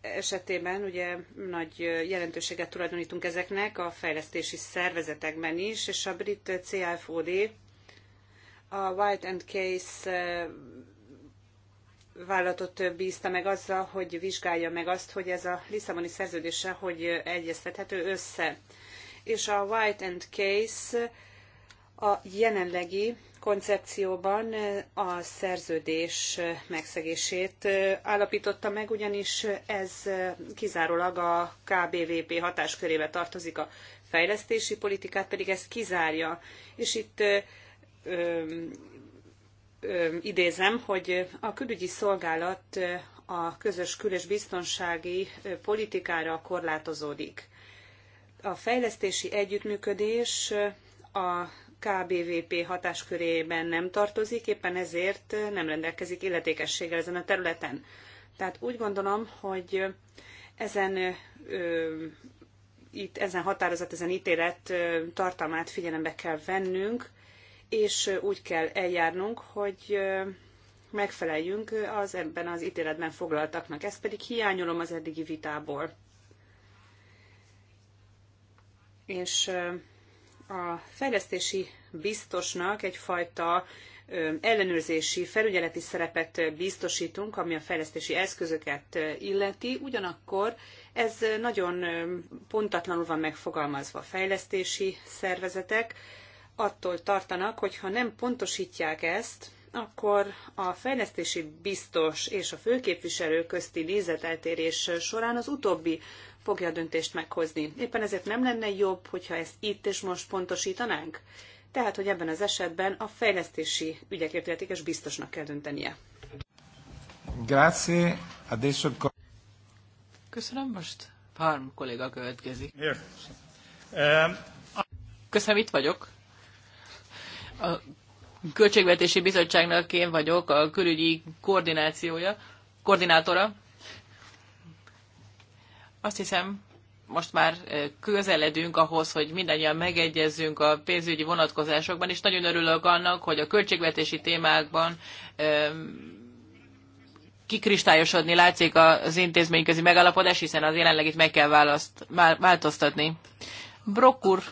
esetében ugye nagy jelentőséget tulajdonítunk ezeknek a fejlesztési szervezetekben is, és a brit CFOD a White and Case eh, vállalatot bízta meg azzal, hogy vizsgálja meg azt, hogy ez a Lisszaboni szerződése hogy egyeztethető össze. És a White and Case a jelenlegi koncepcióban a szerződés megszegését állapította meg, ugyanis ez kizárólag a KBVP hatáskörébe tartozik, a fejlesztési politikát pedig ez kizárja. És itt ö, ö, idézem, hogy a külügyi szolgálat a közös kül- és biztonsági politikára korlátozódik. A fejlesztési együttműködés a KBVP hatáskörében nem tartozik, éppen ezért nem rendelkezik illetékességgel ezen a területen. Tehát úgy gondolom, hogy ezen ö, itt, ezen határozat, ezen ítélet tartalmát figyelembe kell vennünk, és úgy kell eljárnunk, hogy megfeleljünk az ebben az ítéletben foglaltaknak. Ezt pedig hiányolom az eddigi vitából. És a fejlesztési biztosnak egyfajta ellenőrzési, felügyeleti szerepet biztosítunk, ami a fejlesztési eszközöket illeti, ugyanakkor ez nagyon pontatlanul van megfogalmazva a fejlesztési szervezetek, attól tartanak, hogy ha nem pontosítják ezt, akkor a fejlesztési biztos és a főképviselő közti nézeteltérés során az utóbbi fogja a döntést meghozni. Éppen ezért nem lenne jobb, hogyha ezt itt és most pontosítanánk? Tehát, hogy ebben az esetben a fejlesztési ügyekért illetékes biztosnak kell döntenie. Grazie. Adesso... Köszönöm most. Farm kolléga következik. Ehm, Köszönöm, itt vagyok. A Költségvetési Bizottságnak én vagyok a külügyi koordinációja, koordinátora. Azt hiszem, most már közeledünk ahhoz, hogy mindannyian megegyezzünk a pénzügyi vonatkozásokban, és nagyon örülök annak, hogy a költségvetési témákban kikristályosodni látszik az intézményközi megállapodás, hiszen az jelenleg itt meg kell választ, változtatni. Brock úr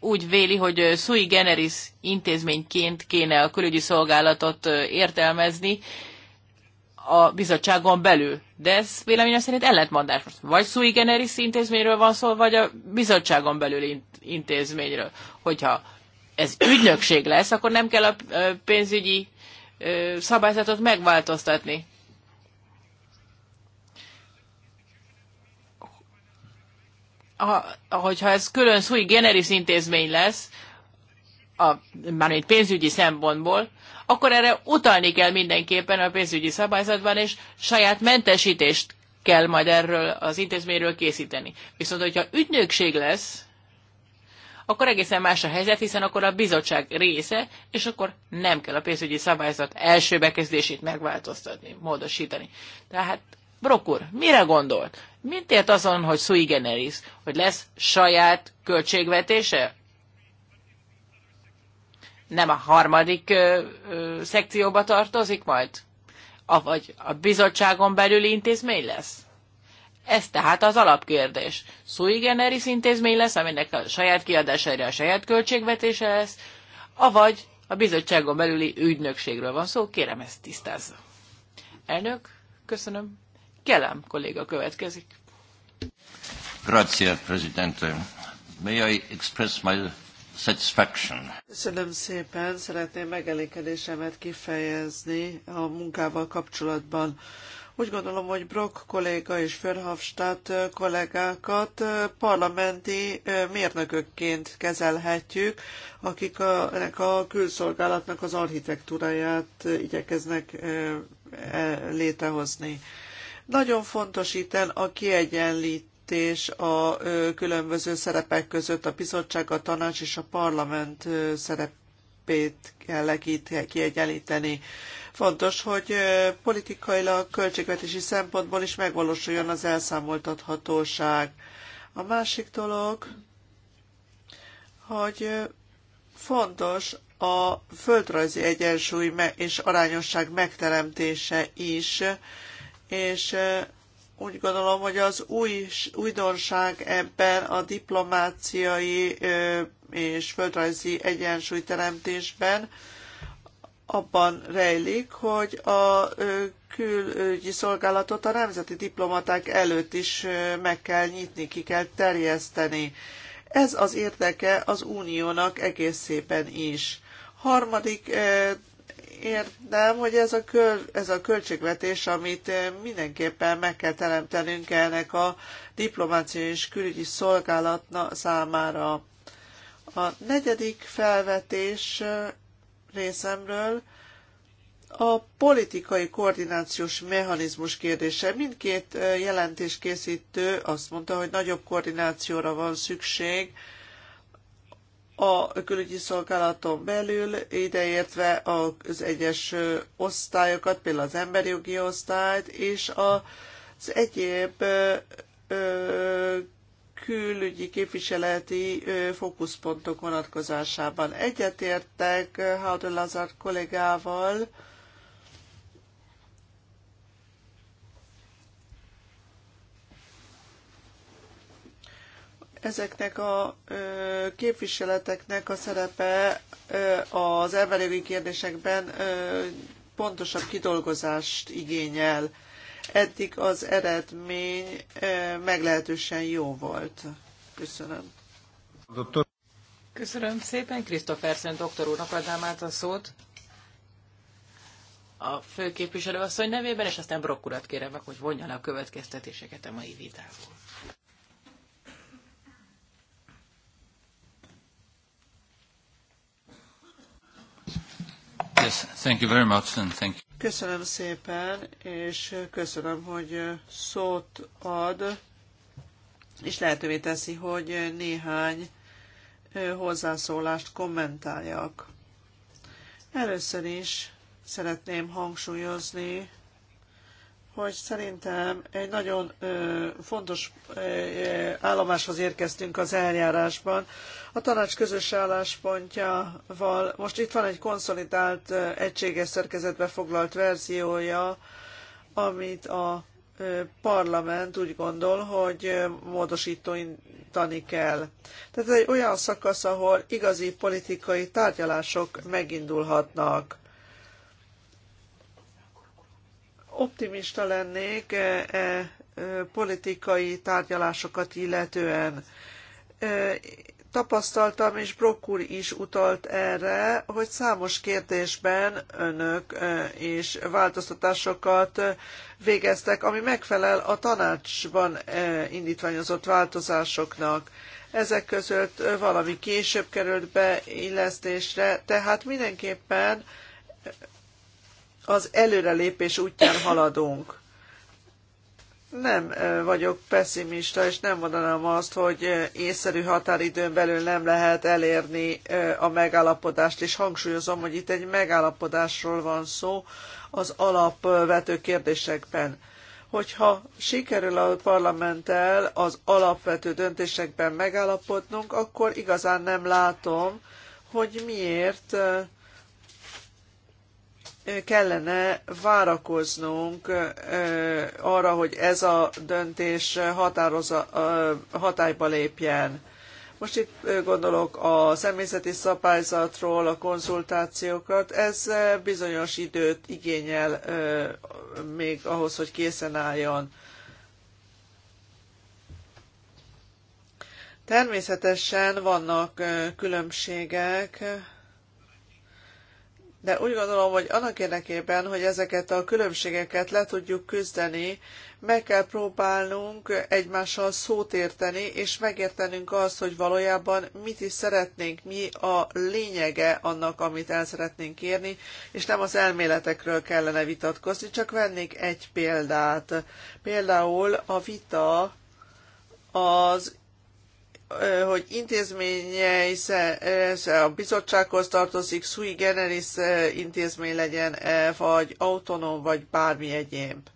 úgy véli, hogy sui generis intézményként kéne a külügyi szolgálatot értelmezni, a bizottságon belül. De ez véleményem szerint ellentmondás. Most vagy sui generis intézményről van szó, vagy a bizottságon belül intézményről. Hogyha ez ügynökség lesz, akkor nem kell a pénzügyi szabályzatot megváltoztatni. Ha, hogyha ez külön sui generis intézmény lesz, a, egy pénzügyi szempontból, akkor erre utalni kell mindenképpen a pénzügyi szabályzatban, és saját mentesítést kell majd erről az intézményről készíteni. Viszont, hogyha ügynökség lesz, akkor egészen más a helyzet, hiszen akkor a bizottság része, és akkor nem kell a pénzügyi szabályzat első bekezdését megváltoztatni, módosítani. Tehát, Brokur, mire gondolt? Mint ért azon, hogy sui generis, hogy lesz saját költségvetése nem a harmadik ö, ö, szekcióba tartozik majd? vagy a bizottságon belüli intézmény lesz? Ez tehát az alapkérdés. Sui generis intézmény lesz, aminek a saját kiadására a saját költségvetése lesz, avagy a bizottságon belüli ügynökségről van szó, kérem ezt tisztázza. Elnök, köszönöm. Kelem kolléga következik. Grazie, Presidente. May I express my satisfaction. Köszönöm szépen, szeretném megelékedésemet kifejezni a munkával kapcsolatban. Úgy gondolom, hogy Brock kolléga és Förhavstadt kollégákat parlamenti mérnökökként kezelhetjük, akik a, ennek a külszolgálatnak az architektúráját igyekeznek e, létrehozni. Nagyon fontos itten a kiegyenlít egyetértés a különböző szerepek között, a bizottság, a tanács és a parlament szerepét kell kiegyenlíteni. Fontos, hogy politikailag, költségvetési szempontból is megvalósuljon az elszámoltathatóság. A másik dolog, hogy fontos a földrajzi egyensúly és arányosság megteremtése is, és úgy gondolom, hogy az új, újdonság ebben a diplomáciai és földrajzi egyensúlyteremtésben abban rejlik, hogy a külügyi szolgálatot a nemzeti diplomaták előtt is meg kell nyitni, ki kell terjeszteni. Ez az érdeke az uniónak egészében is. Harmadik értem, hogy ez a, kör, ez a költségvetés, amit eh, mindenképpen meg kell teremtenünk ennek a diplomáciai és külügyi szolgálat számára. A negyedik felvetés eh, részemről a politikai koordinációs mechanizmus kérdése. Mindkét eh, jelentéskészítő azt mondta, hogy nagyobb koordinációra van szükség, a külügyi szolgálaton belül, ideértve az egyes osztályokat, például az emberi jogi osztályt, és az egyéb külügyi képviseleti fókuszpontok vonatkozásában. Egyetértek Howard Lazard kollégával, ezeknek a ö, képviseleteknek a szerepe ö, az emberi kérdésekben ö, pontosabb kidolgozást igényel. Eddig az eredmény ö, meglehetősen jó volt. Köszönöm. Doktor. Köszönöm szépen. Krisztofersen doktor úrnak adnám át a szót. A főképviselő asszony nevében, és aztán Brokkurat kérem hogy vonja le a következtetéseket a mai vitából. thank you very much and thank you. Köszönöm szépen, és köszönöm, hogy szót ad, és lehetővé teszi, hogy néhány hozzászólást kommentáljak. Először is szeretném hangsúlyozni, hogy szerintem egy nagyon ö, fontos ö, állomáshoz érkeztünk az eljárásban. A tanács közös álláspontjával most itt van egy konszolidált, ö, egységes szerkezetbe foglalt verziója, amit a ö, parlament úgy gondol, hogy módosítani kell. Tehát ez egy olyan szakasz, ahol igazi politikai tárgyalások megindulhatnak optimista lennék e, e, e, politikai tárgyalásokat illetően. E, tapasztaltam, és Brock úr is utalt erre, hogy számos kérdésben önök e, és változtatásokat végeztek, ami megfelel a tanácsban e, indítványozott változásoknak. Ezek között valami később került beillesztésre, tehát mindenképpen az előrelépés útján haladunk. Nem vagyok pessimista, és nem mondanám azt, hogy észszerű határidőn belül nem lehet elérni a megállapodást, és hangsúlyozom, hogy itt egy megállapodásról van szó az alapvető kérdésekben hogyha sikerül a parlamenttel az alapvető döntésekben megállapodnunk, akkor igazán nem látom, hogy miért kellene várakoznunk arra, hogy ez a döntés határoza, hatályba lépjen. Most itt gondolok a személyzeti szabályzatról, a konzultációkat. Ez bizonyos időt igényel még ahhoz, hogy készen álljon. Természetesen vannak különbségek, de úgy gondolom, hogy annak érdekében, hogy ezeket a különbségeket le tudjuk küzdeni, meg kell próbálnunk egymással szót érteni, és megértenünk azt, hogy valójában mit is szeretnénk, mi a lényege annak, amit el szeretnénk érni, és nem az elméletekről kellene vitatkozni, csak vennék egy példát. Például a vita az hogy intézményei a bizottsághoz tartozik, sui generis e, intézmény legyen, e, vagy autonóm, vagy bármi egyéb.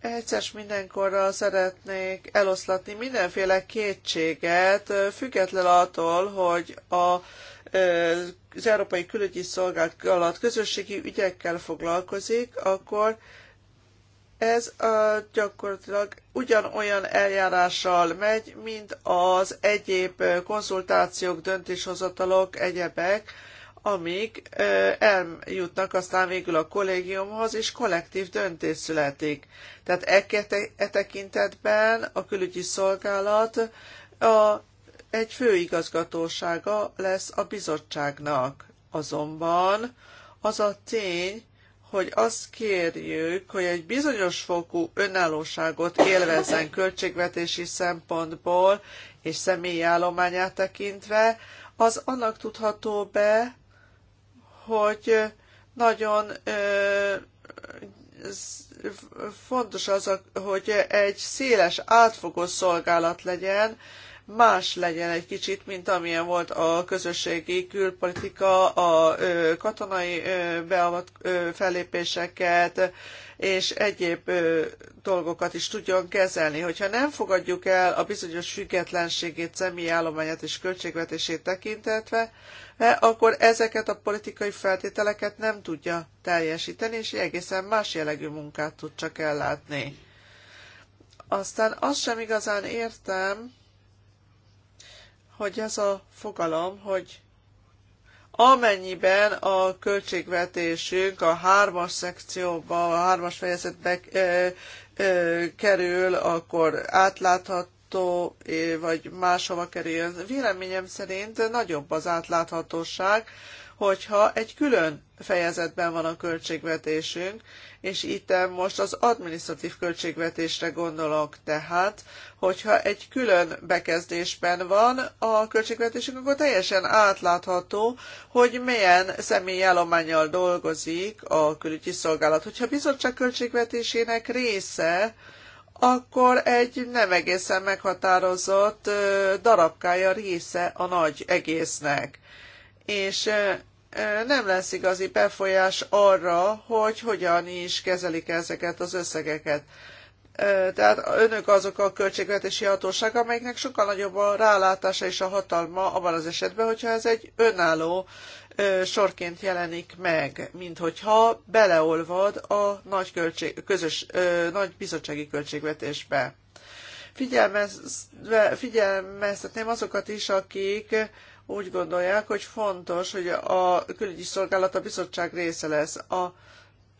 Egyszer mindenkorra szeretnék eloszlatni mindenféle kétséget, e, független attól, hogy a, az Európai Külügyi Szolgálat közösségi ügyekkel foglalkozik, akkor ez a gyakorlatilag ugyanolyan eljárással megy, mint az egyéb konzultációk, döntéshozatalok, egyebek, amik eljutnak aztán végül a kollégiumhoz, és kollektív döntés születik. Tehát e, e tekintetben a külügyi szolgálat a, egy főigazgatósága lesz a bizottságnak. Azonban az a tény, hogy azt kérjük, hogy egy bizonyos fokú önállóságot élvezzen költségvetési szempontból és személyi állományát tekintve, az annak tudható be, hogy nagyon ö, fontos az, hogy egy széles, átfogó szolgálat legyen, más legyen egy kicsit, mint amilyen volt a közösségi külpolitika, a katonai beavat, fellépéseket, és egyéb dolgokat is tudjon kezelni. Hogyha nem fogadjuk el a bizonyos függetlenségét, személyi állományát és költségvetését tekintetve, e, akkor ezeket a politikai feltételeket nem tudja teljesíteni, és egészen más jellegű munkát tud csak ellátni. Aztán azt sem igazán értem, hogy ez a fogalom, hogy amennyiben a költségvetésünk a hármas szekcióba, a hármas fejezetbe ö, ö, kerül, akkor átlátható, vagy máshova kerül. Véleményem szerint nagyobb az átláthatóság, hogyha egy külön fejezetben van a költségvetésünk, és itt most az administratív költségvetésre gondolok, tehát, hogyha egy külön bekezdésben van a költségvetésünk, akkor teljesen átlátható, hogy milyen személyállományjal dolgozik a külügyi szolgálat. Hogyha a bizottság költségvetésének része, akkor egy nem egészen meghatározott darabkája része a nagy egésznek és nem lesz igazi befolyás arra, hogy hogyan is kezelik ezeket az összegeket. Tehát önök azok a költségvetési hatóság, amelyeknek sokkal nagyobb a rálátása és a hatalma abban az esetben, hogyha ez egy önálló sorként jelenik meg, mint hogyha beleolvad a nagy, költség, közös, nagy bizottsági költségvetésbe. Figyelmeztetném azokat is, akik úgy gondolják, hogy fontos, hogy a külügyi szolgálat a bizottság része lesz. A,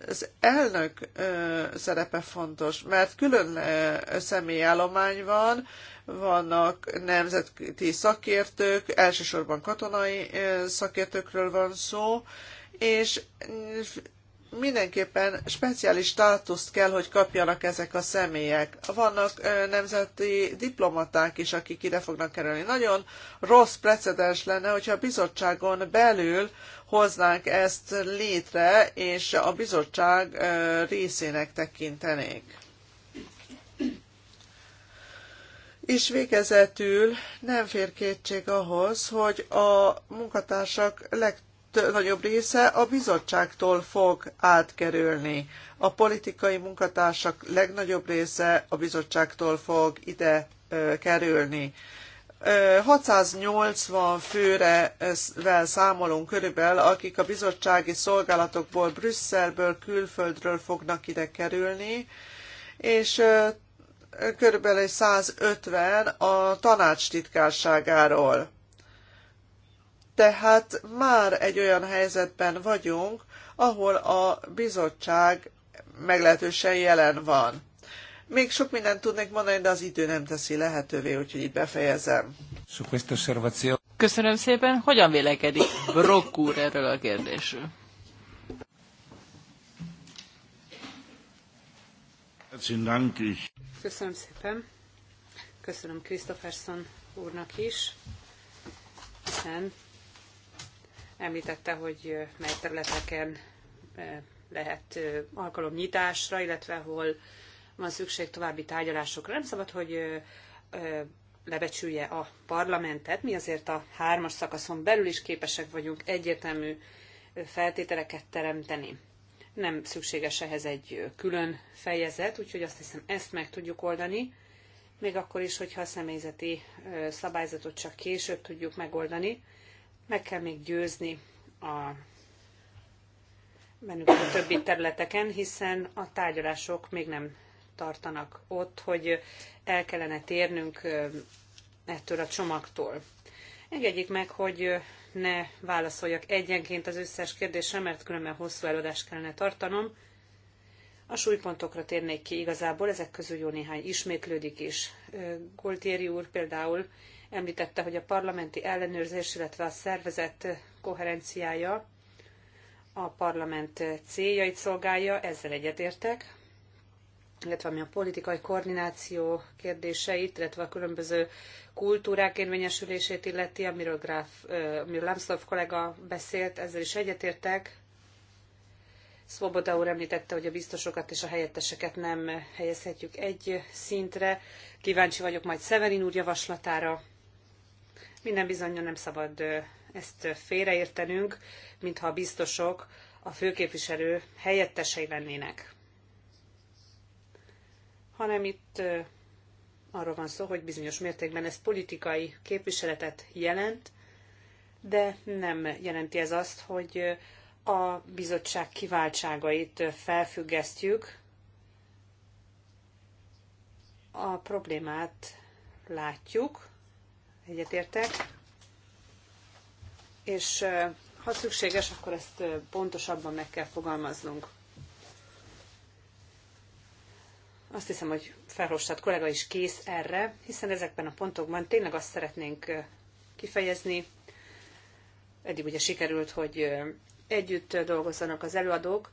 az elnök ö, szerepe fontos, mert külön ö, személyállomány van, vannak nemzeti szakértők, elsősorban katonai ö, szakértőkről van szó, és mindenképpen speciális státuszt kell, hogy kapjanak ezek a személyek. Vannak nemzeti diplomaták is, akik ide fognak kerülni. Nagyon rossz precedens lenne, hogyha a bizottságon belül hoznánk ezt létre, és a bizottság részének tekintenék. És végezetül nem fér kétség ahhoz, hogy a munkatársak legtöbb nagyobb része a bizottságtól fog átkerülni. A politikai munkatársak legnagyobb része a bizottságtól fog ide kerülni. 680 főre számolunk körülbelül, akik a bizottsági szolgálatokból, Brüsszelből, külföldről fognak ide kerülni, és körülbelül 150 a tanács titkárságáról. Tehát már egy olyan helyzetben vagyunk, ahol a bizottság meglehetősen jelen van. Még sok mindent tudnék mondani, de az idő nem teszi lehetővé, úgyhogy itt befejezem. Köszönöm szépen. Hogyan vélekedik Brock úr erről a kérdésről? Köszönöm szépen. Köszönöm Christopherson úrnak is, hiszen Említette, hogy mely területeken lehet alkalomnyitásra, illetve hol van szükség további tárgyalásokra. Nem szabad, hogy lebecsülje a parlamentet. Mi azért a hármas szakaszon belül is képesek vagyunk egyértelmű feltételeket teremteni. Nem szükséges ehhez egy külön fejezet, úgyhogy azt hiszem ezt meg tudjuk oldani, még akkor is, hogyha a személyzeti szabályzatot csak később tudjuk megoldani, meg kell még győzni a bennük a többi területeken, hiszen a tárgyalások még nem tartanak ott, hogy el kellene térnünk ettől a csomagtól. Engedjék meg, hogy ne válaszoljak egyenként az összes kérdésre, mert különben hosszú előadást kellene tartanom. A súlypontokra térnék ki igazából, ezek közül jó néhány ismétlődik is. Goltieri úr például Említette, hogy a parlamenti ellenőrzés, illetve a szervezet koherenciája a parlament céljait szolgálja, ezzel egyetértek, illetve ami a politikai koordináció kérdéseit, illetve a különböző kultúrák érvényesülését illeti, amiről, Graf, amiről Lambsdorff kollega beszélt, ezzel is egyetértek. Svoboda úr említette, hogy a biztosokat és a helyetteseket nem helyezhetjük egy szintre. Kíváncsi vagyok majd Severin úr javaslatára. Minden bizonyan nem szabad ezt félreértenünk, mintha a biztosok a főképviselő helyettesei lennének. Hanem itt arról van szó, hogy bizonyos mértékben ez politikai képviseletet jelent, de nem jelenti ez azt, hogy a bizottság kiváltságait felfüggesztjük. A problémát látjuk, egyetértek. És ha szükséges, akkor ezt pontosabban meg kell fogalmaznunk. Azt hiszem, hogy Ferhostad kollega is kész erre, hiszen ezekben a pontokban tényleg azt szeretnénk kifejezni. Eddig ugye sikerült, hogy együtt dolgozzanak az előadók,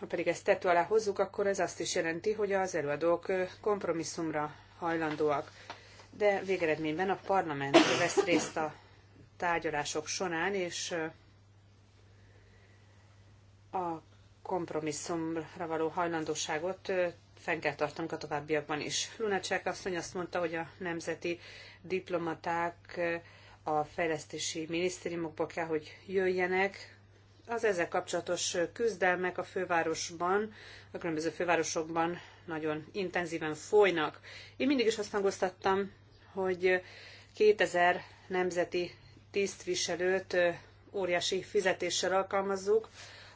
ha pedig ezt tető alá hozzuk, akkor ez azt is jelenti, hogy az előadók kompromisszumra hajlandóak de végeredményben a parlament vesz részt a tárgyalások során, és a kompromisszumra való hajlandóságot fenn kell tartanunk a továbbiakban is. Lunacek asszony azt mondta, hogy a nemzeti diplomaták a fejlesztési minisztériumokba kell, hogy jöjjenek. Az ezzel kapcsolatos küzdelmek a fővárosban, a különböző fővárosokban nagyon intenzíven folynak. Én mindig is azt hangoztattam, hogy 2000 nemzeti tisztviselőt óriási fizetéssel alkalmazzuk,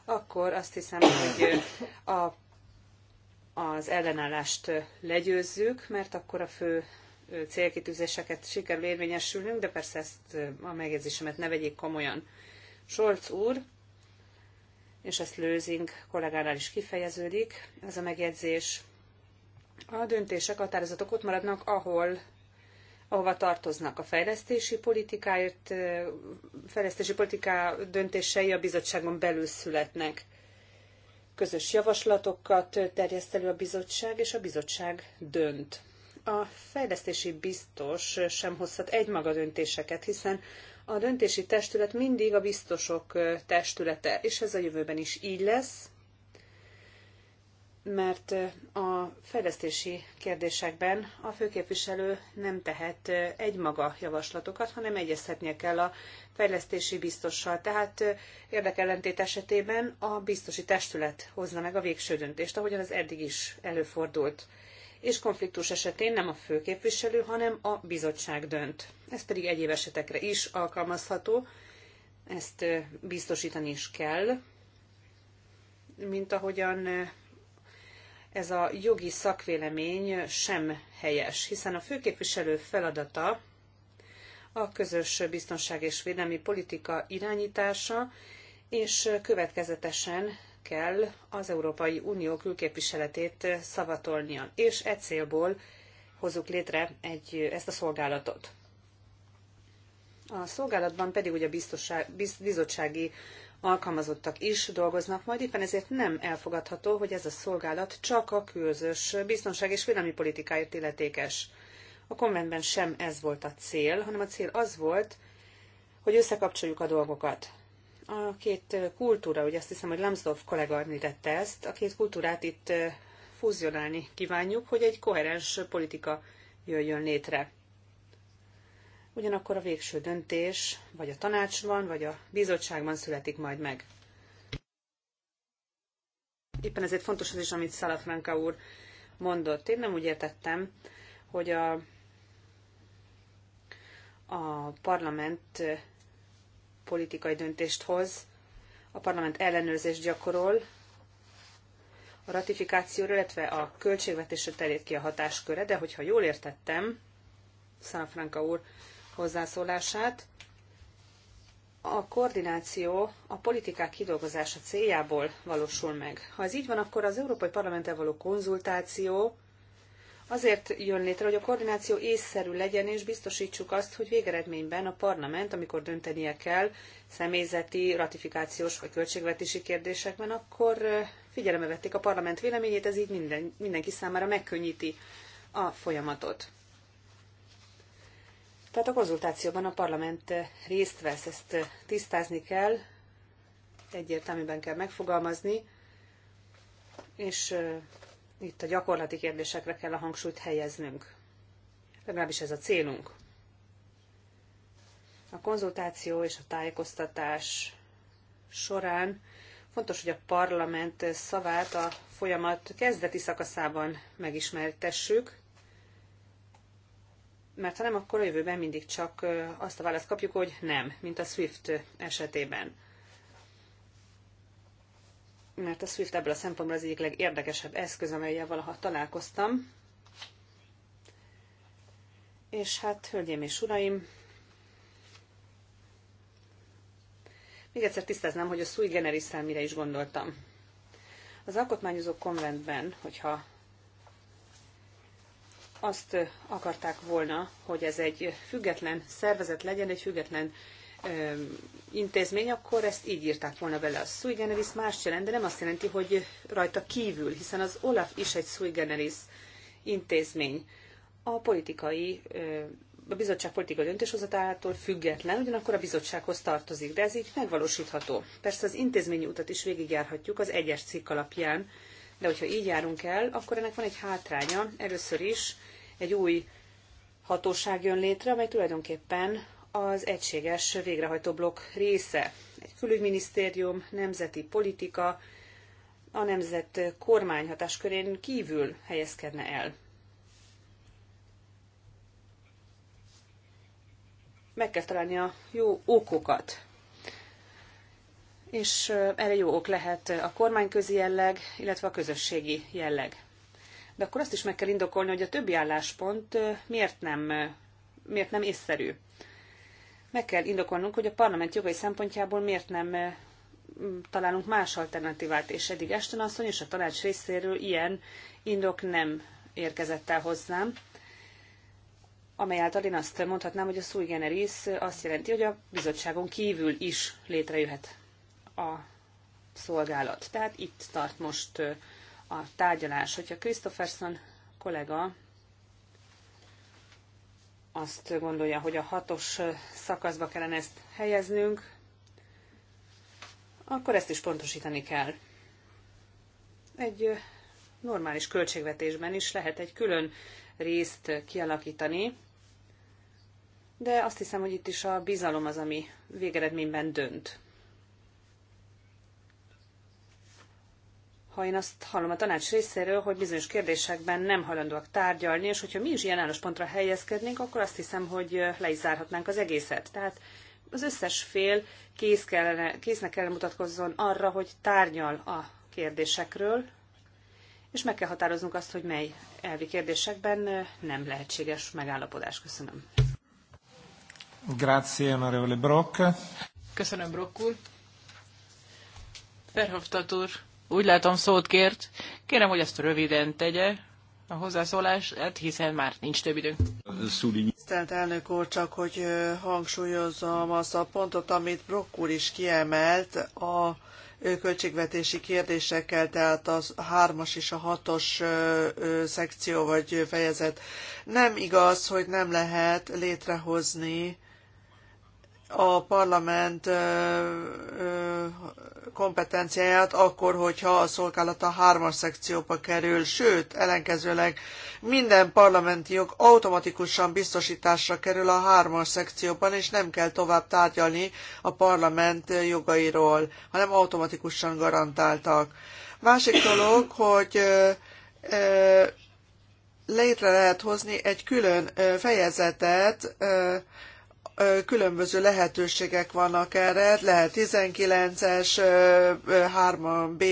akkor azt hiszem, hogy a, az ellenállást legyőzzük, mert akkor a fő célkitűzéseket sikerül érvényesülnünk, de persze ezt a megjegyzésemet ne vegyék komolyan. Solc úr, és ezt Lőzing kollégánál is kifejeződik, ez a megjegyzés. A döntések, határozatok ott maradnak, ahol ahova tartoznak a fejlesztési politikáért, fejlesztési politiká döntései a bizottságon belül születnek. Közös javaslatokat terjeszt elő a bizottság, és a bizottság dönt. A fejlesztési biztos sem hozhat egymaga döntéseket, hiszen a döntési testület mindig a biztosok testülete, és ez a jövőben is így lesz, mert a fejlesztési kérdésekben a főképviselő nem tehet egymaga javaslatokat, hanem egyeztetnie kell a fejlesztési biztossal. Tehát érdekellentét esetében a biztosi testület hozna meg a végső döntést, ahogyan az eddig is előfordult. És konfliktus esetén nem a főképviselő, hanem a bizottság dönt. Ez pedig egyéb esetekre is alkalmazható, ezt biztosítani is kell, mint ahogyan ez a jogi szakvélemény sem helyes, hiszen a főképviselő feladata a közös biztonság és védelmi politika irányítása, és következetesen kell az Európai Unió külképviseletét szavatolnia, és e célból hozzuk létre egy, ezt a szolgálatot. A szolgálatban pedig ugye a bizottsági alkalmazottak is dolgoznak majd, éppen ezért nem elfogadható, hogy ez a szolgálat csak a külzős biztonság és védelmi politikáért illetékes. A konventben sem ez volt a cél, hanem a cél az volt, hogy összekapcsoljuk a dolgokat. A két kultúra, ugye azt hiszem, hogy Lambsdorff kollega említette ezt, a két kultúrát itt fúzionálni kívánjuk, hogy egy koherens politika jöjjön létre ugyanakkor a végső döntés vagy a tanácsban, vagy a bizottságban születik majd meg. Éppen ezért fontos az is, amit Szalatmenka úr mondott. Én nem úgy értettem, hogy a, a parlament politikai döntést hoz, a parlament ellenőrzést gyakorol, a ratifikációra, illetve a költségvetésre terjed ki a hatásköre, de hogyha jól értettem, Franka úr hozzászólását. A koordináció a politikák kidolgozása céljából valósul meg. Ha ez így van, akkor az Európai Parlamenttel való konzultáció azért jön létre, hogy a koordináció észszerű legyen, és biztosítsuk azt, hogy végeredményben a parlament, amikor döntenie kell személyzeti, ratifikációs vagy költségvetési kérdésekben, akkor figyelembe vették a parlament véleményét, ez így minden, mindenki számára megkönnyíti a folyamatot. Tehát a konzultációban a parlament eh, részt vesz, ezt eh, tisztázni kell, egyértelműben kell megfogalmazni, és eh, itt a gyakorlati kérdésekre kell a hangsúlyt helyeznünk. Legalábbis ez a célunk. A konzultáció és a tájékoztatás során fontos, hogy a parlament szavát a folyamat kezdeti szakaszában megismertessük, mert ha nem, akkor a jövőben mindig csak azt a választ kapjuk, hogy nem, mint a SWIFT esetében. Mert a SWIFT ebből a szempontból az egyik legérdekesebb eszköz, amelyel valaha találkoztam. És hát, hölgyeim és uraim, még egyszer tisztáznám, hogy a sui generis mire is gondoltam. Az alkotmányozó konventben, hogyha azt akarták volna, hogy ez egy független szervezet legyen, egy független intézmény, akkor ezt így írták volna bele. A sui generis más jelent, de nem azt jelenti, hogy rajta kívül, hiszen az Olaf is egy sui generis intézmény. A politikai a bizottság politikai döntéshozatától független, ugyanakkor a bizottsághoz tartozik, de ez így megvalósítható. Persze az intézményi utat is végigjárhatjuk az egyes cikk alapján, de hogyha így járunk el, akkor ennek van egy hátránya. Először is egy új hatóság jön létre, amely tulajdonképpen az egységes végrehajtó blokk része. Egy külügyminisztérium, nemzeti politika, a nemzet kormány hatáskörén kívül helyezkedne el. Meg kell találni a jó okokat és erre jó ok lehet a kormányközi jelleg, illetve a közösségi jelleg. De akkor azt is meg kell indokolni, hogy a többi álláspont miért nem, miért nem észszerű. Meg kell indokolnunk, hogy a parlament jogai szempontjából miért nem találunk más alternatívát, és eddig Ashton asszony és a tanács részéről ilyen indok nem érkezett el hozzám, amely által én azt mondhatnám, hogy a sui generis azt jelenti, hogy a bizottságon kívül is létrejöhet a szolgálat. Tehát itt tart most a tárgyalás. Hogyha Christopherson kollega azt gondolja, hogy a hatos szakaszba kellene ezt helyeznünk, akkor ezt is pontosítani kell. Egy normális költségvetésben is lehet egy külön részt kialakítani, de azt hiszem, hogy itt is a bizalom az, ami végeredményben dönt. ha én azt hallom a tanács részéről, hogy bizonyos kérdésekben nem hajlandóak tárgyalni, és hogyha mi is ilyen álláspontra helyezkednénk, akkor azt hiszem, hogy le is zárhatnánk az egészet. Tehát az összes fél kész kellene, késznek kellene mutatkozzon arra, hogy tárgyal a kérdésekről, és meg kell határoznunk azt, hogy mely elvi kérdésekben nem lehetséges megállapodás. Köszönöm. Grazie, onorevole Brock. Köszönöm, Brock úr. Verhofstadt úr úgy látom szót kért. Kérem, hogy ezt röviden tegye a hát hiszen már nincs több időnk. Tisztelt elnök úr, csak hogy hangsúlyozzam azt a pontot, amit Brock úr is kiemelt a költségvetési kérdésekkel, tehát a hármas és a hatos szekció vagy fejezet. Nem igaz, hogy nem lehet létrehozni a parlament kompetenciáját akkor, hogyha a szolgálat a hármas szekcióba kerül, sőt, ellenkezőleg minden parlamenti jog automatikusan biztosításra kerül a hármas szekcióban, és nem kell tovább tárgyalni a parlament jogairól, hanem automatikusan garantáltak. Másik dolog, hogy létre lehet hozni egy külön fejezetet, különböző lehetőségek vannak erre, lehet 19-es, 3B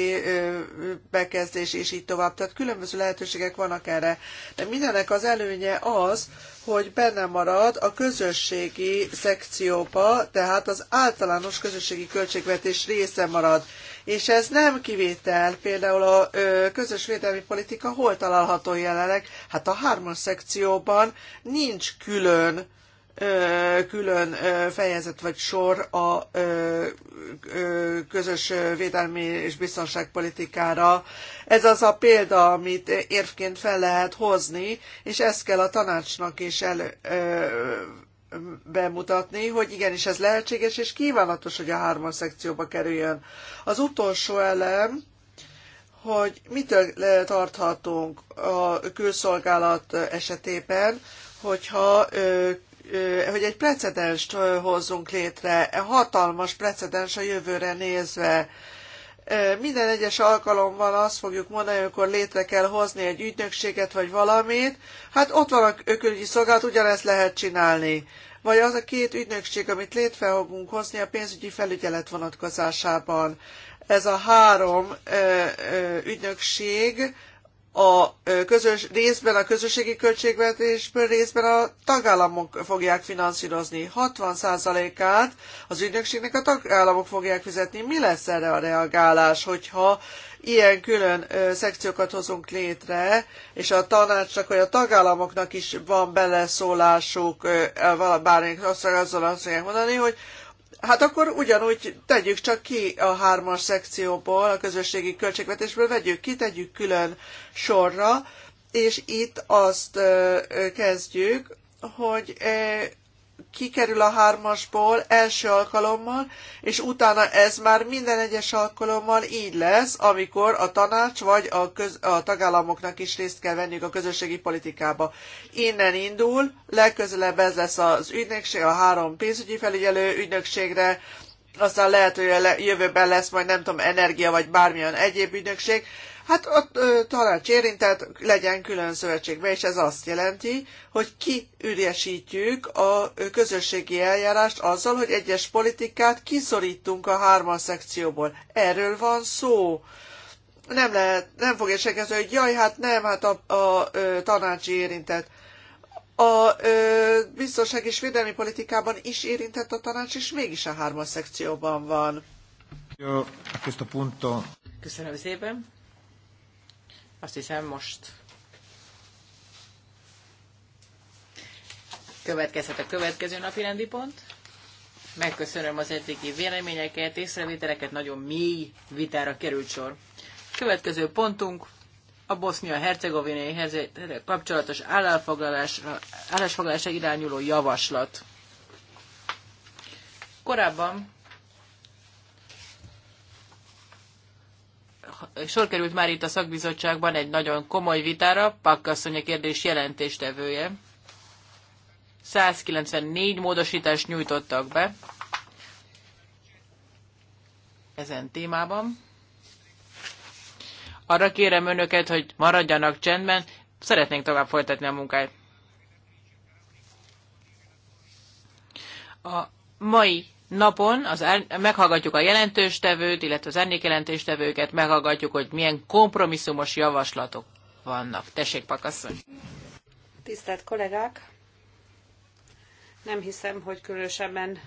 bekezdés, és így tovább. Tehát különböző lehetőségek vannak erre. De mindennek az előnye az, hogy benne marad a közösségi szekcióba, tehát az általános közösségi költségvetés része marad. És ez nem kivétel, például a ö, közös védelmi politika hol található jelenleg? Hát a hármas szekcióban nincs külön külön fejezet vagy sor a közös védelmi és biztonságpolitikára. Ez az a példa, amit érvként fel lehet hozni, és ezt kell a tanácsnak is el bemutatni, hogy igenis ez lehetséges, és kívánatos, hogy a hármas szekcióba kerüljön. Az utolsó elem, hogy mitől tarthatunk a külszolgálat esetében, hogyha hogy egy precedenst hozzunk létre, e hatalmas precedens a jövőre nézve. Minden egyes alkalommal azt fogjuk mondani, amikor létre kell hozni egy ügynökséget vagy valamit, hát ott van a külügyi szolgálat, ugyanezt lehet csinálni. Vagy az a két ügynökség, amit létre fogunk hozni a pénzügyi felügyelet vonatkozásában. Ez a három ö, ö, ügynökség, a közös, részben a közösségi költségvetésből, részben a tagállamok fogják finanszírozni. 60%-át az ügynökségnek a tagállamok fogják fizetni. Mi lesz erre a reagálás, hogyha ilyen külön szekciókat hozunk létre, és a tanácsnak, vagy a tagállamoknak is van beleszólásuk, bármilyen azt azzal azt mondani, hogy Hát akkor ugyanúgy tegyük csak ki a hármas szekcióból, a közösségi költségvetésből, vegyük ki, tegyük külön sorra, és itt azt kezdjük, hogy kikerül a hármasból első alkalommal, és utána ez már minden egyes alkalommal így lesz, amikor a tanács vagy a, köz, a tagállamoknak is részt kell venniük a közösségi politikába. Innen indul, legközelebb ez lesz az ügynökség, a három pénzügyi felügyelő ügynökségre, aztán lehet, hogy a jövőben lesz majd nem tudom, energia vagy bármilyen egyéb ügynökség, Hát ö, tanács érintett legyen külön szövetségbe, és ez azt jelenti, hogy kiüresítjük a közösségi eljárást azzal, hogy egyes politikát kiszorítunk a hármas szekcióból. Erről van szó nem lehet, nem fogja senki hogy jaj, hát nem, hát a, a ö, tanácsi érintett. A ö, biztonság és védelmi politikában is érintett a tanács, és mégis a hármas szekcióban van. Jó, a punto. Köszönöm szépen. Azt hiszem most következhet a következő napi rendi pont. Megköszönöm az eddigi véleményeket, észrevételeket, nagyon mély vitára került sor. Következő pontunk a Bosznia-Hercegovinai kapcsolatos állásfoglalásra irányuló javaslat. Korábban sor került már itt a szakbizottságban egy nagyon komoly vitára, Pakkasszony a kérdés jelentéstevője. 194 módosítást nyújtottak be ezen témában. Arra kérem önöket, hogy maradjanak csendben, szeretnénk tovább folytatni a munkát. A mai napon az el, meghallgatjuk a jelentőstevőt, illetve az jelentéstevőket, meghallgatjuk, hogy milyen kompromisszumos javaslatok vannak. Tessék, pakasszony! Tisztelt kollégák! Nem hiszem, hogy különösebben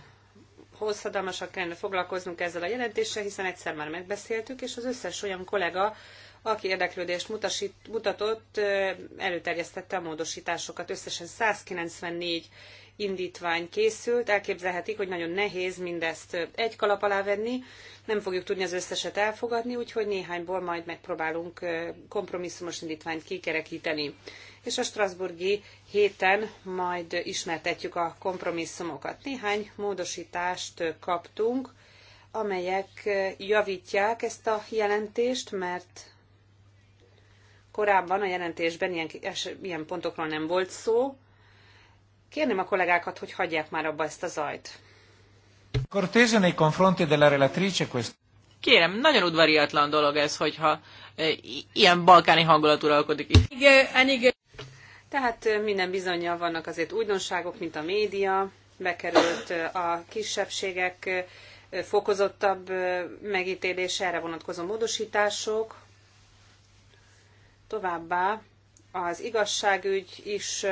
hosszadalmasak kellene foglalkoznunk ezzel a jelentéssel, hiszen egyszer már megbeszéltük, és az összes olyan kollega, aki érdeklődést mutasít, mutatott, előterjesztette a módosításokat. Összesen 194 indítvány készült. Elképzelhetik, hogy nagyon nehéz mindezt egy kalap alá venni. Nem fogjuk tudni az összeset elfogadni, úgyhogy néhányból majd megpróbálunk kompromisszumos indítványt kikerekíteni. És a Strasburgi héten majd ismertetjük a kompromisszumokat. Néhány módosítást kaptunk, amelyek javítják ezt a jelentést, mert korábban a jelentésben ilyen, ilyen pontokról nem volt szó, Kérném a kollégákat, hogy hagyják már abba ezt a zajt. Kérem, nagyon udvariatlan dolog ez, hogyha e, ilyen balkáni hangulat uralkodik itt. Tehát e, minden bizonyal vannak azért újdonságok, mint a média, bekerült e, a kisebbségek fokozottabb megítélése, erre vonatkozó módosítások. Továbbá az igazságügy is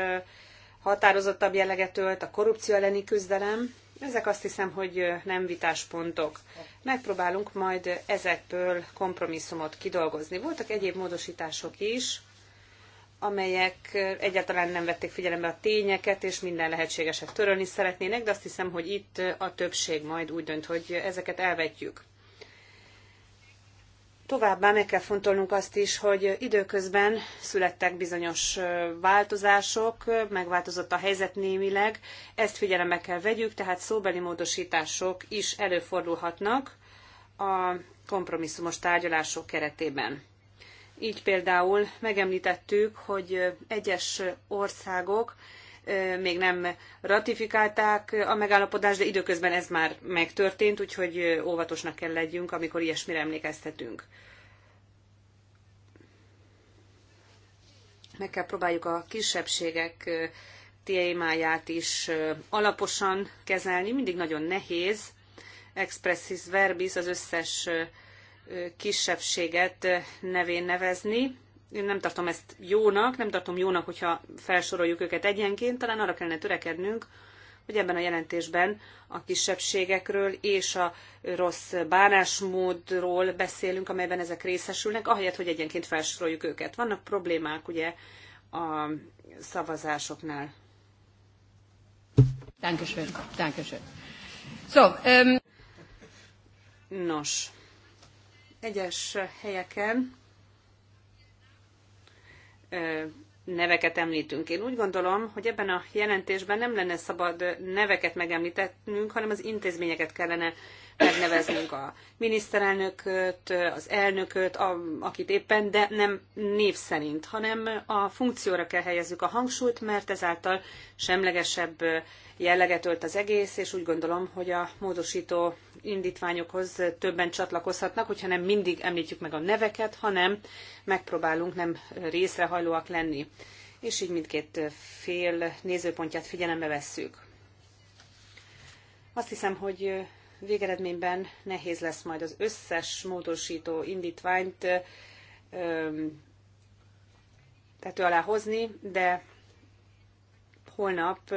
határozottabb jelleget ölt, a korrupció elleni küzdelem, ezek azt hiszem, hogy nem vitáspontok. Megpróbálunk majd ezekből kompromisszumot kidolgozni. Voltak egyéb módosítások is, amelyek egyáltalán nem vették figyelembe a tényeket, és minden lehetségeset törölni szeretnének, de azt hiszem, hogy itt a többség majd úgy dönt, hogy ezeket elvetjük. Továbbá meg kell fontolnunk azt is, hogy időközben születtek bizonyos változások, megváltozott a helyzet némileg, ezt figyelembe kell vegyük, tehát szóbeli módosítások is előfordulhatnak a kompromisszumos tárgyalások keretében. Így például megemlítettük, hogy egyes országok még nem ratifikálták a megállapodást, de időközben ez már megtörtént, úgyhogy óvatosnak kell legyünk, amikor ilyesmire emlékeztetünk. Meg kell próbáljuk a kisebbségek témáját is alaposan kezelni. Mindig nagyon nehéz, expressis verbis az összes kisebbséget nevén nevezni, én nem tartom ezt jónak, nem tartom jónak, hogyha felsoroljuk őket egyenként, talán arra kellene törekednünk, hogy ebben a jelentésben a kisebbségekről és a rossz bánásmódról beszélünk, amelyben ezek részesülnek, ahelyett, hogy egyenként felsoroljuk őket. Vannak problémák ugye a szavazásoknál. Dankeschön. Dankeschön. So, um... Nos, egyes helyeken neveket említünk. Én úgy gondolom, hogy ebben a jelentésben nem lenne szabad neveket megemlítenünk, hanem az intézményeket kellene megneveznünk a miniszterelnököt, az elnököt, a, akit éppen, de nem név szerint, hanem a funkcióra kell helyezzük a hangsúlyt, mert ezáltal semlegesebb jelleget ölt az egész, és úgy gondolom, hogy a módosító indítványokhoz többen csatlakozhatnak, hogyha nem mindig említjük meg a neveket, hanem megpróbálunk nem részrehajlóak lenni. És így mindkét fél nézőpontját figyelembe vesszük. Azt hiszem, hogy végeredményben nehéz lesz majd az összes módosító indítványt tető alá hozni, de holnap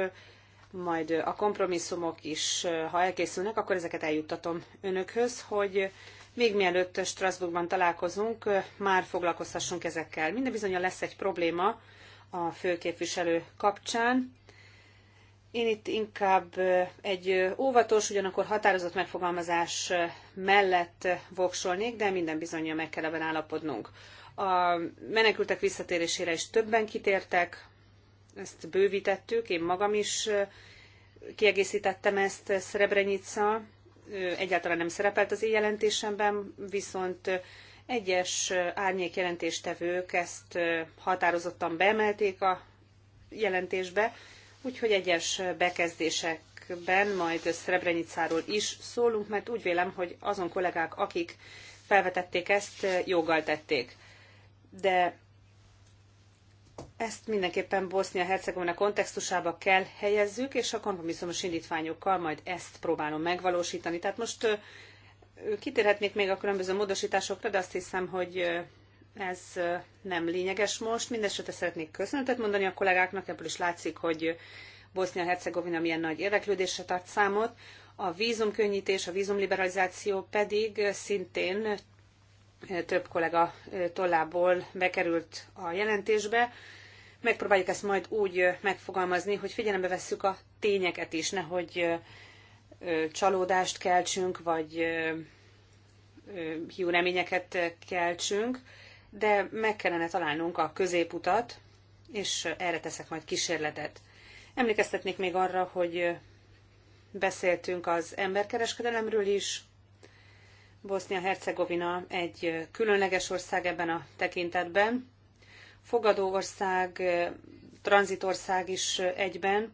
majd a kompromisszumok is, ha elkészülnek, akkor ezeket eljuttatom önökhöz, hogy még mielőtt Strasbourgban találkozunk, már foglalkozhassunk ezekkel. Minden bizonyal lesz egy probléma a főképviselő kapcsán. Én itt inkább egy óvatos, ugyanakkor határozott megfogalmazás mellett voksolnék, de minden bizonyja meg kell ebben állapodnunk. A menekültek visszatérésére is többen kitértek, ezt bővítettük, én magam is kiegészítettem ezt Szerebrenica, egyáltalán nem szerepelt az én jelentésemben, viszont egyes árnyék jelentéstevők ezt határozottan beemelték a jelentésbe, úgyhogy egyes bekezdésekben majd Szerebrenicáról is szólunk, mert úgy vélem, hogy azon kollégák, akik felvetették ezt, joggal tették. De ezt mindenképpen Bosznia-Hercegovina kontextusába kell helyezzük, és a kompromisszumos indítványokkal majd ezt próbálom megvalósítani. Tehát most kitérhetnék még a különböző módosításokra, de azt hiszem, hogy ez nem lényeges most. Mindenesetre szeretnék köszönetet mondani a kollégáknak, ebből is látszik, hogy Bosznia-Hercegovina milyen nagy érdeklődésre tart számot. A vízumkönnyítés, a vízumliberalizáció pedig szintén több kollega tollából bekerült a jelentésbe. Megpróbáljuk ezt majd úgy megfogalmazni, hogy figyelembe vesszük a tényeket is, nehogy csalódást keltsünk, vagy hiú reményeket keltsünk, de meg kellene találnunk a középutat, és erre teszek majd kísérletet. Emlékeztetnék még arra, hogy beszéltünk az emberkereskedelemről is. Bosznia-Hercegovina egy különleges ország ebben a tekintetben fogadóország, tranzitország is egyben,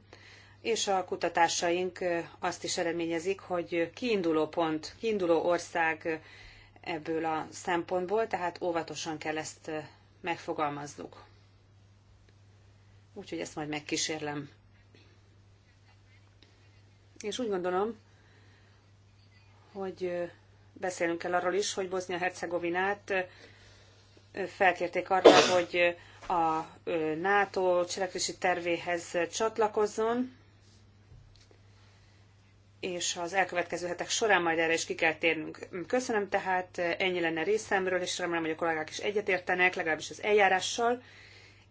és a kutatásaink azt is eredményezik, hogy kiinduló pont, kiinduló ország ebből a szempontból, tehát óvatosan kell ezt megfogalmaznunk. Úgyhogy ezt majd megkísérlem. És úgy gondolom, hogy beszélünk kell arról is, hogy Bosznia-Hercegovinát felkérték arra, hogy a NATO cselekvési tervéhez csatlakozzon, és az elkövetkező hetek során majd erre is ki kell térnünk. Köszönöm tehát, ennyi lenne részemről, és remélem, hogy a kollégák is egyetértenek, legalábbis az eljárással,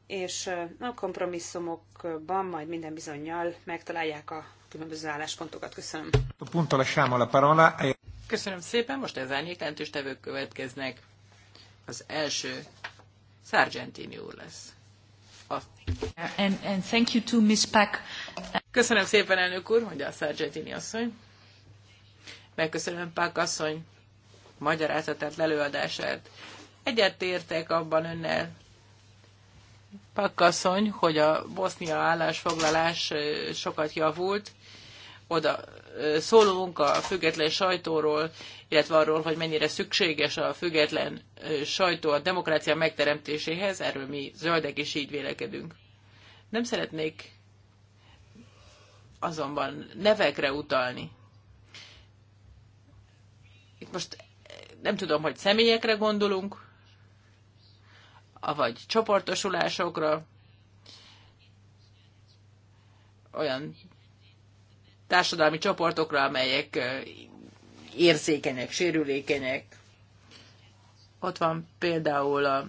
és a kompromisszumokban majd minden bizonyal megtalálják a különböző álláspontokat. Köszönöm. E- Köszönöm szépen, most az árnyék tevők következnek. Az első Sargentini úr lesz. A... And, and thank you to Miss Pack. Köszönöm szépen, elnök úr, mondja a Sargentini asszony. Megköszönöm Pack asszony magyarázatát, előadását. Egyetértek abban önnel, Pakkasszony, hogy a Bosznia állásfoglalás sokat javult, oda szólunk a független sajtóról, illetve arról, hogy mennyire szükséges a független sajtó a demokrácia megteremtéséhez, erről mi zöldek is így vélekedünk. Nem szeretnék azonban nevekre utalni. Itt most nem tudom, hogy személyekre gondolunk, vagy csoportosulásokra, olyan társadalmi csoportokra, amelyek érzékenyek, sérülékenyek. Ott van például a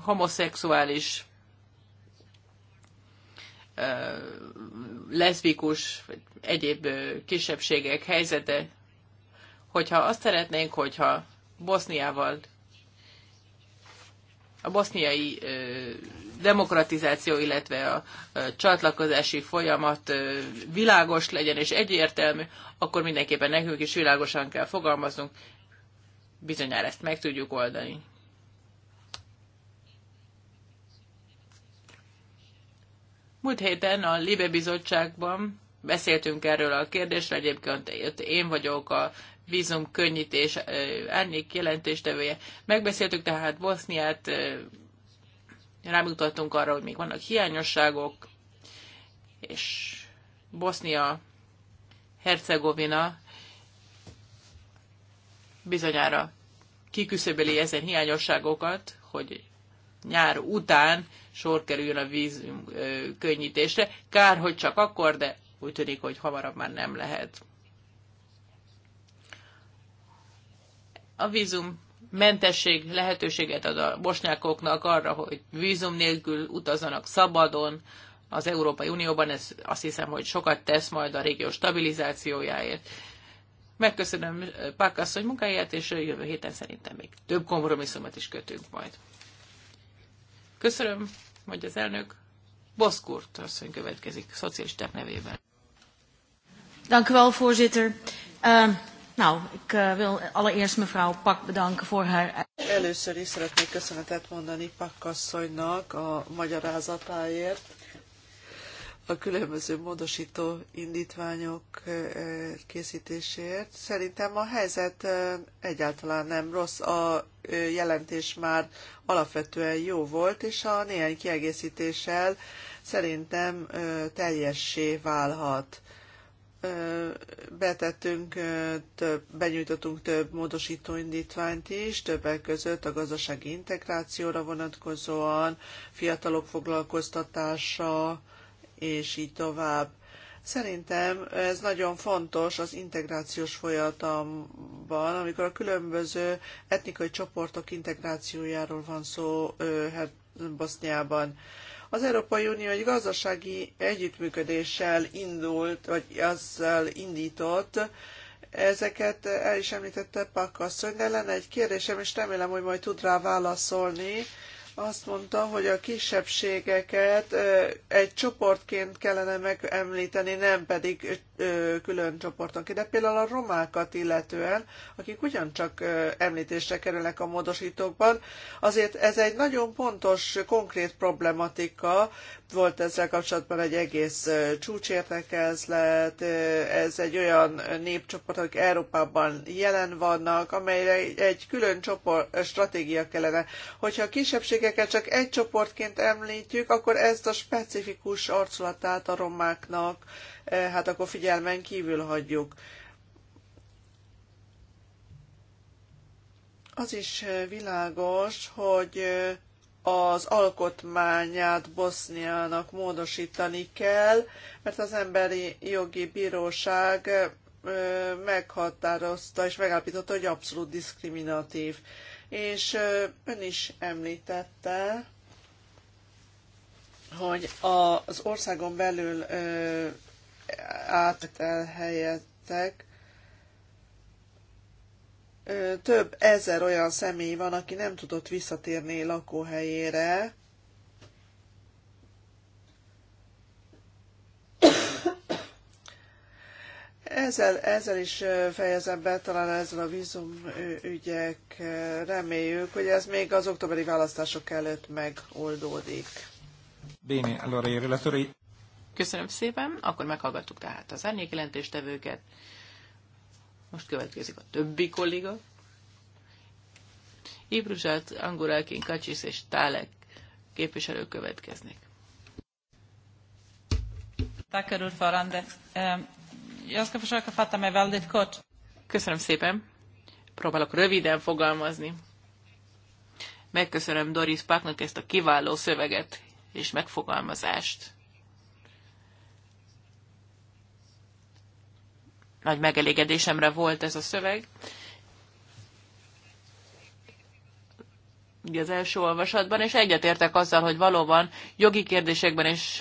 homoszexuális, leszbikus, vagy egyéb kisebbségek helyzete. Hogyha azt szeretnénk, hogyha Boszniával a boszniai demokratizáció, illetve a csatlakozási folyamat világos legyen és egyértelmű, akkor mindenképpen nekünk is világosan kell fogalmaznunk, bizonyára ezt meg tudjuk oldani. Múlt héten a Libe Bizottságban beszéltünk erről a kérdésről, egyébként én vagyok a vízum könnyítés árnyék jelentéstevője. Megbeszéltük tehát Boszniát, rámutattunk arra, hogy még vannak hiányosságok, és Bosznia, Hercegovina bizonyára kiküszöbeli ezen hiányosságokat, hogy nyár után sor kerüljön a vízum könnyítésre. Kár, hogy csak akkor, de úgy tűnik, hogy hamarabb már nem lehet. A vízum mentesség lehetőséget ad a bosnyákoknak arra, hogy vízum nélkül utazzanak szabadon az Európai Unióban. Ez azt hiszem, hogy sokat tesz majd a régió stabilizációjáért. Megköszönöm eh, Pákasz, hogy munkáját, és jövő héten szerintem még több kompromisszumot is kötünk majd. Köszönöm, hogy az elnök. Boszkurt asszony következik, szocialisták nevében. Dank u wel, voorzitter. Uh, Nou, ik uh, wil allereerst mevrouw Pak bedanken voor haar... Először is szeretnék köszönetet mondani Pak asszonynak a magyarázatáért. A különböző módosító indítványok eh, készítéséért. Szerintem a helyzet eh, egyáltalán nem rossz. A jelentés már alapvetően jó volt, és a néhány kiegészítéssel szerintem teljessé válhat betettünk több, benyújtottunk több módosító indítványt is, többek között a gazdasági integrációra vonatkozóan, fiatalok foglalkoztatása, és így tovább. Szerintem ez nagyon fontos az integrációs folyamatban, amikor a különböző etnikai csoportok integrációjáról van szó Boszniában. Az Európai Unió egy gazdasági együttműködéssel indult, vagy azzal indított, Ezeket el is említette Pak asszony, de lenne egy kérdésem, és remélem, hogy majd tud rá válaszolni azt mondta, hogy a kisebbségeket egy csoportként kellene megemlíteni, nem pedig külön csoportonként. De például a romákat illetően, akik ugyancsak említésre kerülnek a módosítókban, azért ez egy nagyon pontos, konkrét problematika, volt ezzel kapcsolatban egy egész csúcsértekezlet, ez egy olyan népcsoport, akik Európában jelen vannak, amelyre egy külön csoport, stratégia kellene. Hogyha a kisebbségeket csak egy csoportként említjük, akkor ezt a specifikus arculatát a romáknak, hát akkor figyelmen kívül hagyjuk. Az is világos, hogy az alkotmányát Boszniának módosítani kell, mert az Emberi Jogi Bíróság meghatározta és megállapította, hogy abszolút diszkriminatív. És ön is említette, hogy az országon belül áttelhelyetek, több ezer olyan személy van, aki nem tudott visszatérni lakóhelyére, Ezzel, ezzel is fejezem be talán ezzel a vízum ügyek. Reméljük, hogy ez még az októberi választások előtt megoldódik. Béni, allora i relatori. Köszönöm szépen, akkor meghallgattuk tehát az árnyékjelentéstevőket. jelentéstevőket most következik a többi kolléga. Ibruzsát, Angurákin, Kacsisz és Tálek képviselők következnek. Köszönöm szépen. Próbálok röviden fogalmazni. Megköszönöm Doris Páknak ezt a kiváló szöveget és megfogalmazást. nagy megelégedésemre volt ez a szöveg. Ugye az első olvasatban, és egyetértek azzal, hogy valóban jogi kérdésekben és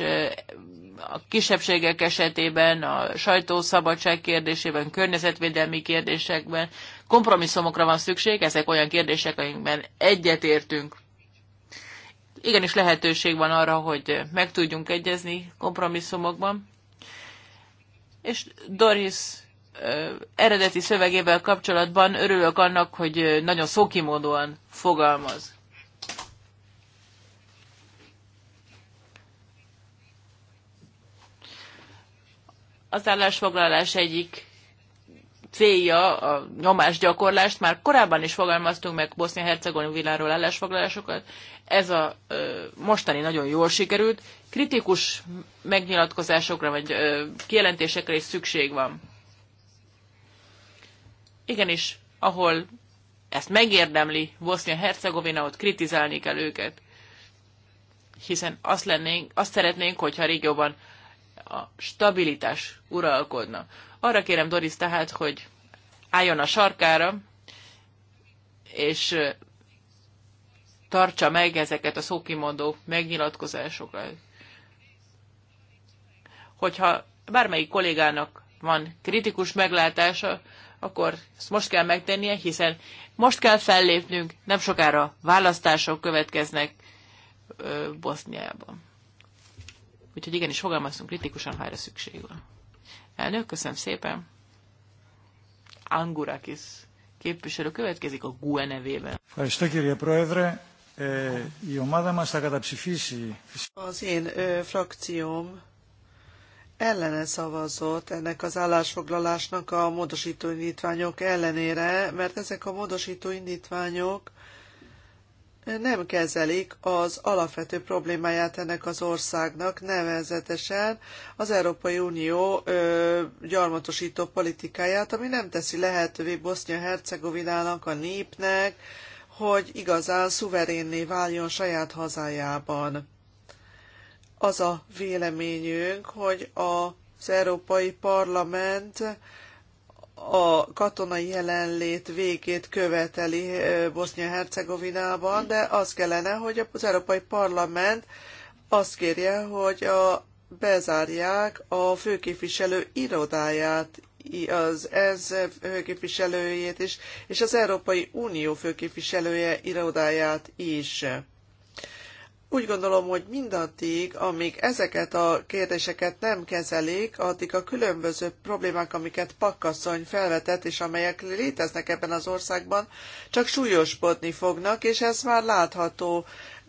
a kisebbségek esetében, a sajtószabadság kérdésében, környezetvédelmi kérdésekben kompromisszumokra van szükség, ezek olyan kérdések, amikben egyetértünk. Igenis lehetőség van arra, hogy meg tudjunk egyezni kompromisszumokban. És Doris eredeti szövegével kapcsolatban örülök annak, hogy nagyon szókimódóan fogalmaz. Az állásfoglalás egyik célja a nyomásgyakorlást. Már korábban is fogalmaztunk meg Bosznia-Hercegovináról állásfoglalásokat. Ez a ö, mostani nagyon jól sikerült. Kritikus megnyilatkozásokra vagy ö, kijelentésekre is szükség van igenis, ahol ezt megérdemli Bosznia-Hercegovina, ott kritizálni kell őket. Hiszen azt, lennénk, azt szeretnénk, hogyha a régióban a stabilitás uralkodna. Arra kérem Doris tehát, hogy álljon a sarkára, és tartsa meg ezeket a szókimondó megnyilatkozásokat. Hogyha bármelyik kollégának van kritikus meglátása, akkor ezt most kell megtennie, hiszen most kell fellépnünk, nem sokára választások következnek ö, Boszniában. Úgyhogy igenis fogalmazunk kritikusan, ha erre szükség van. Elnök, köszönöm szépen. Angurakis képviselő következik a GUE nevében. Az én ö, frakcióm ellene szavazott ennek az állásfoglalásnak a módosító indítványok ellenére, mert ezek a módosító indítványok nem kezelik az alapvető problémáját ennek az országnak, nevezetesen az Európai Unió ö, gyarmatosító politikáját, ami nem teszi lehetővé Bosznia-Hercegovinának, a népnek, hogy igazán szuverénné váljon saját hazájában az a véleményünk, hogy az Európai Parlament a katonai jelenlét végét követeli eh, Bosznia-Hercegovinában, de az kellene, hogy az Európai Parlament azt kérje, hogy a, bezárják a főképviselő irodáját, az ENSZ főképviselőjét is, és az Európai Unió főképviselője irodáját is. Úgy gondolom, hogy mindaddig, amíg ezeket a kérdéseket nem kezelik, addig a különböző problémák, amiket Pakkasszony felvetett, és amelyek léteznek ebben az országban, csak súlyosbodni fognak, és ez már látható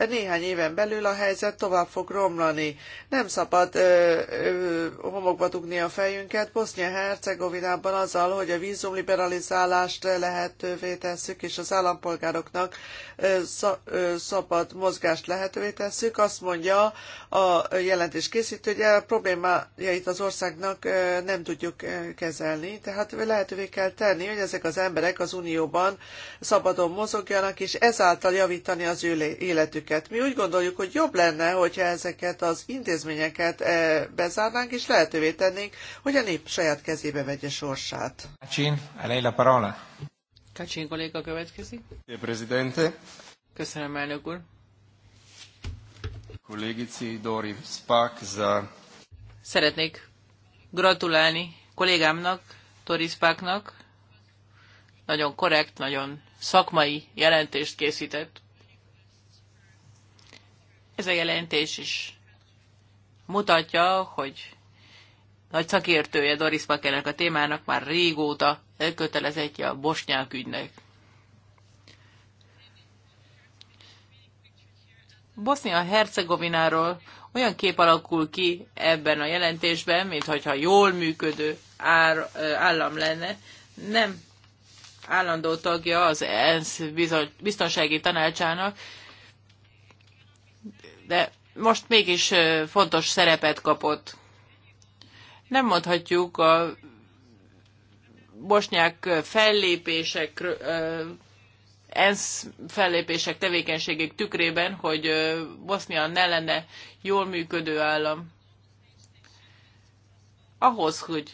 néhány éven belül a helyzet tovább fog romlani. Nem szabad ö, ö, homokba dugni a fejünket. Bosznia-Hercegovinában azzal, hogy a vízumliberalizálást lehetővé tesszük, és az állampolgároknak ö, ö, szabad mozgást lehetővé tesszük, azt mondja a jelentés készítő, hogy a problémájait az országnak ö, nem tudjuk kezelni. Tehát lehetővé kell tenni, hogy ezek az emberek az Unióban szabadon mozogjanak, és ezáltal javítani az ő életüket ezeket. Mi úgy gondoljuk, hogy jobb lenne, hogyha ezeket az intézményeket eh, bezárnánk, és lehetővé tennénk, hogy a nép saját kezébe vegye sorsát. Kacsin, elej la parola. Kacsin kolléga következik. Presidente. Köszönöm, elnök úr. Kollégici Dori Spak za... Szeretnék gratulálni kollégámnak, Dori Spaknak. Nagyon korrekt, nagyon szakmai jelentést készített. Ez a jelentés is mutatja, hogy nagy szakértője Doris Pakenek a témának már régóta elkötelezettje a bosnyák ügynek. Bosznia-Hercegovináról olyan kép alakul ki ebben a jelentésben, mintha jól működő ár, állam lenne, nem állandó tagja az ENSZ biztonsági tanácsának, de most mégis fontos szerepet kapott. Nem mondhatjuk a bosnyák fellépések, ENSZ fellépések tevékenységek tükrében, hogy Bosznia ne lenne jól működő állam. Ahhoz, hogy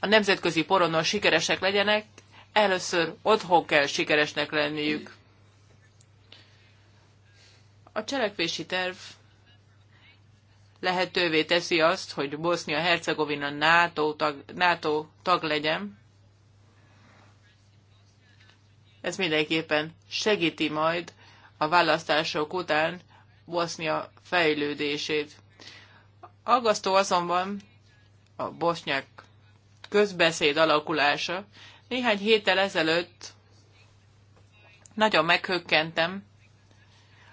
a nemzetközi poronon sikeresek legyenek, először otthon kell sikeresnek lenniük. A cselekvési terv lehetővé teszi azt, hogy Bosznia-Hercegovina NATO tag, NATO tag legyen. Ez mindenképpen segíti majd a választások után Bosznia fejlődését. Aggasztó azonban a bosnyák közbeszéd alakulása. Néhány héttel ezelőtt nagyon meghökkentem,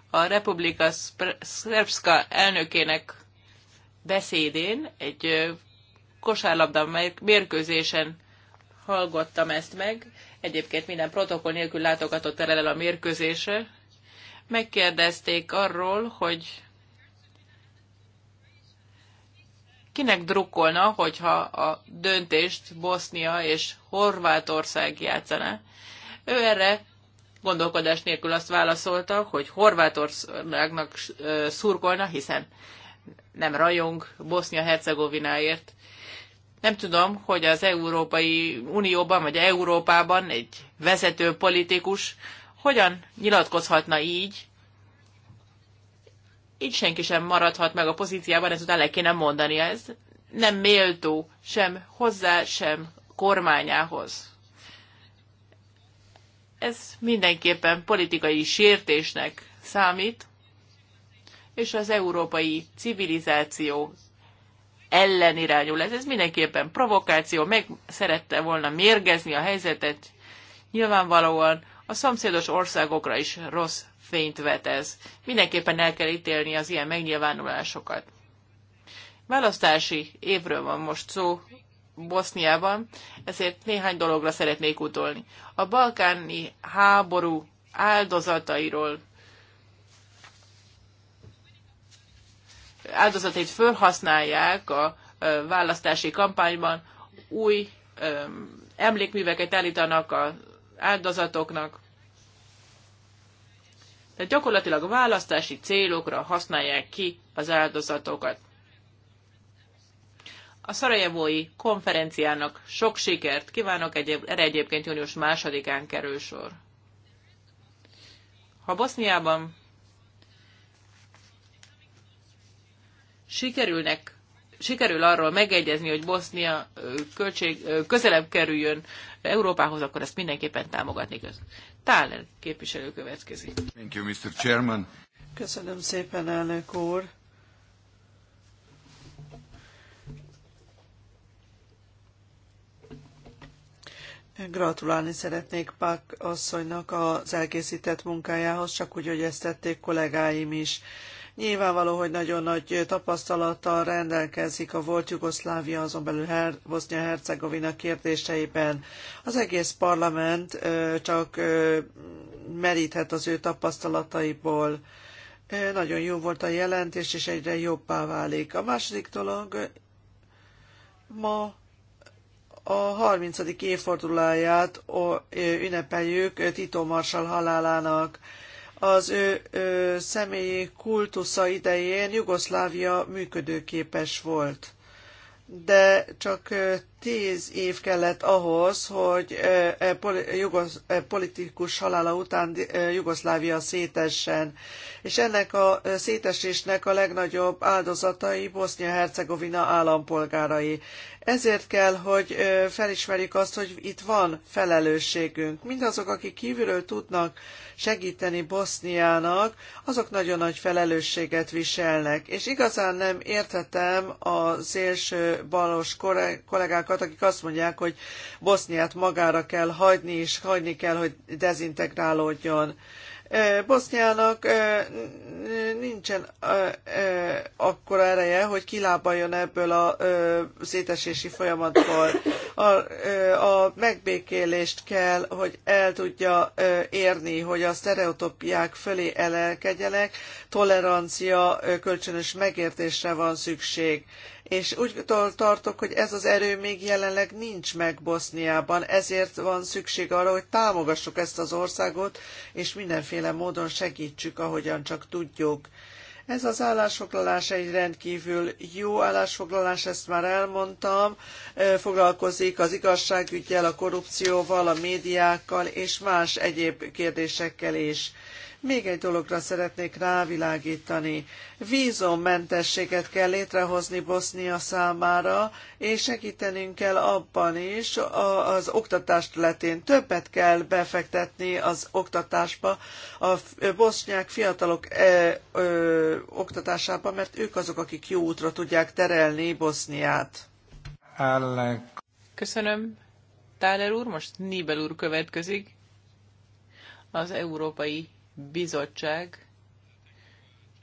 a Republika Szerbszka elnökének beszédén, egy kosárlabda mérkőzésen hallgattam ezt meg. Egyébként minden protokoll nélkül látogatott el, el a mérkőzésre. Megkérdezték arról, hogy kinek drukkolna, hogyha a döntést Bosznia és Horvátország játszana. Ő erre gondolkodás nélkül azt válaszolta, hogy Horvátországnak szurkolna, hiszen nem rajong Bosznia-Hercegovináért. Nem tudom, hogy az Európai Unióban vagy Európában egy vezető politikus hogyan nyilatkozhatna így, így senki sem maradhat meg a pozíciában, ezután le kéne mondani. Ez nem méltó sem hozzá, sem kormányához. Ez mindenképpen politikai sértésnek számít, és az európai civilizáció ellen irányul. Ez, ez mindenképpen provokáció, meg szerette volna mérgezni a helyzetet. Nyilvánvalóan a szomszédos országokra is rossz fényt vet ez. Mindenképpen el kell ítélni az ilyen megnyilvánulásokat. Választási évről van most szó Boszniában, ezért néhány dologra szeretnék utolni. A balkáni háború áldozatairól áldozatait felhasználják a választási kampányban, új emlékműveket állítanak az áldozatoknak. Tehát gyakorlatilag választási célokra használják ki az áldozatokat. A Szarajevói konferenciának sok sikert kívánok, egyéb, erre egyébként június másodikán kerül sor. Ha Boszniában sikerülnek sikerül arról megegyezni, hogy Bosznia költség, közelebb kerüljön Európához, akkor ezt mindenképpen támogatni köz. Táler képviselő következik. Thank you, Mr. Chairman. Köszönöm szépen, elnök úr. Gratulálni szeretnék Pak asszonynak az elkészített munkájához, csak úgy, hogy ezt tették kollégáim is. Nyilvánvaló, hogy nagyon nagy tapasztalattal rendelkezik a volt Jugoszlávia, azon belül Her- Bosznia-Hercegovina kérdéseiben. Az egész parlament ö, csak ö, meríthet az ő tapasztalataiból. Ö, nagyon jó volt a jelentés, és egyre jobbá válik. A második dolog ma a 30. évfordulóját ünnepeljük Tito Marsal halálának. Az ő, ő személyi kultusza idején Jugoszlávia működőképes volt, de csak tíz év kellett ahhoz, hogy politikus halála után Jugoszlávia szétessen. És ennek a szétesésnek a legnagyobb áldozatai Bosznia-Hercegovina állampolgárai. Ezért kell, hogy felismerjük azt, hogy itt van felelősségünk. Mindazok, akik kívülről tudnak segíteni Boszniának, azok nagyon nagy felelősséget viselnek. És igazán nem érthetem a szélső balos kollégákat, azokat, akik azt mondják, hogy Boszniát magára kell hagyni, és hagyni kell, hogy dezintegrálódjon. Boszniának nincsen akkora ereje, hogy kilábaljon ebből a szétesési folyamatból. A, a megbékélést kell, hogy el tudja érni, hogy a sztereotópiák fölé elelkedjenek, tolerancia, kölcsönös megértésre van szükség és úgy tartok, hogy ez az erő még jelenleg nincs meg Boszniában, ezért van szükség arra, hogy támogassuk ezt az országot, és mindenféle módon segítsük, ahogyan csak tudjuk. Ez az állásfoglalás egy rendkívül jó állásfoglalás, ezt már elmondtam, foglalkozik az igazságügyel, a korrupcióval, a médiákkal és más egyéb kérdésekkel is. Még egy dologra szeretnék rávilágítani. Vízommentességet kell létrehozni Bosznia számára, és segítenünk kell abban is az oktatást letén. Többet kell befektetni az oktatásba, a bosznyák fiatalok e, ö, oktatásába, mert ők azok, akik jó útra tudják terelni Boszniát. Köszönöm. Táler úr, most Nibel úr következik az Európai Bizottság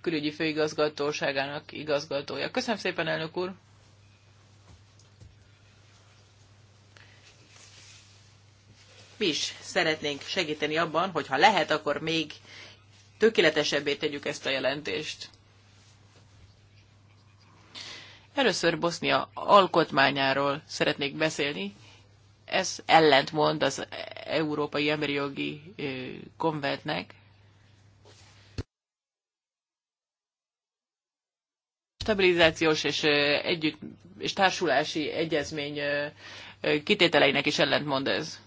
külügyi főigazgatóságának igazgatója. Köszönöm szépen, elnök úr! Mi is szeretnénk segíteni abban, hogy ha lehet, akkor még tökéletesebbé tegyük ezt a jelentést. Először Bosznia alkotmányáról szeretnék beszélni. Ez ellentmond az Európai Emberi Jogi Konventnek. stabilizációs és együtt és társulási egyezmény kitételeinek is ellentmond ez.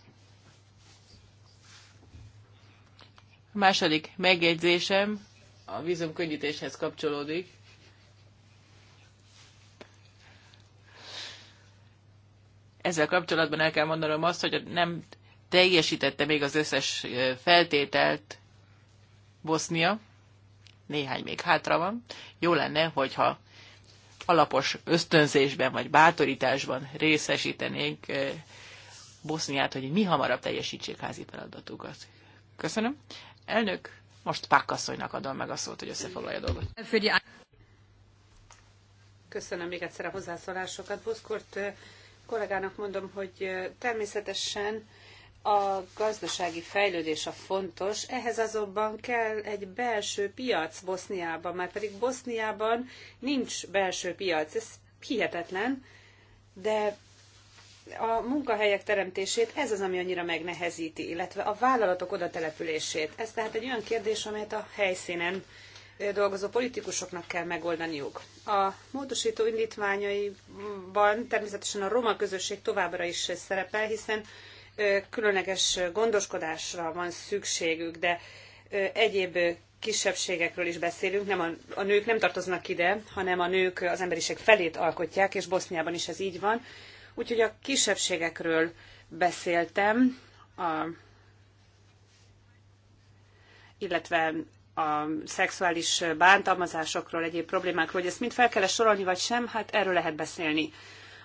A második megjegyzésem a vízumkönnyítéshez kapcsolódik. Ezzel kapcsolatban el kell mondanom azt, hogy nem teljesítette még az összes feltételt Bosznia, néhány még hátra van. Jó lenne, hogyha alapos ösztönzésben vagy bátorításban részesítenénk Boszniát, hogy mi hamarabb teljesítsék házi feladatukat. Köszönöm. Elnök, most Pákasszonynak adom meg a szót, hogy összefoglalja a dolgot. Köszönöm még egyszer a hozzászólásokat. Boszkort kollégának mondom, hogy természetesen a gazdasági fejlődés a fontos, ehhez azonban kell egy belső piac Boszniában, már pedig Boszniában nincs belső piac, ez hihetetlen, de a munkahelyek teremtését ez az, ami annyira megnehezíti, illetve a vállalatok oda települését. Ez tehát egy olyan kérdés, amelyet a helyszínen dolgozó politikusoknak kell megoldaniuk. A módosító indítványaiban természetesen a roma közösség továbbra is szerepel, hiszen különleges gondoskodásra van szükségük, de egyéb kisebbségekről is beszélünk, nem a, a nők nem tartoznak ide, hanem a nők az emberiség felét alkotják, és Boszniában is ez így van. Úgyhogy a kisebbségekről beszéltem, a, illetve a szexuális bántalmazásokról, egyéb problémákról, hogy ezt mind fel kell -e sorolni, vagy sem, hát erről lehet beszélni.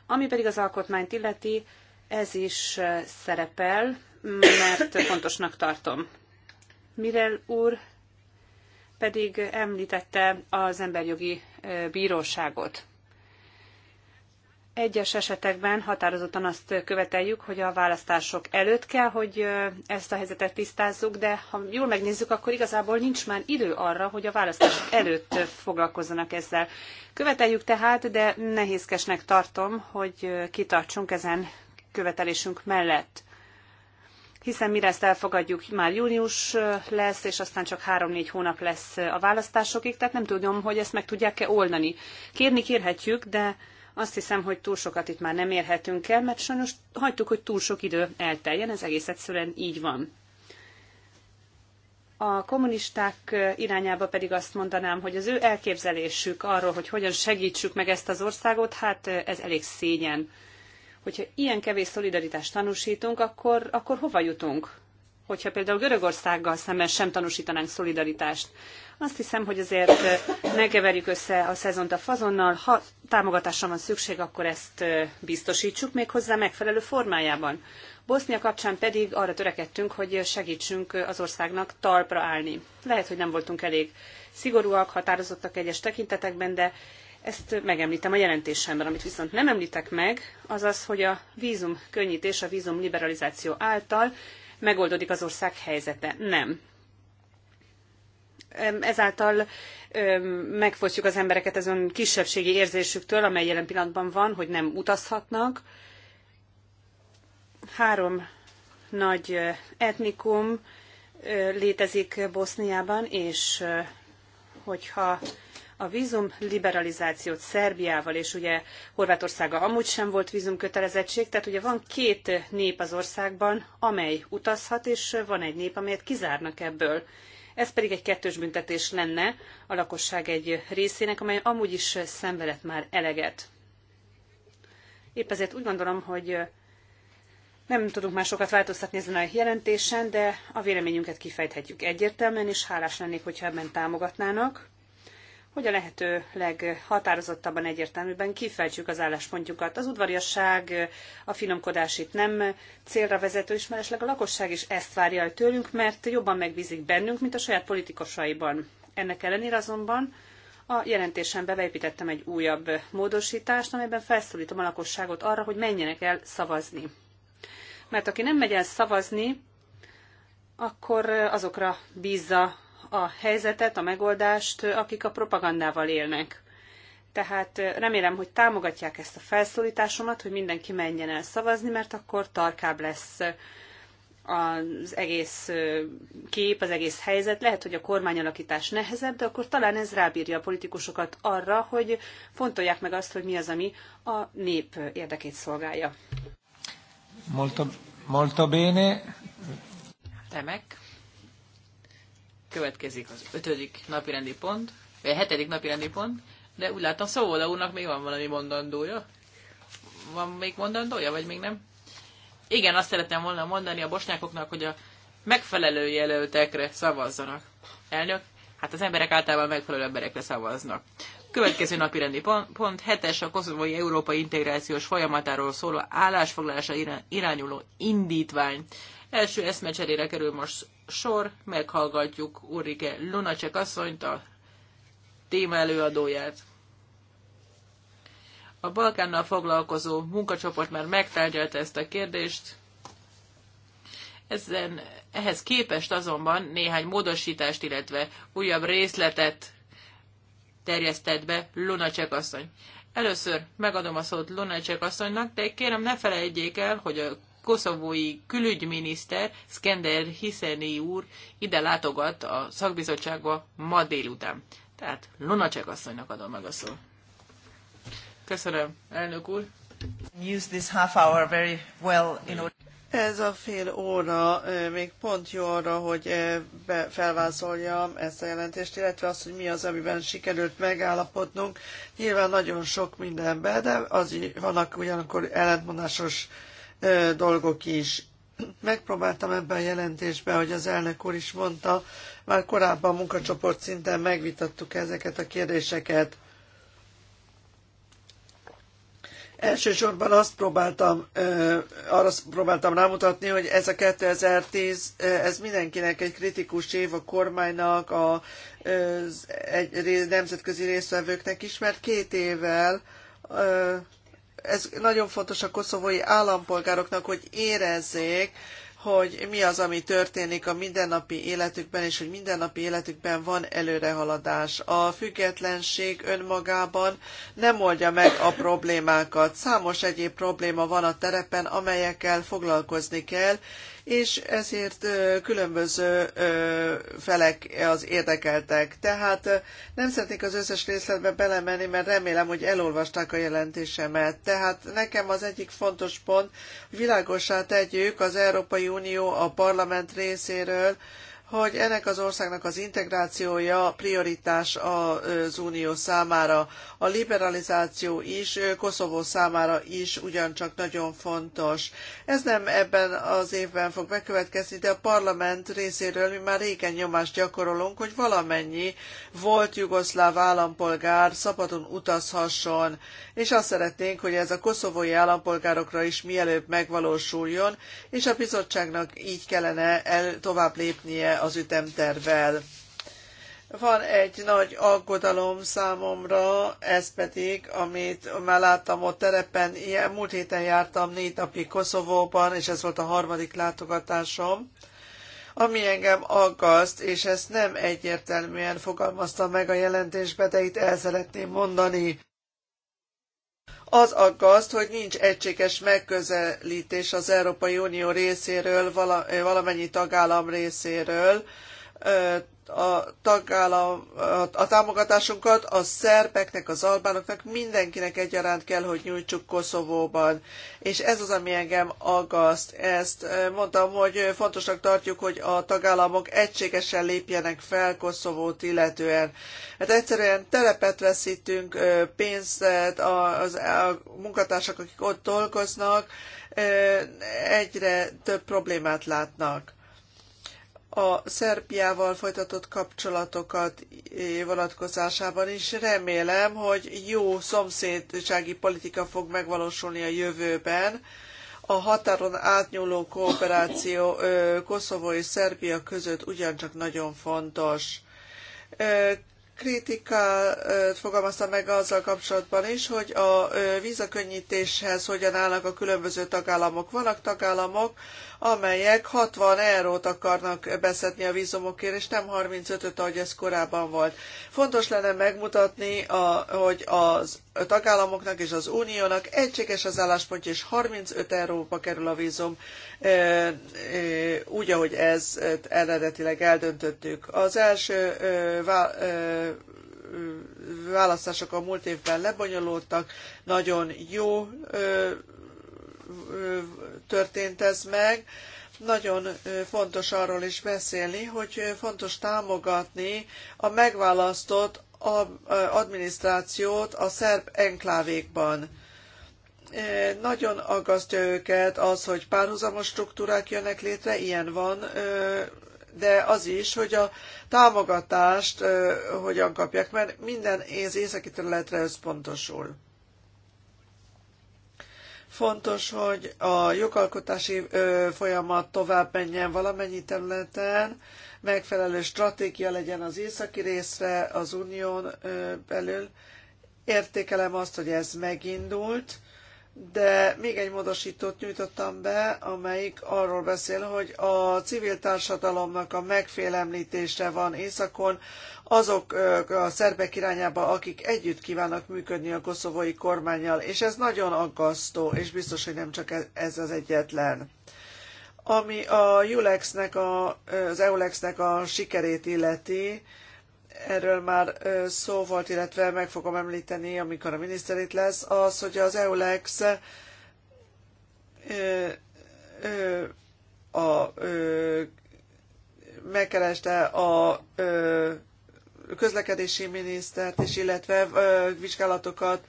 Ami pedig az alkotmányt illeti, ez is szerepel, mert fontosnak tartom. Mirel úr pedig említette az emberjogi bíróságot. Egyes esetekben határozottan azt követeljük, hogy a választások előtt kell, hogy ezt a helyzetet tisztázzuk, de ha jól megnézzük, akkor igazából nincs már idő arra, hogy a választások előtt foglalkozzanak ezzel. Követeljük tehát, de nehézkesnek tartom, hogy kitartsunk ezen követelésünk mellett. Hiszen mire ezt elfogadjuk, már június lesz, és aztán csak három-négy hónap lesz a választásokig, tehát nem tudom, hogy ezt meg tudják-e oldani. Kérni kérhetjük, de azt hiszem, hogy túl sokat itt már nem érhetünk el, mert sajnos hagytuk, hogy túl sok idő elteljen, ez egész egyszerűen így van. A kommunisták irányába pedig azt mondanám, hogy az ő elképzelésük arról, hogy hogyan segítsük meg ezt az országot, hát ez elég szégyen. Hogyha ilyen kevés szolidaritást tanúsítunk, akkor, akkor hova jutunk? Hogyha például Görögországgal szemben sem tanúsítanánk szolidaritást. Azt hiszem, hogy azért ne keverjük össze a szezont a fazonnal. Ha támogatásra van szükség, akkor ezt biztosítsuk hozzá megfelelő formájában. Bosznia kapcsán pedig arra törekedtünk, hogy segítsünk az országnak talpra állni. Lehet, hogy nem voltunk elég szigorúak, határozottak egyes tekintetekben, de ezt megemlítem a jelentésemben, amit viszont nem említek meg, az az, hogy a vízum könnyítés, a vízum liberalizáció által megoldódik az ország helyzete. Nem. Ezáltal megfosztjuk az embereket ezen kisebbségi érzésüktől, amely jelen pillanatban van, hogy nem utazhatnak. Három nagy etnikum létezik Boszniában, és hogyha a vízum liberalizációt Szerbiával, és ugye Horvátországa amúgy sem volt vízumkötelezettség, tehát ugye van két nép az országban, amely utazhat, és van egy nép, amelyet kizárnak ebből. Ez pedig egy kettős büntetés lenne a lakosság egy részének, amely amúgy is szenvedett már eleget. Épp ezért úgy gondolom, hogy nem tudunk már sokat változtatni ezen a jelentésen, de a véleményünket kifejthetjük egyértelműen, és hálás lennék, hogyha ebben támogatnának hogy a lehető leghatározottabban, egyértelműbben kifejtsük az álláspontjukat. Az udvariasság, a finomkodás itt nem célra vezető, és mellesleg a lakosság is ezt várja el tőlünk, mert jobban megbízik bennünk, mint a saját politikusaiban. Ennek ellenére azonban a jelentésembe beépítettem egy újabb módosítást, amelyben felszólítom a lakosságot arra, hogy menjenek el szavazni. Mert aki nem megy el szavazni, akkor azokra bízza a helyzetet, a megoldást, akik a propagandával élnek. Tehát remélem, hogy támogatják ezt a felszólításomat, hogy mindenki menjen el szavazni, mert akkor tarkább lesz az egész kép, az egész helyzet. Lehet, hogy a kormányalakítás nehezebb, de akkor talán ez rábírja a politikusokat arra, hogy fontolják meg azt, hogy mi az, ami a nép érdekét szolgálja. Molto, molto bene. Remek. Következik az ötödik napirendi pont, vagy a hetedik napirendi pont, de úgy látom, Szóla úrnak még van valami mondandója. Van még mondandója, vagy még nem? Igen, azt szeretném volna mondani a bosnyákoknak, hogy a megfelelő jelöltekre szavazzanak. Elnök, hát az emberek általában megfelelő emberekre szavaznak. Következő napi rendi pont, pont hetes a koszovói európai integrációs folyamatáról szóló állásfoglalásra irányuló indítvány. Első eszmecserére kerül most sor, meghallgatjuk urike Lunacek asszonyt, a téma előadóját. A Balkánnal foglalkozó munkacsoport már megtárgyalta ezt a kérdést, ezen, ehhez képest azonban néhány módosítást, illetve újabb részletet terjesztett be Lunacek asszony. Először megadom a szót Lunacek asszonynak, de kérem ne felejtjék el, hogy a koszovói külügyminiszter Skender Hiszeni úr ide látogat a szakbizottságba ma délután. Tehát Lunacek asszonynak adom meg a szó. Köszönöm, elnök úr. Use this half hour very well in order... Ez a fél óra még pont jó arra, hogy felvázoljam ezt a jelentést, illetve azt, hogy mi az, amiben sikerült megállapodnunk. Nyilván nagyon sok mindenben, de az vannak ugyanakkor ellentmondásos dolgok is. Megpróbáltam ebben a jelentésben, hogy az elnök úr is mondta, már korábban a munkacsoport szinten megvitattuk ezeket a kérdéseket. Elsősorban azt próbáltam, arra próbáltam rámutatni, hogy ez a 2010, ez mindenkinek egy kritikus év a kormánynak, a, nemzetközi résztvevőknek is, mert két évvel ez nagyon fontos a koszovói állampolgároknak, hogy érezzék, hogy mi az, ami történik a mindennapi életükben, és hogy mindennapi életükben van előrehaladás. A függetlenség önmagában nem oldja meg a problémákat. Számos egyéb probléma van a terepen, amelyekkel foglalkozni kell, és ezért különböző felek az érdekeltek. Tehát nem szeretnék az összes részletbe belemenni, mert remélem, hogy elolvasták a jelentésemet. Tehát nekem az egyik fontos pont, világosá tegyük az Európai Unió a parlament részéről, hogy ennek az országnak az integrációja prioritás az Unió számára. A liberalizáció is Koszovó számára is ugyancsak nagyon fontos. Ez nem ebben az évben fog bekövetkezni, de a parlament részéről mi már régen nyomást gyakorolunk, hogy valamennyi volt jugoszláv állampolgár szabadon utazhasson, és azt szeretnénk, hogy ez a koszovói állampolgárokra is mielőbb megvalósuljon, és a bizottságnak így kellene el, tovább lépnie az ütemtervel. Van egy nagy aggodalom számomra, ez pedig, amit már láttam ott terepen, ilyen, múlt héten jártam négy napig Koszovóban, és ez volt a harmadik látogatásom, ami engem aggaszt, és ezt nem egyértelműen fogalmazta meg a jelentésbe, de itt el szeretném mondani az aggaszt, hogy nincs egységes megközelítés az Európai Unió részéről, valamennyi tagállam részéről a tagállam, a támogatásunkat a szerbeknek, az albánoknak, mindenkinek egyaránt kell, hogy nyújtsuk Koszovóban. És ez az, ami engem agaszt. Ezt eh, mondtam, hogy fontosnak tartjuk, hogy a tagállamok egységesen lépjenek fel Koszovót illetően. Hát egyszerűen telepet veszítünk, eh, pénzt a, a munkatársak, akik ott dolgoznak, eh, egyre több problémát látnak a Szerbiával folytatott kapcsolatokat eh, vonatkozásában is. Remélem, hogy jó szomszédsági politika fog megvalósulni a jövőben. A határon átnyúló kooperáció Koszovó és Szerbia között ugyancsak nagyon fontos. Kritikát fogalmazta meg azzal kapcsolatban is, hogy a vízakönnyítéshez hogyan állnak a különböző tagállamok. Vannak tagállamok, amelyek 60 eurót akarnak beszedni a vízumokért, és nem 35-öt, ahogy ez korábban volt. Fontos lenne megmutatni, a, hogy az tagállamoknak és az uniónak egységes az álláspontja, és 35 euróba kerül a vízum, e, e, úgy, ahogy ez eredetileg eldöntöttük. Az első e, választások a múlt évben lebonyolódtak, nagyon jó történt ez meg, nagyon fontos arról is beszélni, hogy fontos támogatni a megválasztott adminisztrációt a szerb enklávékban. Nagyon aggasztja őket az, hogy párhuzamos struktúrák jönnek létre, ilyen van, de az is, hogy a támogatást hogyan kapják, mert minden északi területre összpontosul. Fontos, hogy a jogalkotási folyamat tovább menjen valamennyi területen, megfelelő stratégia legyen az északi részre, az unión belül. Értékelem azt, hogy ez megindult, de még egy módosítót nyújtottam be, amelyik arról beszél, hogy a civil társadalomnak a megfélemlítése van északon, azok a szerbek irányába, akik együtt kívánnak működni a koszovói kormányjal, és ez nagyon aggasztó, és biztos, hogy nem csak e- ez az egyetlen. Ami a Julexnek, a, az EULEX-nek a sikerét illeti, erről már szó volt, illetve meg fogom említeni, amikor a miniszter itt lesz, az, hogy az EULEX a, ö, megkereste a közlekedési minisztert is, illetve vizsgálatokat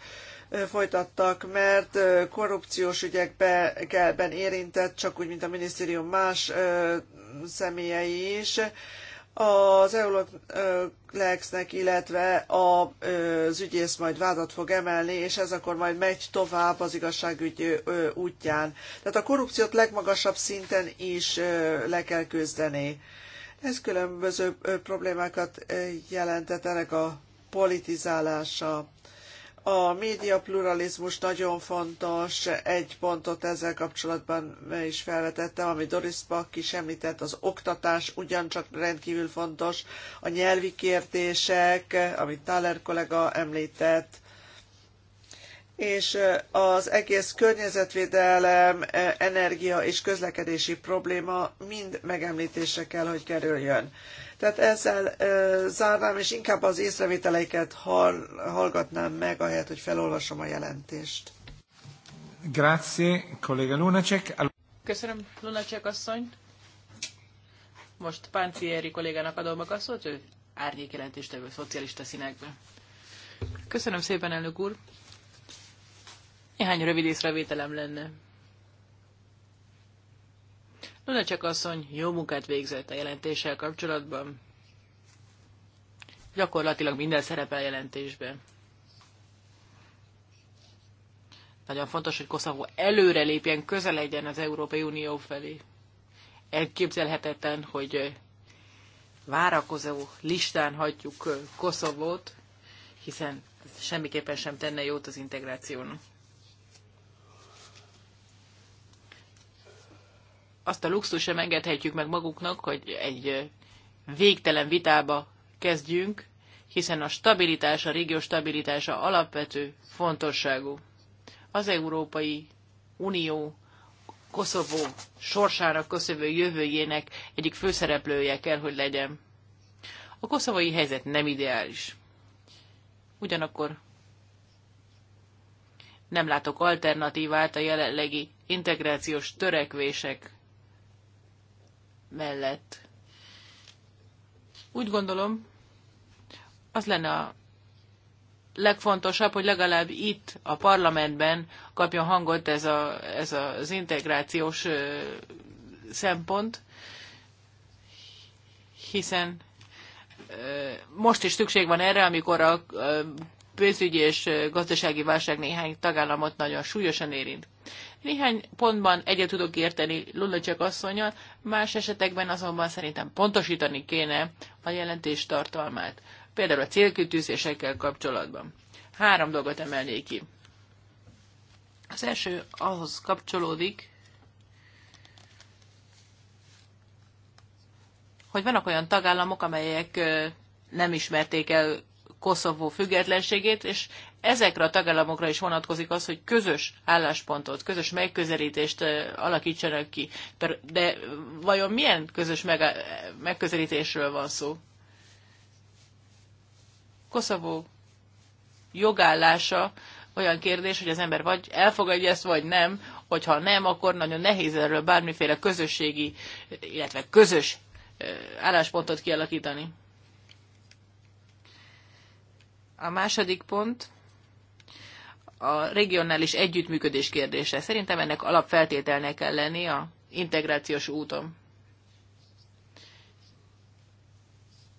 folytattak, mert korrupciós ügyekben érintett, csak úgy, mint a minisztérium más személyei is az Eurolexnek, illetve az ügyész majd vádat fog emelni, és ez akkor majd megy tovább az igazságügy útján. Tehát a korrupciót legmagasabb szinten is le kell küzdeni. Ez különböző problémákat jelentett ennek a politizálása. A média pluralizmus nagyon fontos, egy pontot ezzel kapcsolatban is felvetettem, amit Doris Pak is említett, az oktatás ugyancsak rendkívül fontos, a nyelvi kérdések, amit Thaler kollega említett, és az egész környezetvédelem, energia és közlekedési probléma mind megemlítésre kell, hogy kerüljön. Tehát ezzel ö, zárnám, és inkább az észrevételeiket hall, hallgatnám meg, ahelyett, hogy felolvasom a jelentést. Grazie, kolléga Lunacek. Köszönöm, Lunacek asszony. Most Páncieri kollégának adom a szót, ő árnyék jelentéstevő szocialista színekben. Köszönöm szépen, elnök úr. Néhány rövid észrevételem lenne. Lunacek asszony jó munkát végzett a jelentéssel kapcsolatban. Gyakorlatilag minden szerepel jelentésben. Nagyon fontos, hogy Koszovó lépjen, közel legyen az Európai Unió felé. Elképzelhetetlen, hogy várakozó listán hagyjuk Koszovót, hiszen semmiképpen sem tenne jót az integrációnak. azt a luxus sem engedhetjük meg maguknak, hogy egy végtelen vitába kezdjünk, hiszen a stabilitás, a régió stabilitása alapvető fontosságú. Az Európai Unió Koszovó sorsának, Koszovó jövőjének egyik főszereplője kell, hogy legyen. A koszovai helyzet nem ideális. Ugyanakkor nem látok alternatívát a jelenlegi integrációs törekvések mellett. Úgy gondolom, az lenne a legfontosabb, hogy legalább itt a parlamentben kapjon hangot ez, a, ez az integrációs szempont, hiszen most is szükség van erre, amikor a pénzügyi és gazdasági válság néhány tagállamot nagyon súlyosan érint. Néhány pontban egyet tudok érteni Lulacsek asszonyal, más esetekben azonban szerintem pontosítani kéne a jelentés tartalmát. Például a célkütűzésekkel kapcsolatban. Három dolgot emelnék ki. Az első ahhoz kapcsolódik, hogy vannak olyan tagállamok, amelyek nem ismerték el Koszovó függetlenségét, és ezekre a tagállamokra is vonatkozik az, hogy közös álláspontot, közös megközelítést alakítsanak ki. De vajon milyen közös megközelítésről van szó? Koszovó jogállása olyan kérdés, hogy az ember vagy elfogadja ezt, vagy nem, hogyha nem, akkor nagyon nehéz erről bármiféle közösségi, illetve közös álláspontot kialakítani. A második pont a regionális együttműködés kérdése. Szerintem ennek alapfeltételnek kell lenni a integrációs úton.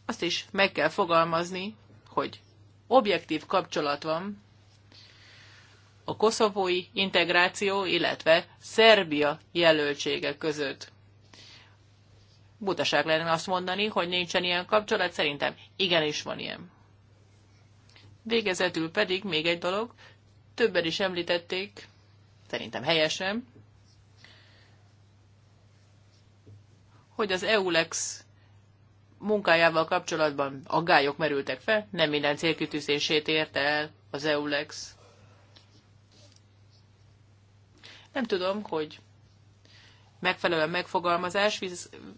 Azt is meg kell fogalmazni, hogy objektív kapcsolat van a koszovói integráció, illetve Szerbia jelöltsége között. Butaság lenne azt mondani, hogy nincsen ilyen kapcsolat, szerintem igenis van ilyen. Végezetül pedig még egy dolog, többen is említették, szerintem helyesen, hogy az EULEX munkájával kapcsolatban aggályok merültek fel, nem minden célkütűzését érte el az EULEX. Nem tudom, hogy megfelelően megfogalmazás,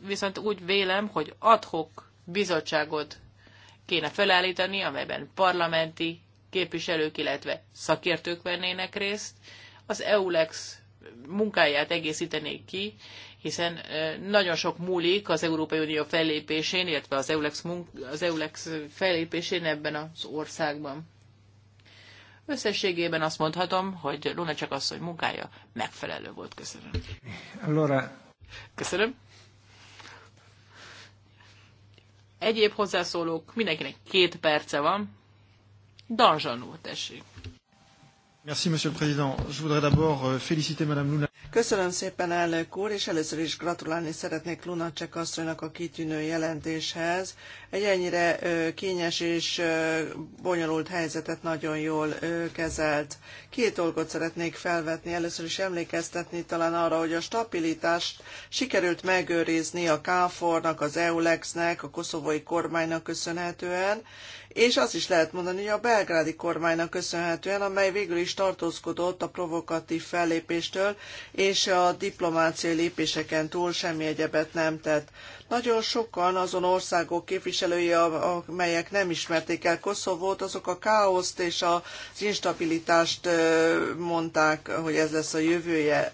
viszont úgy vélem, hogy adhok bizottságot kéne felállítani, amelyben parlamenti képviselők, illetve szakértők vennének részt. Az EULEX munkáját egészítenék ki, hiszen nagyon sok múlik az Európai Unió fellépésén, illetve az EULEX, munk- az EULEX fellépésén ebben az országban. Összességében azt mondhatom, hogy Luna csak asszony munkája megfelelő volt. Köszönöm. Allora. Köszönöm. egyéb hozzászólók, mindenkinek két perce van. Danzsanul, tessék. Merci, Monsieur le Président. Je voudrais d'abord euh, féliciter Madame Luna. Köszönöm szépen, elnök úr, és először is gratulálni szeretnék Lunacek asszonynak a kitűnő jelentéshez. Egy ennyire kényes és bonyolult helyzetet nagyon jól kezelt. Két dolgot szeretnék felvetni, először is emlékeztetni talán arra, hogy a stabilitást sikerült megőrizni a KFOR-nak, az EULEX-nek, a koszovói kormánynak köszönhetően, és azt is lehet mondani, hogy a belgrádi kormánynak köszönhetően, amely végül is tartózkodott a provokatív fellépéstől, és a diplomáciai lépéseken túl semmi egyebet nem tett. Nagyon sokan azon országok képviselői, amelyek nem ismerték el Koszovót, azok a káoszt és az instabilitást mondták, hogy ez lesz a jövője.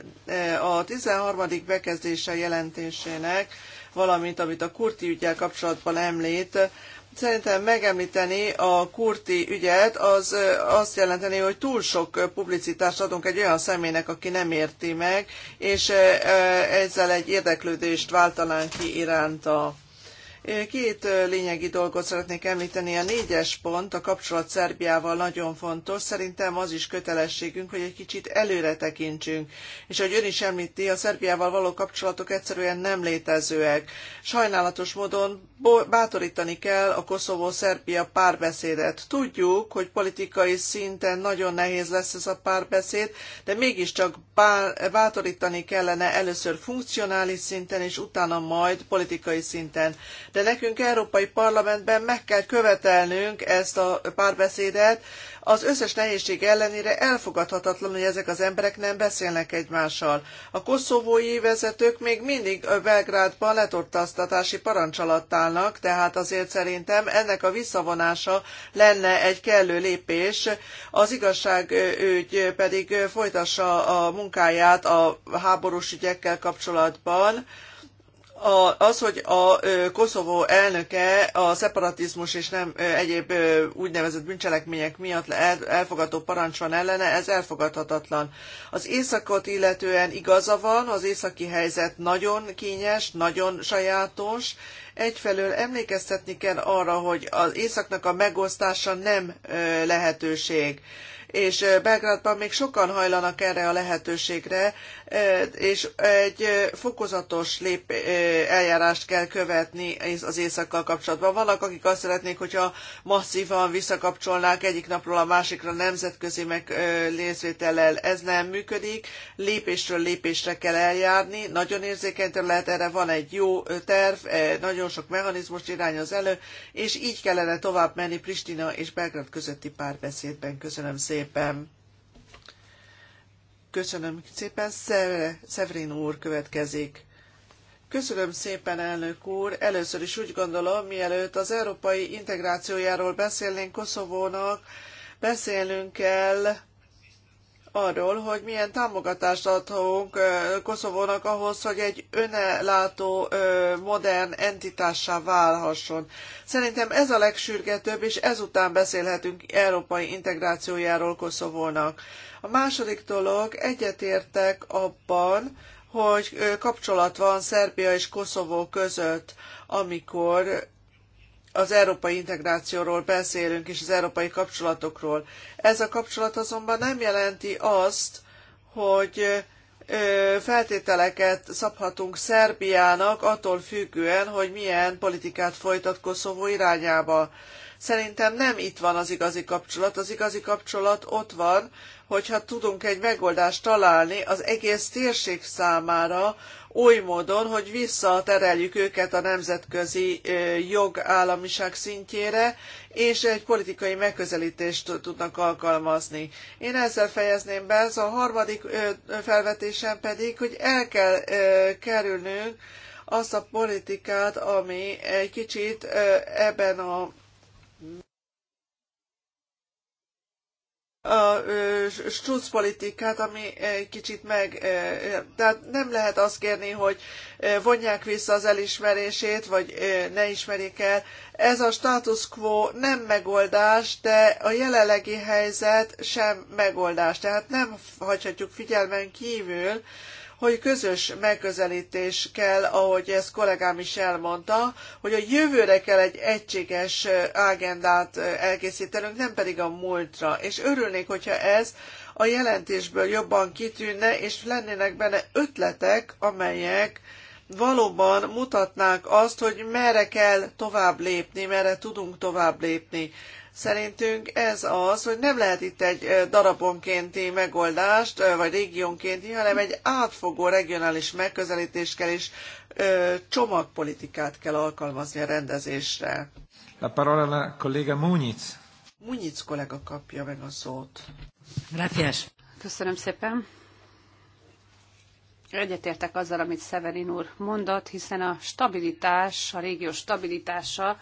A 13. bekezdése jelentésének, valamint amit a kurti ügyel kapcsolatban említ, Szerintem megemlíteni a kurti ügyet, az azt jelenteni, hogy túl sok publicitást adunk egy olyan személynek, aki nem érti meg, és ezzel egy érdeklődést váltanánk ki iránta. Két lényegi dolgot szeretnék említeni. A négyes pont, a kapcsolat Szerbiával nagyon fontos. Szerintem az is kötelességünk, hogy egy kicsit előre tekintsünk. És ahogy ön is említi, a Szerbiával való kapcsolatok egyszerűen nem létezőek. Sajnálatos módon bátorítani kell a Koszovó-Szerbia párbeszédet. Tudjuk, hogy politikai szinten nagyon nehéz lesz ez a párbeszéd, de mégiscsak bátorítani kellene először funkcionális szinten, és utána majd politikai szinten de nekünk Európai Parlamentben meg kell követelnünk ezt a párbeszédet. Az összes nehézség ellenére elfogadhatatlan, hogy ezek az emberek nem beszélnek egymással. A koszovói vezetők még mindig Belgrádban letortasztatási parancs alatt állnak, tehát azért szerintem ennek a visszavonása lenne egy kellő lépés. Az igazságügy pedig folytassa a munkáját a háborús ügyekkel kapcsolatban a, az, hogy a Koszovó elnöke a szeparatizmus és nem egyéb úgynevezett bűncselekmények miatt el, elfogadó parancs van ellene, ez elfogadhatatlan. Az északot illetően igaza van, az északi helyzet nagyon kényes, nagyon sajátos. Egyfelől emlékeztetni kell arra, hogy az északnak a megosztása nem lehetőség és Belgrádban még sokan hajlanak erre a lehetőségre, és egy fokozatos lép eljárást kell követni az éjszakkal kapcsolatban. Vannak, akik azt szeretnék, hogyha masszívan visszakapcsolnák egyik napról a másikra nemzetközi meg részvétellel. Ez nem működik, lépésről lépésre kell eljárni, nagyon érzékeny terület, erre van egy jó terv, nagyon sok mechanizmus irányoz elő, és így kellene tovább menni Pristina és Belgrád közötti párbeszédben. Köszönöm szépen! szépen. Köszönöm szépen. Szeverin úr következik. Köszönöm szépen, elnök úr. Először is úgy gondolom, mielőtt az európai integrációjáról beszélnénk Koszovónak, beszélnünk kell arról, hogy milyen támogatást adhatunk Koszovónak ahhoz, hogy egy önellátó modern entitássá válhasson. Szerintem ez a legsürgetőbb, és ezután beszélhetünk európai integrációjáról Koszovónak. A második dolog, egyetértek abban, hogy kapcsolat van Szerbia és Koszovó között, amikor az európai integrációról beszélünk, és az európai kapcsolatokról. Ez a kapcsolat azonban nem jelenti azt, hogy feltételeket szabhatunk Szerbiának attól függően, hogy milyen politikát folytat Koszovó irányába. Szerintem nem itt van az igazi kapcsolat. Az igazi kapcsolat ott van, hogyha tudunk egy megoldást találni az egész térség számára, oly módon, hogy visszatereljük őket a nemzetközi jogállamiság szintjére, és egy politikai megközelítést tudnak alkalmazni. Én ezzel fejezném be, ez a harmadik felvetésem pedig, hogy el kell kerülnünk azt a politikát, ami egy kicsit ebben a a struc politikát, ami egy kicsit meg... Tehát nem lehet azt kérni, hogy vonják vissza az elismerését, vagy ne ismerik el. Ez a status quo nem megoldás, de a jelenlegi helyzet sem megoldás. Tehát nem hagyhatjuk figyelmen kívül, hogy közös megközelítés kell, ahogy ezt kollégám is elmondta, hogy a jövőre kell egy egységes agendát elkészítenünk, nem pedig a múltra. És örülnék, hogyha ez a jelentésből jobban kitűnne, és lennének benne ötletek, amelyek valóban mutatnák azt, hogy merre kell tovább lépni, merre tudunk tovább lépni. Szerintünk ez az, hogy nem lehet itt egy darabonkénti megoldást, vagy régiónkénti, hanem egy átfogó regionális megközelítést kell és csomagpolitikát kell alkalmazni a rendezésre. La parola la collega Muniz. Muniz kollega kapja meg a szót. Gracias. Köszönöm szépen. Egyetértek azzal, amit Severin úr mondott, hiszen a stabilitás, a régió stabilitása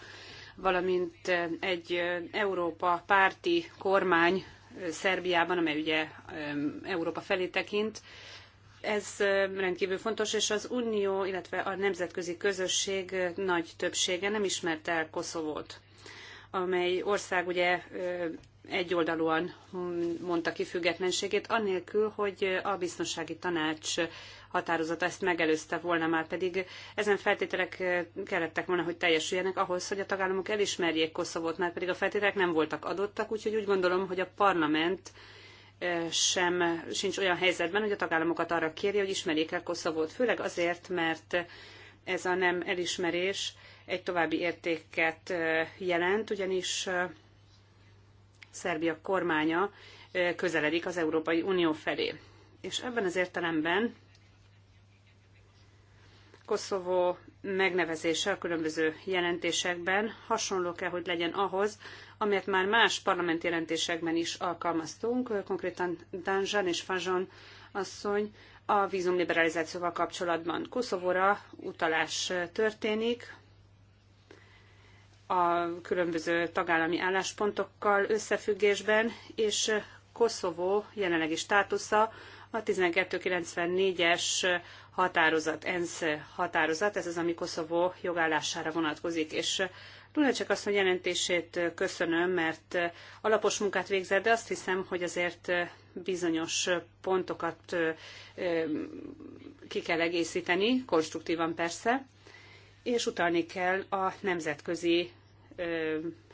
valamint egy Európa párti kormány Szerbiában, amely ugye Európa felé tekint. Ez rendkívül fontos, és az Unió, illetve a nemzetközi közösség nagy többsége nem ismerte el Koszovót, amely ország ugye egyoldalúan mondta ki függetlenségét, anélkül, hogy a biztonsági tanács határozata ezt megelőzte volna már, pedig ezen feltételek eh, kellettek volna, hogy teljesüljenek ahhoz, hogy a tagállamok elismerjék Koszovót, már pedig a feltételek nem voltak adottak, úgyhogy úgy gondolom, hogy a parlament eh, sem sincs olyan helyzetben, hogy a tagállamokat arra kérje, hogy ismerjék el Koszovót, főleg azért, mert ez a nem elismerés egy további értéket eh, jelent, ugyanis Szerbia kormánya közeledik az Európai Unió felé. És ebben az értelemben Koszovó megnevezése a különböző jelentésekben hasonló kell, hogy legyen ahhoz, amelyet már más parlament jelentésekben is alkalmaztunk, konkrétan Danzsán és Fajon asszony a vízumliberalizációval kapcsolatban. Koszovóra utalás történik, a különböző tagállami álláspontokkal összefüggésben, és Koszovó jelenlegi státusza a 1294-es határozat, ENSZ határozat, ez az, ami Koszovó jogállására vonatkozik, és Lunacek eh, asszony jelentését eh, köszönöm, mert eh, alapos munkát végzett, de azt hiszem, hogy azért bizonyos pontokat ki kell egészíteni, konstruktívan persze, és utalni kell a nemzetközi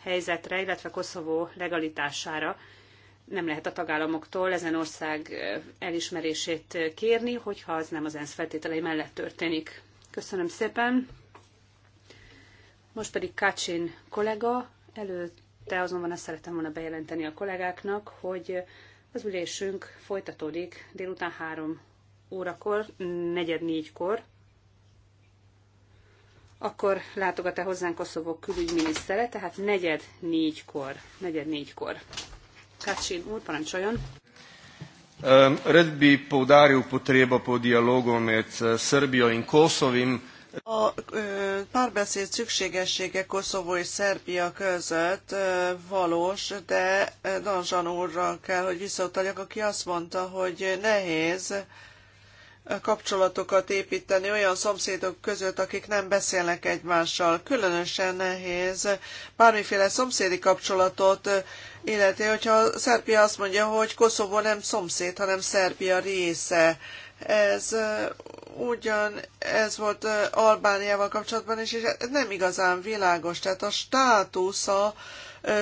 helyzetre, illetve Koszovó legalitására, nem lehet a tagállamoktól ezen ország elismerését kérni, hogyha az nem az ENSZ feltételei mellett történik. Köszönöm szépen. Most pedig Kácsin kollega, előtte azonban azt szerettem volna bejelenteni a kollégáknak, hogy az ülésünk folytatódik délután három órakor, negyed négykor. Akkor látogat-e hozzánk Koszovó külügyminisztere, tehát negyed négykor. Negyed négykor. Kacsin úr, parancsoljon. Rad bi poudaril potrebo po dialogu med eh, Srbijo in Kosovim. A eh, párbeszéd szükségessége Koszovó és Szerbia között eh, valós, de Danzsan úrra kell, hogy visszautaljak, aki azt mondta, hogy nehéz kapcsolatokat építeni olyan szomszédok között, akik nem beszélnek egymással. Különösen nehéz bármiféle szomszédi kapcsolatot illeti, hogyha Szerbia azt mondja, hogy Koszovó nem szomszéd, hanem Szerbia része. Ez ugyan ez volt Albániával kapcsolatban is, és ez nem igazán világos. Tehát a státusza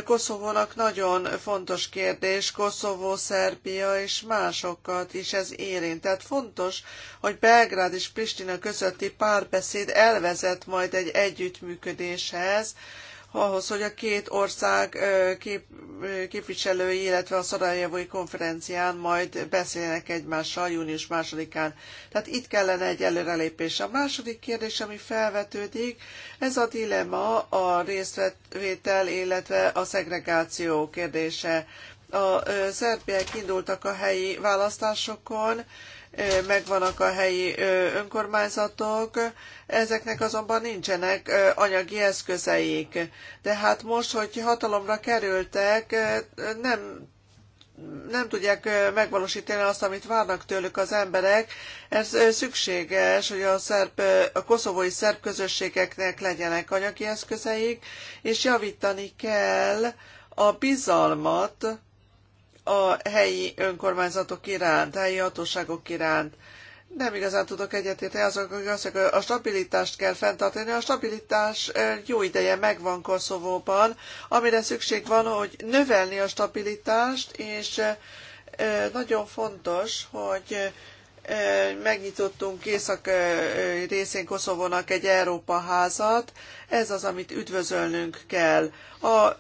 Koszovónak nagyon fontos kérdés, Koszovó, Szerbia és másokat is ez érint. Tehát fontos, hogy Belgrád és Pristina közötti párbeszéd elvezet majd egy együttműködéshez, ahhoz, hogy a két ország kép, képviselői, illetve a Szarajevói konferencián majd beszélnek egymással június másodikán. Tehát itt kellene egy előrelépés. A második kérdés, ami felvetődik, ez a dilema a részvétel, illetve a szegregáció kérdése. A szerbiek indultak a helyi választásokon, megvannak a helyi önkormányzatok, ezeknek azonban nincsenek anyagi eszközeik. De hát most, hogy hatalomra kerültek, nem nem tudják megvalósítani azt, amit várnak tőlük az emberek. Ez szükséges, hogy a, szerb, a koszovói szerb közösségeknek legyenek anyagi eszközeik, és javítani kell a bizalmat a helyi önkormányzatok iránt, helyi hatóságok iránt. Nem igazán tudok egyetérteni azok, akik azt mondják, hogy a stabilitást kell fenntartani. A stabilitás jó ideje megvan Koszovóban, amire szükség van, hogy növelni a stabilitást, és nagyon fontos, hogy megnyitottunk észak részén Koszovónak egy Európa házat, ez az, amit üdvözölnünk kell. A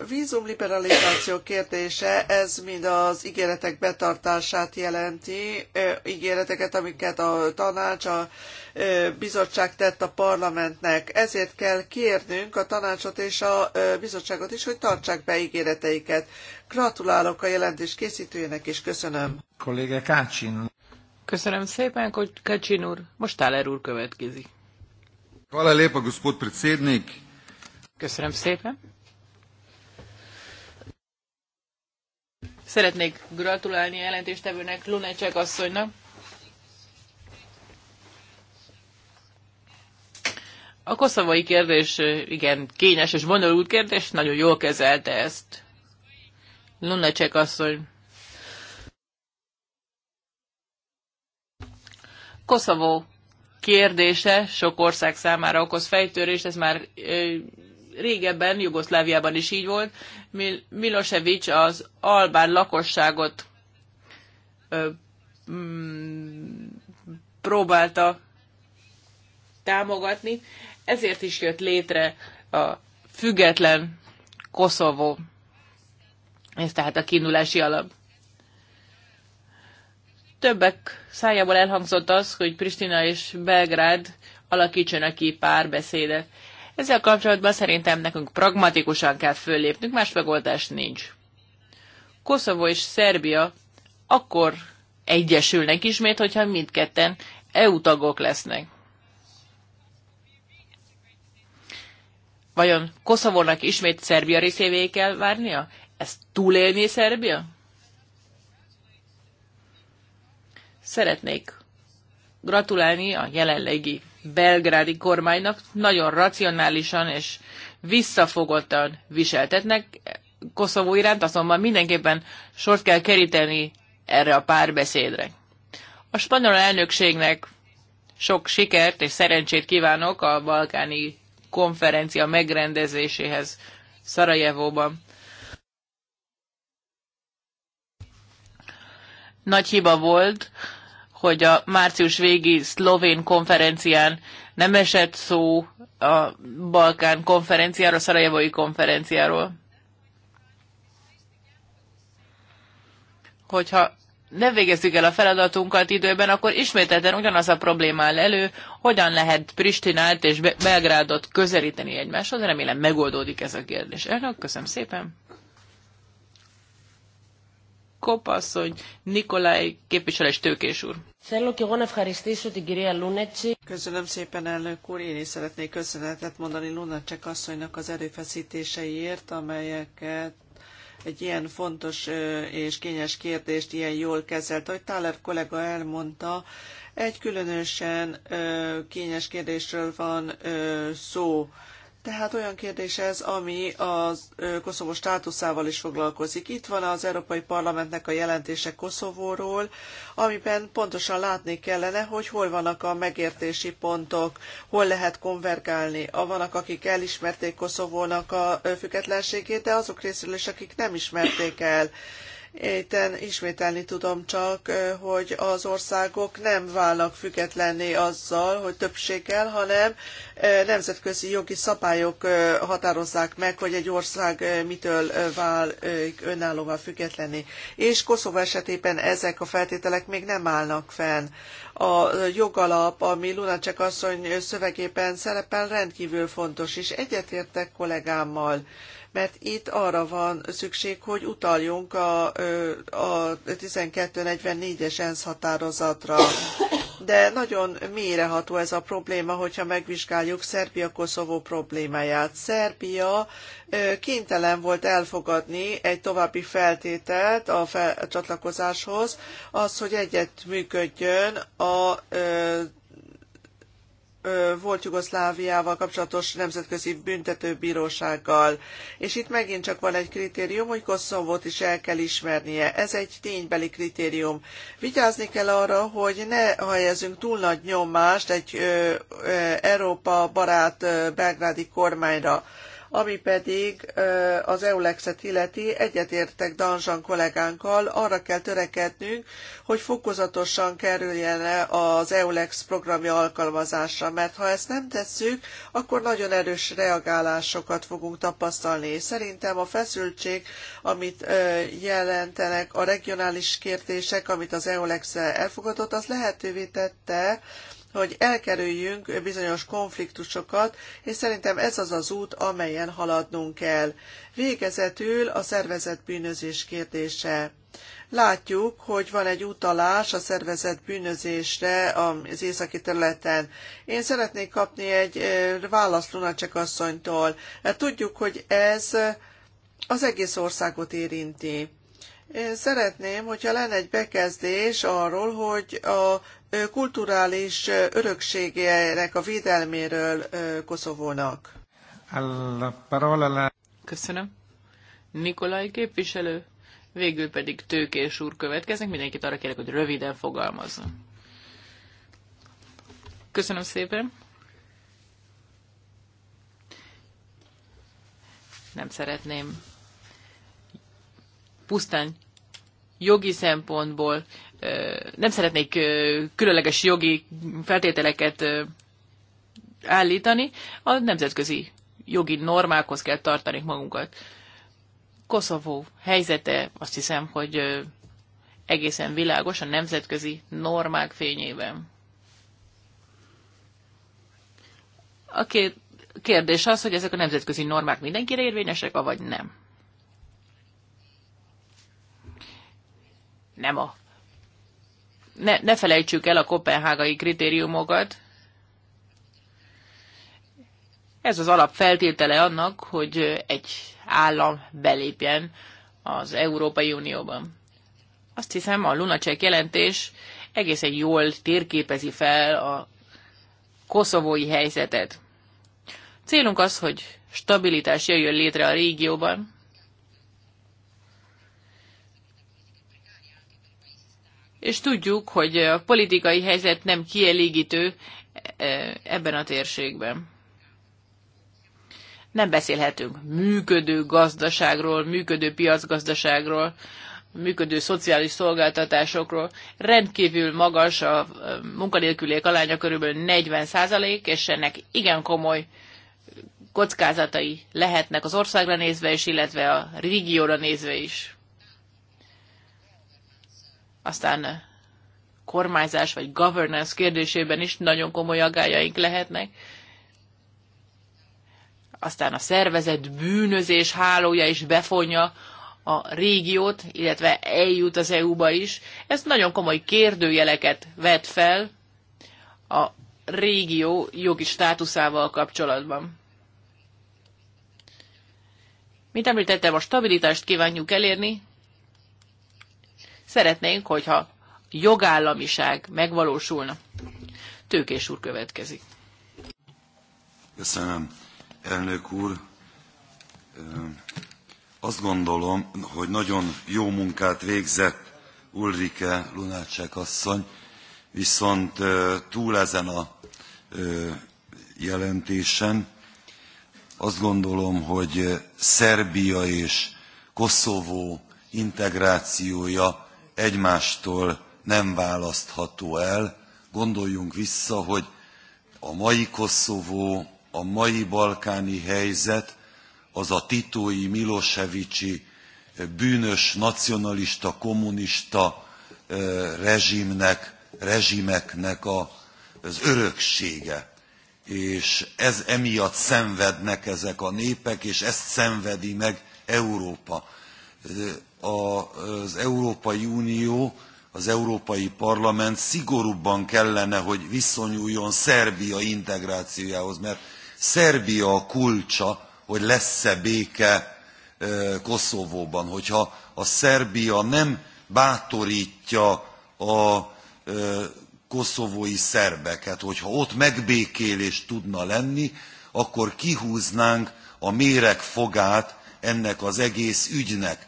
liberalizáció kérdése, ez mind az ígéretek betartását jelenti, ígéreteket, amiket a tanács, a bizottság tett a parlamentnek. Ezért kell kérnünk a tanácsot és a bizottságot is, hogy tartsák be ígéreteiket. Gratulálok a jelentés készítőjének, és köszönöm. Kolléga Köszönöm szépen, hogy Kacsin úr. Most Táler úr következik. Hvala lépa, gospod predsednik. Köszönöm szépen. Szeretnék gratulálni jelentéstevőnek Lunacek asszonynak. A koszovai kérdés igen kényes és bonyolult kérdés, nagyon jól kezelte ezt. Lunacek asszony Koszovó kérdése sok ország számára okoz fejtörést, ez már régebben, Jugoszláviában is így volt. Mil- Milosevic az albán lakosságot ö, mm, próbálta támogatni, ezért is jött létre a független Koszovó. Ez tehát a kiindulási alap. Többek szájából elhangzott az, hogy Pristina és Belgrád alakítsanak ki párbeszédet. Ezzel kapcsolatban szerintem nekünk pragmatikusan kell föllépnünk, más megoldás nincs. Koszovó és Szerbia akkor egyesülnek ismét, hogyha mindketten EU tagok lesznek. Vajon Koszovónak ismét Szerbia részévé kell várnia? Ezt túlélni Szerbia? Szeretnék gratulálni a jelenlegi belgrádi kormánynak, nagyon racionálisan és visszafogottan viseltetnek. Koszovó iránt azonban mindenképpen sort kell keríteni erre a párbeszédre. A spanyol elnökségnek sok sikert és szerencsét kívánok a balkáni konferencia megrendezéséhez Szarajevóban. Nagy hiba volt, hogy a március végi szlovén konferencián nem esett szó a Balkán konferenciáról, Szarajevói konferenciáról. Hogyha nem végezzük el a feladatunkat időben, akkor ismételten ugyanaz a probléma áll elő, hogyan lehet Pristinát és Belgrádot közelíteni egymáshoz. Remélem megoldódik ez a kérdés. Elnök, köszönöm szépen hogy Nikolaj képviselés Tőkés úr. Köszönöm szépen, elnök úr. Én is szeretnék köszönetet mondani Lunacek asszonynak az erőfeszítéseiért, amelyeket egy ilyen fontos és kényes kérdést ilyen jól kezelt. Ahogy Táler kollega elmondta, egy különösen kényes kérdésről van szó tehát olyan kérdés ez, ami a Koszovó státuszával is foglalkozik. Itt van az Európai Parlamentnek a jelentése Koszovóról, amiben pontosan látni kellene, hogy hol vannak a megértési pontok, hol lehet konvergálni. A vannak, akik elismerték Koszovónak a függetlenségét, de azok részéről is, akik nem ismerték el. Éten ismételni tudom csak, hogy az országok nem válnak függetlenné azzal, hogy többséggel, hanem nemzetközi jogi szabályok határozzák meg, hogy egy ország mitől vál önállóvá függetlenné. És Koszovó esetében ezek a feltételek még nem állnak fenn. A jogalap, ami Lunacek asszony szövegében szerepel, rendkívül fontos, és egyetértek kollégámmal mert itt arra van szükség, hogy utaljunk a, a 1244-es ENSZ határozatra. De nagyon méreható ez a probléma, hogyha megvizsgáljuk Szerbia-Koszovó problémáját. Szerbia kénytelen volt elfogadni egy további feltételt a, fel, a csatlakozáshoz, az, hogy egyet működjön a volt Jugoszláviával kapcsolatos nemzetközi büntetőbírósággal. És itt megint csak van egy kritérium, hogy Koszovót is el kell ismernie. Ez egy ténybeli kritérium. Vigyázni kell arra, hogy ne helyezünk túl nagy nyomást egy Európa barát belgrádi kormányra ami pedig az EULEX-et illeti, egyetértek Danzsan kollégánkkal, arra kell törekednünk, hogy fokozatosan kerüljen az EULEX programja alkalmazásra, mert ha ezt nem tesszük, akkor nagyon erős reagálásokat fogunk tapasztalni. Szerintem a feszültség, amit jelentenek a regionális kérdések, amit az EULEX elfogadott, az lehetővé tette, hogy elkerüljünk bizonyos konfliktusokat, és szerintem ez az az út, amelyen haladnunk kell. Végezetül a szervezet bűnözés kérdése. Látjuk, hogy van egy utalás a szervezet bűnözésre az északi területen. Én szeretnék kapni egy választ Lunacek asszonytól. Tudjuk, hogy ez az egész országot érinti. Én szeretném, hogyha lenne egy bekezdés arról, hogy a kulturális örökségének a védelméről Koszovónak. Köszönöm. Nikolaj képviselő, végül pedig Tőkés úr következnek. Mindenkit arra kérek, hogy röviden fogalmazzon. Köszönöm szépen. Nem szeretném pusztán jogi szempontból nem szeretnék különleges jogi feltételeket állítani, a nemzetközi jogi normákhoz kell tartani magunkat. Koszovó helyzete azt hiszem, hogy egészen világos a nemzetközi normák fényében. A kérdés az, hogy ezek a nemzetközi normák mindenkire érvényesek, vagy nem. Nem a ne, ne felejtsük el a kopenhágai kritériumokat. Ez az alap feltétele annak, hogy egy állam belépjen az Európai Unióban. Azt hiszem, a Lunacek jelentés egészen jól térképezi fel a koszovói helyzetet. Célunk az, hogy stabilitás jöjjön létre a régióban, és tudjuk, hogy a politikai helyzet nem kielégítő e, e, ebben a térségben. Nem beszélhetünk működő gazdaságról, működő piacgazdaságról, működő szociális szolgáltatásokról. Rendkívül magas a e, munkanélküliek alánya körülbelül 40 százalék, és ennek igen komoly kockázatai lehetnek az országra nézve is, illetve a régióra nézve is. Aztán eh, kormányzás vagy governance kérdésében is nagyon komoly agályaink lehetnek. Aztán a szervezet bűnözés hálója is befonja a régiót, illetve eljut az EU-ba is. Ez nagyon komoly kérdőjeleket vet fel a régió jogi státuszával kapcsolatban. Mint említettem, a stabilitást kívánjuk elérni, Szeretnénk, hogyha jogállamiság megvalósulna. Tőkés úr következik. Köszönöm, elnök úr. Azt gondolom, hogy nagyon jó munkát végzett Ulrike Lunácsek asszony, viszont túl ezen a jelentésen azt gondolom, hogy Szerbia és Koszovó integrációja egymástól nem választható el. Gondoljunk vissza, hogy a mai Koszovó, a mai balkáni helyzet, az a titói Milosevicsi eh, bűnös nacionalista, kommunista eh, rezsimnek, rezsimeknek a, az öröksége. És ez emiatt szenvednek ezek a népek, és ezt szenvedi meg Európa az Európai Unió, az Európai Parlament szigorúbban kellene, hogy viszonyuljon Szerbia integrációjához, mert Szerbia a kulcsa, hogy lesz-e béke Koszovóban. Hogyha a Szerbia nem bátorítja a koszovói szerbeket, hogyha ott megbékélés tudna lenni, akkor kihúznánk a méreg fogát ennek az egész ügynek.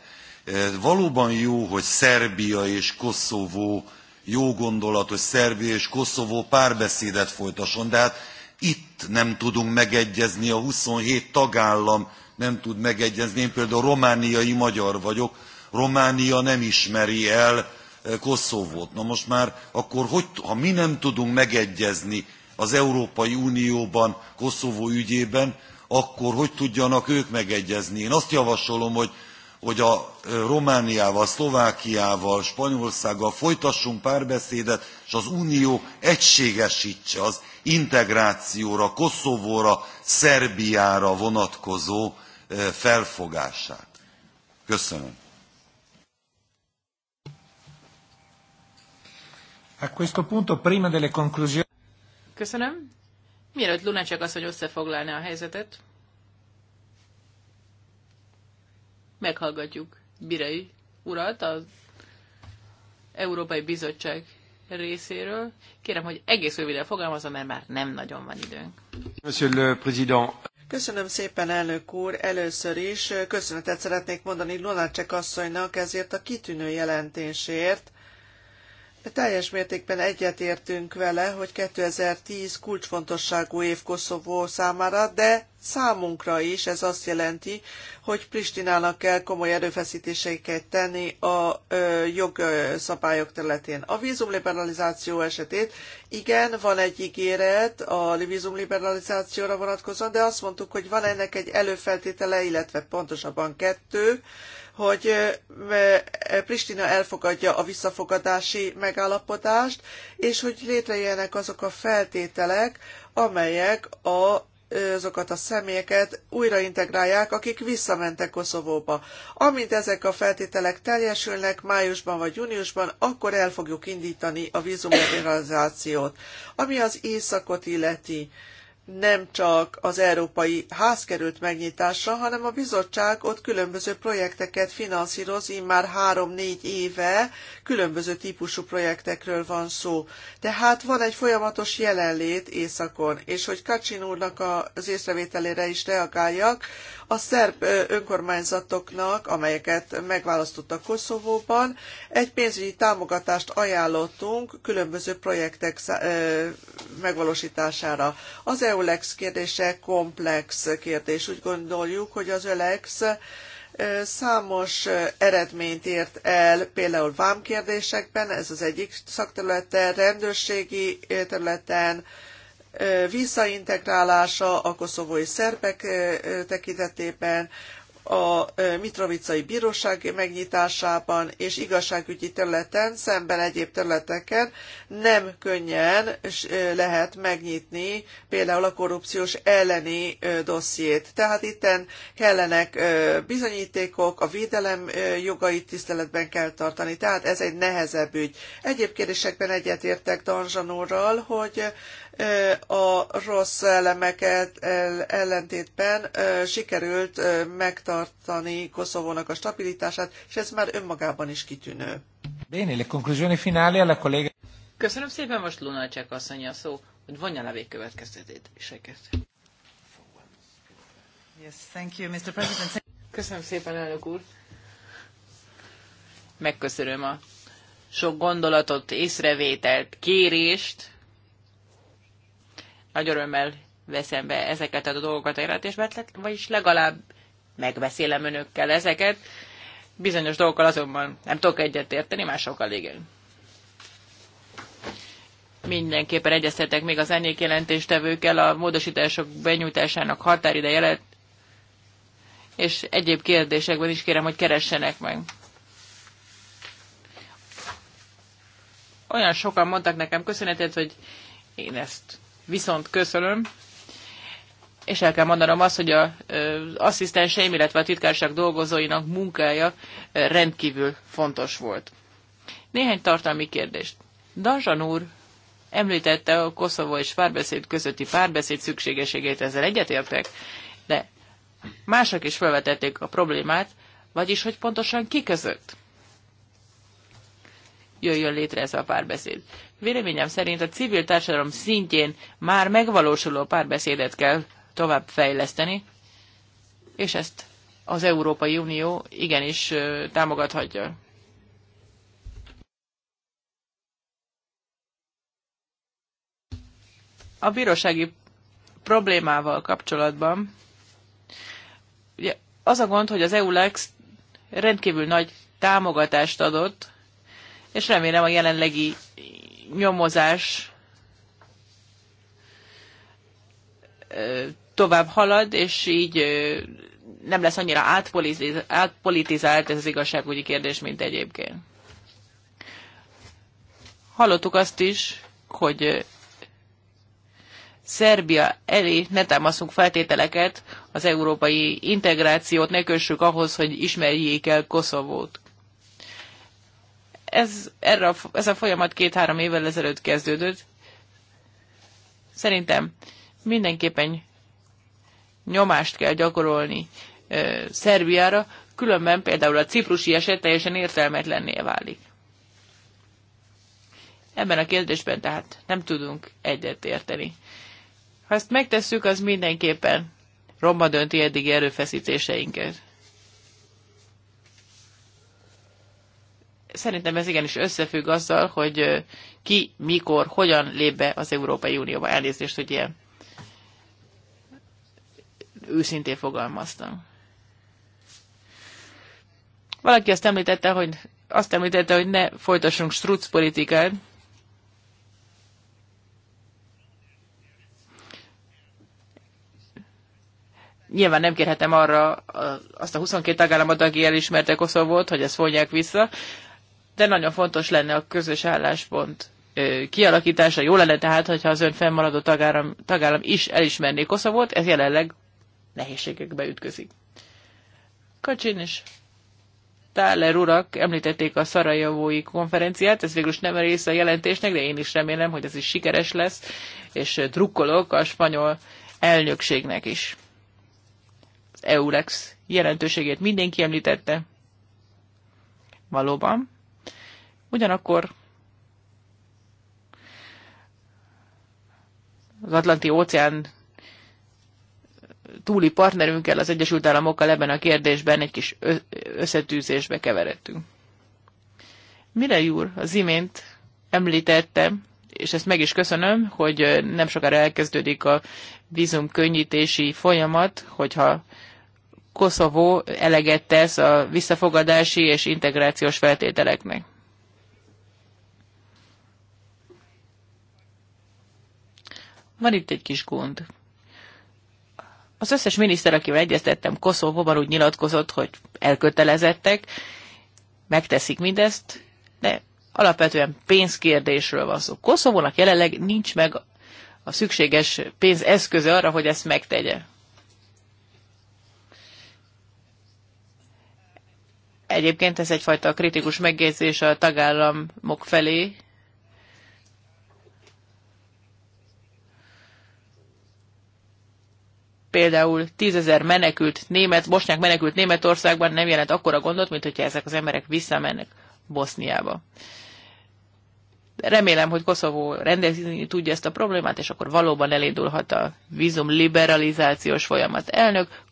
Valóban jó, hogy Szerbia és Koszovó jó gondolat, hogy Szerbia és Koszovó párbeszédet folytasson, de hát itt nem tudunk megegyezni, a seven tagállam nem tud megegyezni. Én például romániai magyar vagyok, Románia nem ismeri el Koszovót. Na most már akkor, hogy, ha mi nem tudunk megegyezni az Európai Unióban Koszovó ügyében, akkor hogy tudjanak ők megegyezni? Én azt javasolom, hogy hogy a Romániával, Szlovákiával, Spanyolországgal folytassunk párbeszédet, és az Unió egységesítse az integrációra, Koszovóra, Szerbiára vonatkozó felfogását. Köszönöm. A questo punto, prima delle conclusioni... Köszönöm. Mielőtt Lunacek hogy összefoglalná a helyzetet, meghallgatjuk Birei urat az Európai Bizottság részéről. Kérem, hogy egész röviden fogalmazom, mert már nem nagyon van időnk. Monsieur le Président. Köszönöm szépen, elnök úr! Először is köszönetet szeretnék mondani Lunacek asszonynak ezért a kitűnő jelentésért, teljes mértékben egyetértünk vele, hogy 2010 kulcsfontosságú év Koszovó számára, de számunkra is ez azt jelenti, hogy Pristinának kell komoly erőfeszítéseiket tenni a ö, jogszabályok területén. A vízumliberalizáció esetét igen, van egy ígéret a vízumliberalizációra vonatkozóan, de azt mondtuk, hogy van ennek egy előfeltétele, illetve pontosabban kettő, hogy Pristina elfogadja a visszafogadási megállapodást, és hogy létrejöjjenek azok a feltételek, amelyek a azokat a személyeket újra integrálják, akik visszamentek Koszovóba. Amint ezek a feltételek teljesülnek májusban vagy júniusban, akkor el fogjuk indítani a vízumliberalizációt. Ami az északot illeti, nem csak az európai ház került megnyitásra, hanem a bizottság ott különböző projekteket finanszíroz, immár három-négy éve különböző típusú projektekről van szó. Tehát van egy folyamatos jelenlét északon, és hogy Kacsin úrnak az észrevételére is reagáljak, a szerb önkormányzatoknak, amelyeket megválasztottak Koszovóban, egy pénzügyi támogatást ajánlottunk különböző projektek megvalósítására. Az EU EULEX kérdése komplex kérdés. Úgy gondoljuk, hogy az EULEX számos eredményt ért el, például vámkérdésekben, ez az egyik szakterülete, rendőrségi területen, visszaintegrálása a koszovói szerbek tekintetében, a Mitrovicai Bíróság megnyitásában és igazságügyi területen, szemben egyéb területeken nem könnyen lehet megnyitni például a korrupciós elleni dossziét. Tehát itten kellenek bizonyítékok, a védelem jogait tiszteletben kell tartani, tehát ez egy nehezebb ügy. Egyéb kérdésekben egyetértek Danzsanóral, hogy a rossz elemeket ellentétben sikerült megtartani Koszovónak a stabilitását, és ez már önmagában is kitűnő. Bene, le conclusioni finali alla collega. Köszönöm szépen, most Luna Csek asszony a szó, hogy vonja le végkövetkeztetéseket. Yes, thank you, Mr. President. Köszönöm szépen, elnök úr. Megköszönöm a sok gondolatot, észrevételt, kérést, nagy örömmel veszem be ezeket a dolgokat a jelentésbe, hát vagyis legalább megbeszélem önökkel ezeket. Bizonyos dolgokkal azonban nem tudok egyet érteni, másokkal igen. Mindenképpen egyeztetek még az ennyi jelentéstevőkkel a módosítások benyújtásának határideje lett, és egyéb kérdésekben is kérem, hogy keressenek meg. Olyan sokan mondtak nekem köszönetet, hogy én ezt viszont köszönöm. És el kell mondanom azt, hogy az asszisztenseim, illetve a titkárság dolgozóinak munkája rendkívül fontos volt. Néhány tartalmi kérdést. Danzsan úr említette a Koszovó és párbeszéd közötti párbeszéd szükségességét, ezzel egyetértek, de mások is felvetették a problémát, vagyis hogy pontosan ki között jöjjön létre ez a párbeszéd. Véleményem szerint a civil társadalom szintjén már megvalósuló párbeszédet kell tovább fejleszteni, és ezt az Európai Unió igenis támogathatja. A bírósági problémával kapcsolatban ugye az a gond, hogy az EULEX rendkívül nagy támogatást adott, és remélem a jelenlegi nyomozás tovább halad, és így nem lesz annyira átpolitizált ez az igazságügyi kérdés, mint egyébként. Hallottuk azt is, hogy Szerbia elé ne támaszunk feltételeket, az európai integrációt ne kössük ahhoz, hogy ismerjék el Koszovót. Ez, erre a, ez a folyamat két-három évvel ezelőtt kezdődött. Szerintem mindenképpen nyomást kell gyakorolni ö, Szerbiára, különben például a ciprusi eset teljesen értelmetlenné válik. Ebben a kérdésben tehát nem tudunk egyet érteni. Ha ezt megtesszük, az mindenképpen romba dönti eddigi erőfeszítéseinket. szerintem ez igenis összefügg azzal, hogy ki, mikor, hogyan lép be az Európai Unióba. Elnézést, hogy ilyen őszintén fogalmaztam. Valaki azt említette, hogy, azt említette, hogy ne folytassunk struc politikát. Nyilván nem kérhetem arra azt a 22 tagállamot, aki elismerte Koszovót, hogy ezt vonják vissza, de nagyon fontos lenne a közös álláspont kialakítása. Jó lenne tehát, hogyha az ön fennmaradó tagállam, tagállam is elismerné Koszovót, ez jelenleg nehézségekbe ütközik. Kacsin és Táler urak említették a szarajavói konferenciát, ez végül is nem része a jelentésnek, de én is remélem, hogy ez is sikeres lesz, és drukkolok a spanyol elnökségnek is. Az EULEX jelentőségét mindenki említette. Valóban, Ugyanakkor az Atlanti óceán túli partnerünkkel, az Egyesült Államokkal ebben a kérdésben egy kis összetűzésbe keveredtünk. Mire úr az imént említette, és ezt meg is köszönöm, hogy nem sokára elkezdődik a vízumkönnyítési folyamat, hogyha Koszovó eleget tesz a visszafogadási és integrációs feltételeknek. van itt egy kis gond. Az összes miniszter, akivel egyeztettem Koszovóban, úgy nyilatkozott, hogy elkötelezettek, megteszik mindezt, de alapvetően pénzkérdésről van szó. Koszovónak jelenleg nincs meg a szükséges pénzeszköze arra, hogy ezt megtegye. Egyébként ez egyfajta kritikus megjegyzés a tagállamok felé, például tízezer menekült német, bosnyák menekült Németországban nem jelent akkora gondot, mint hogyha ezek az emberek visszamennek Boszniába. Remélem, hogy Koszovó rendezni tudja ezt a problémát, és akkor valóban elindulhat a vízum liberalizációs folyamat. Elnök,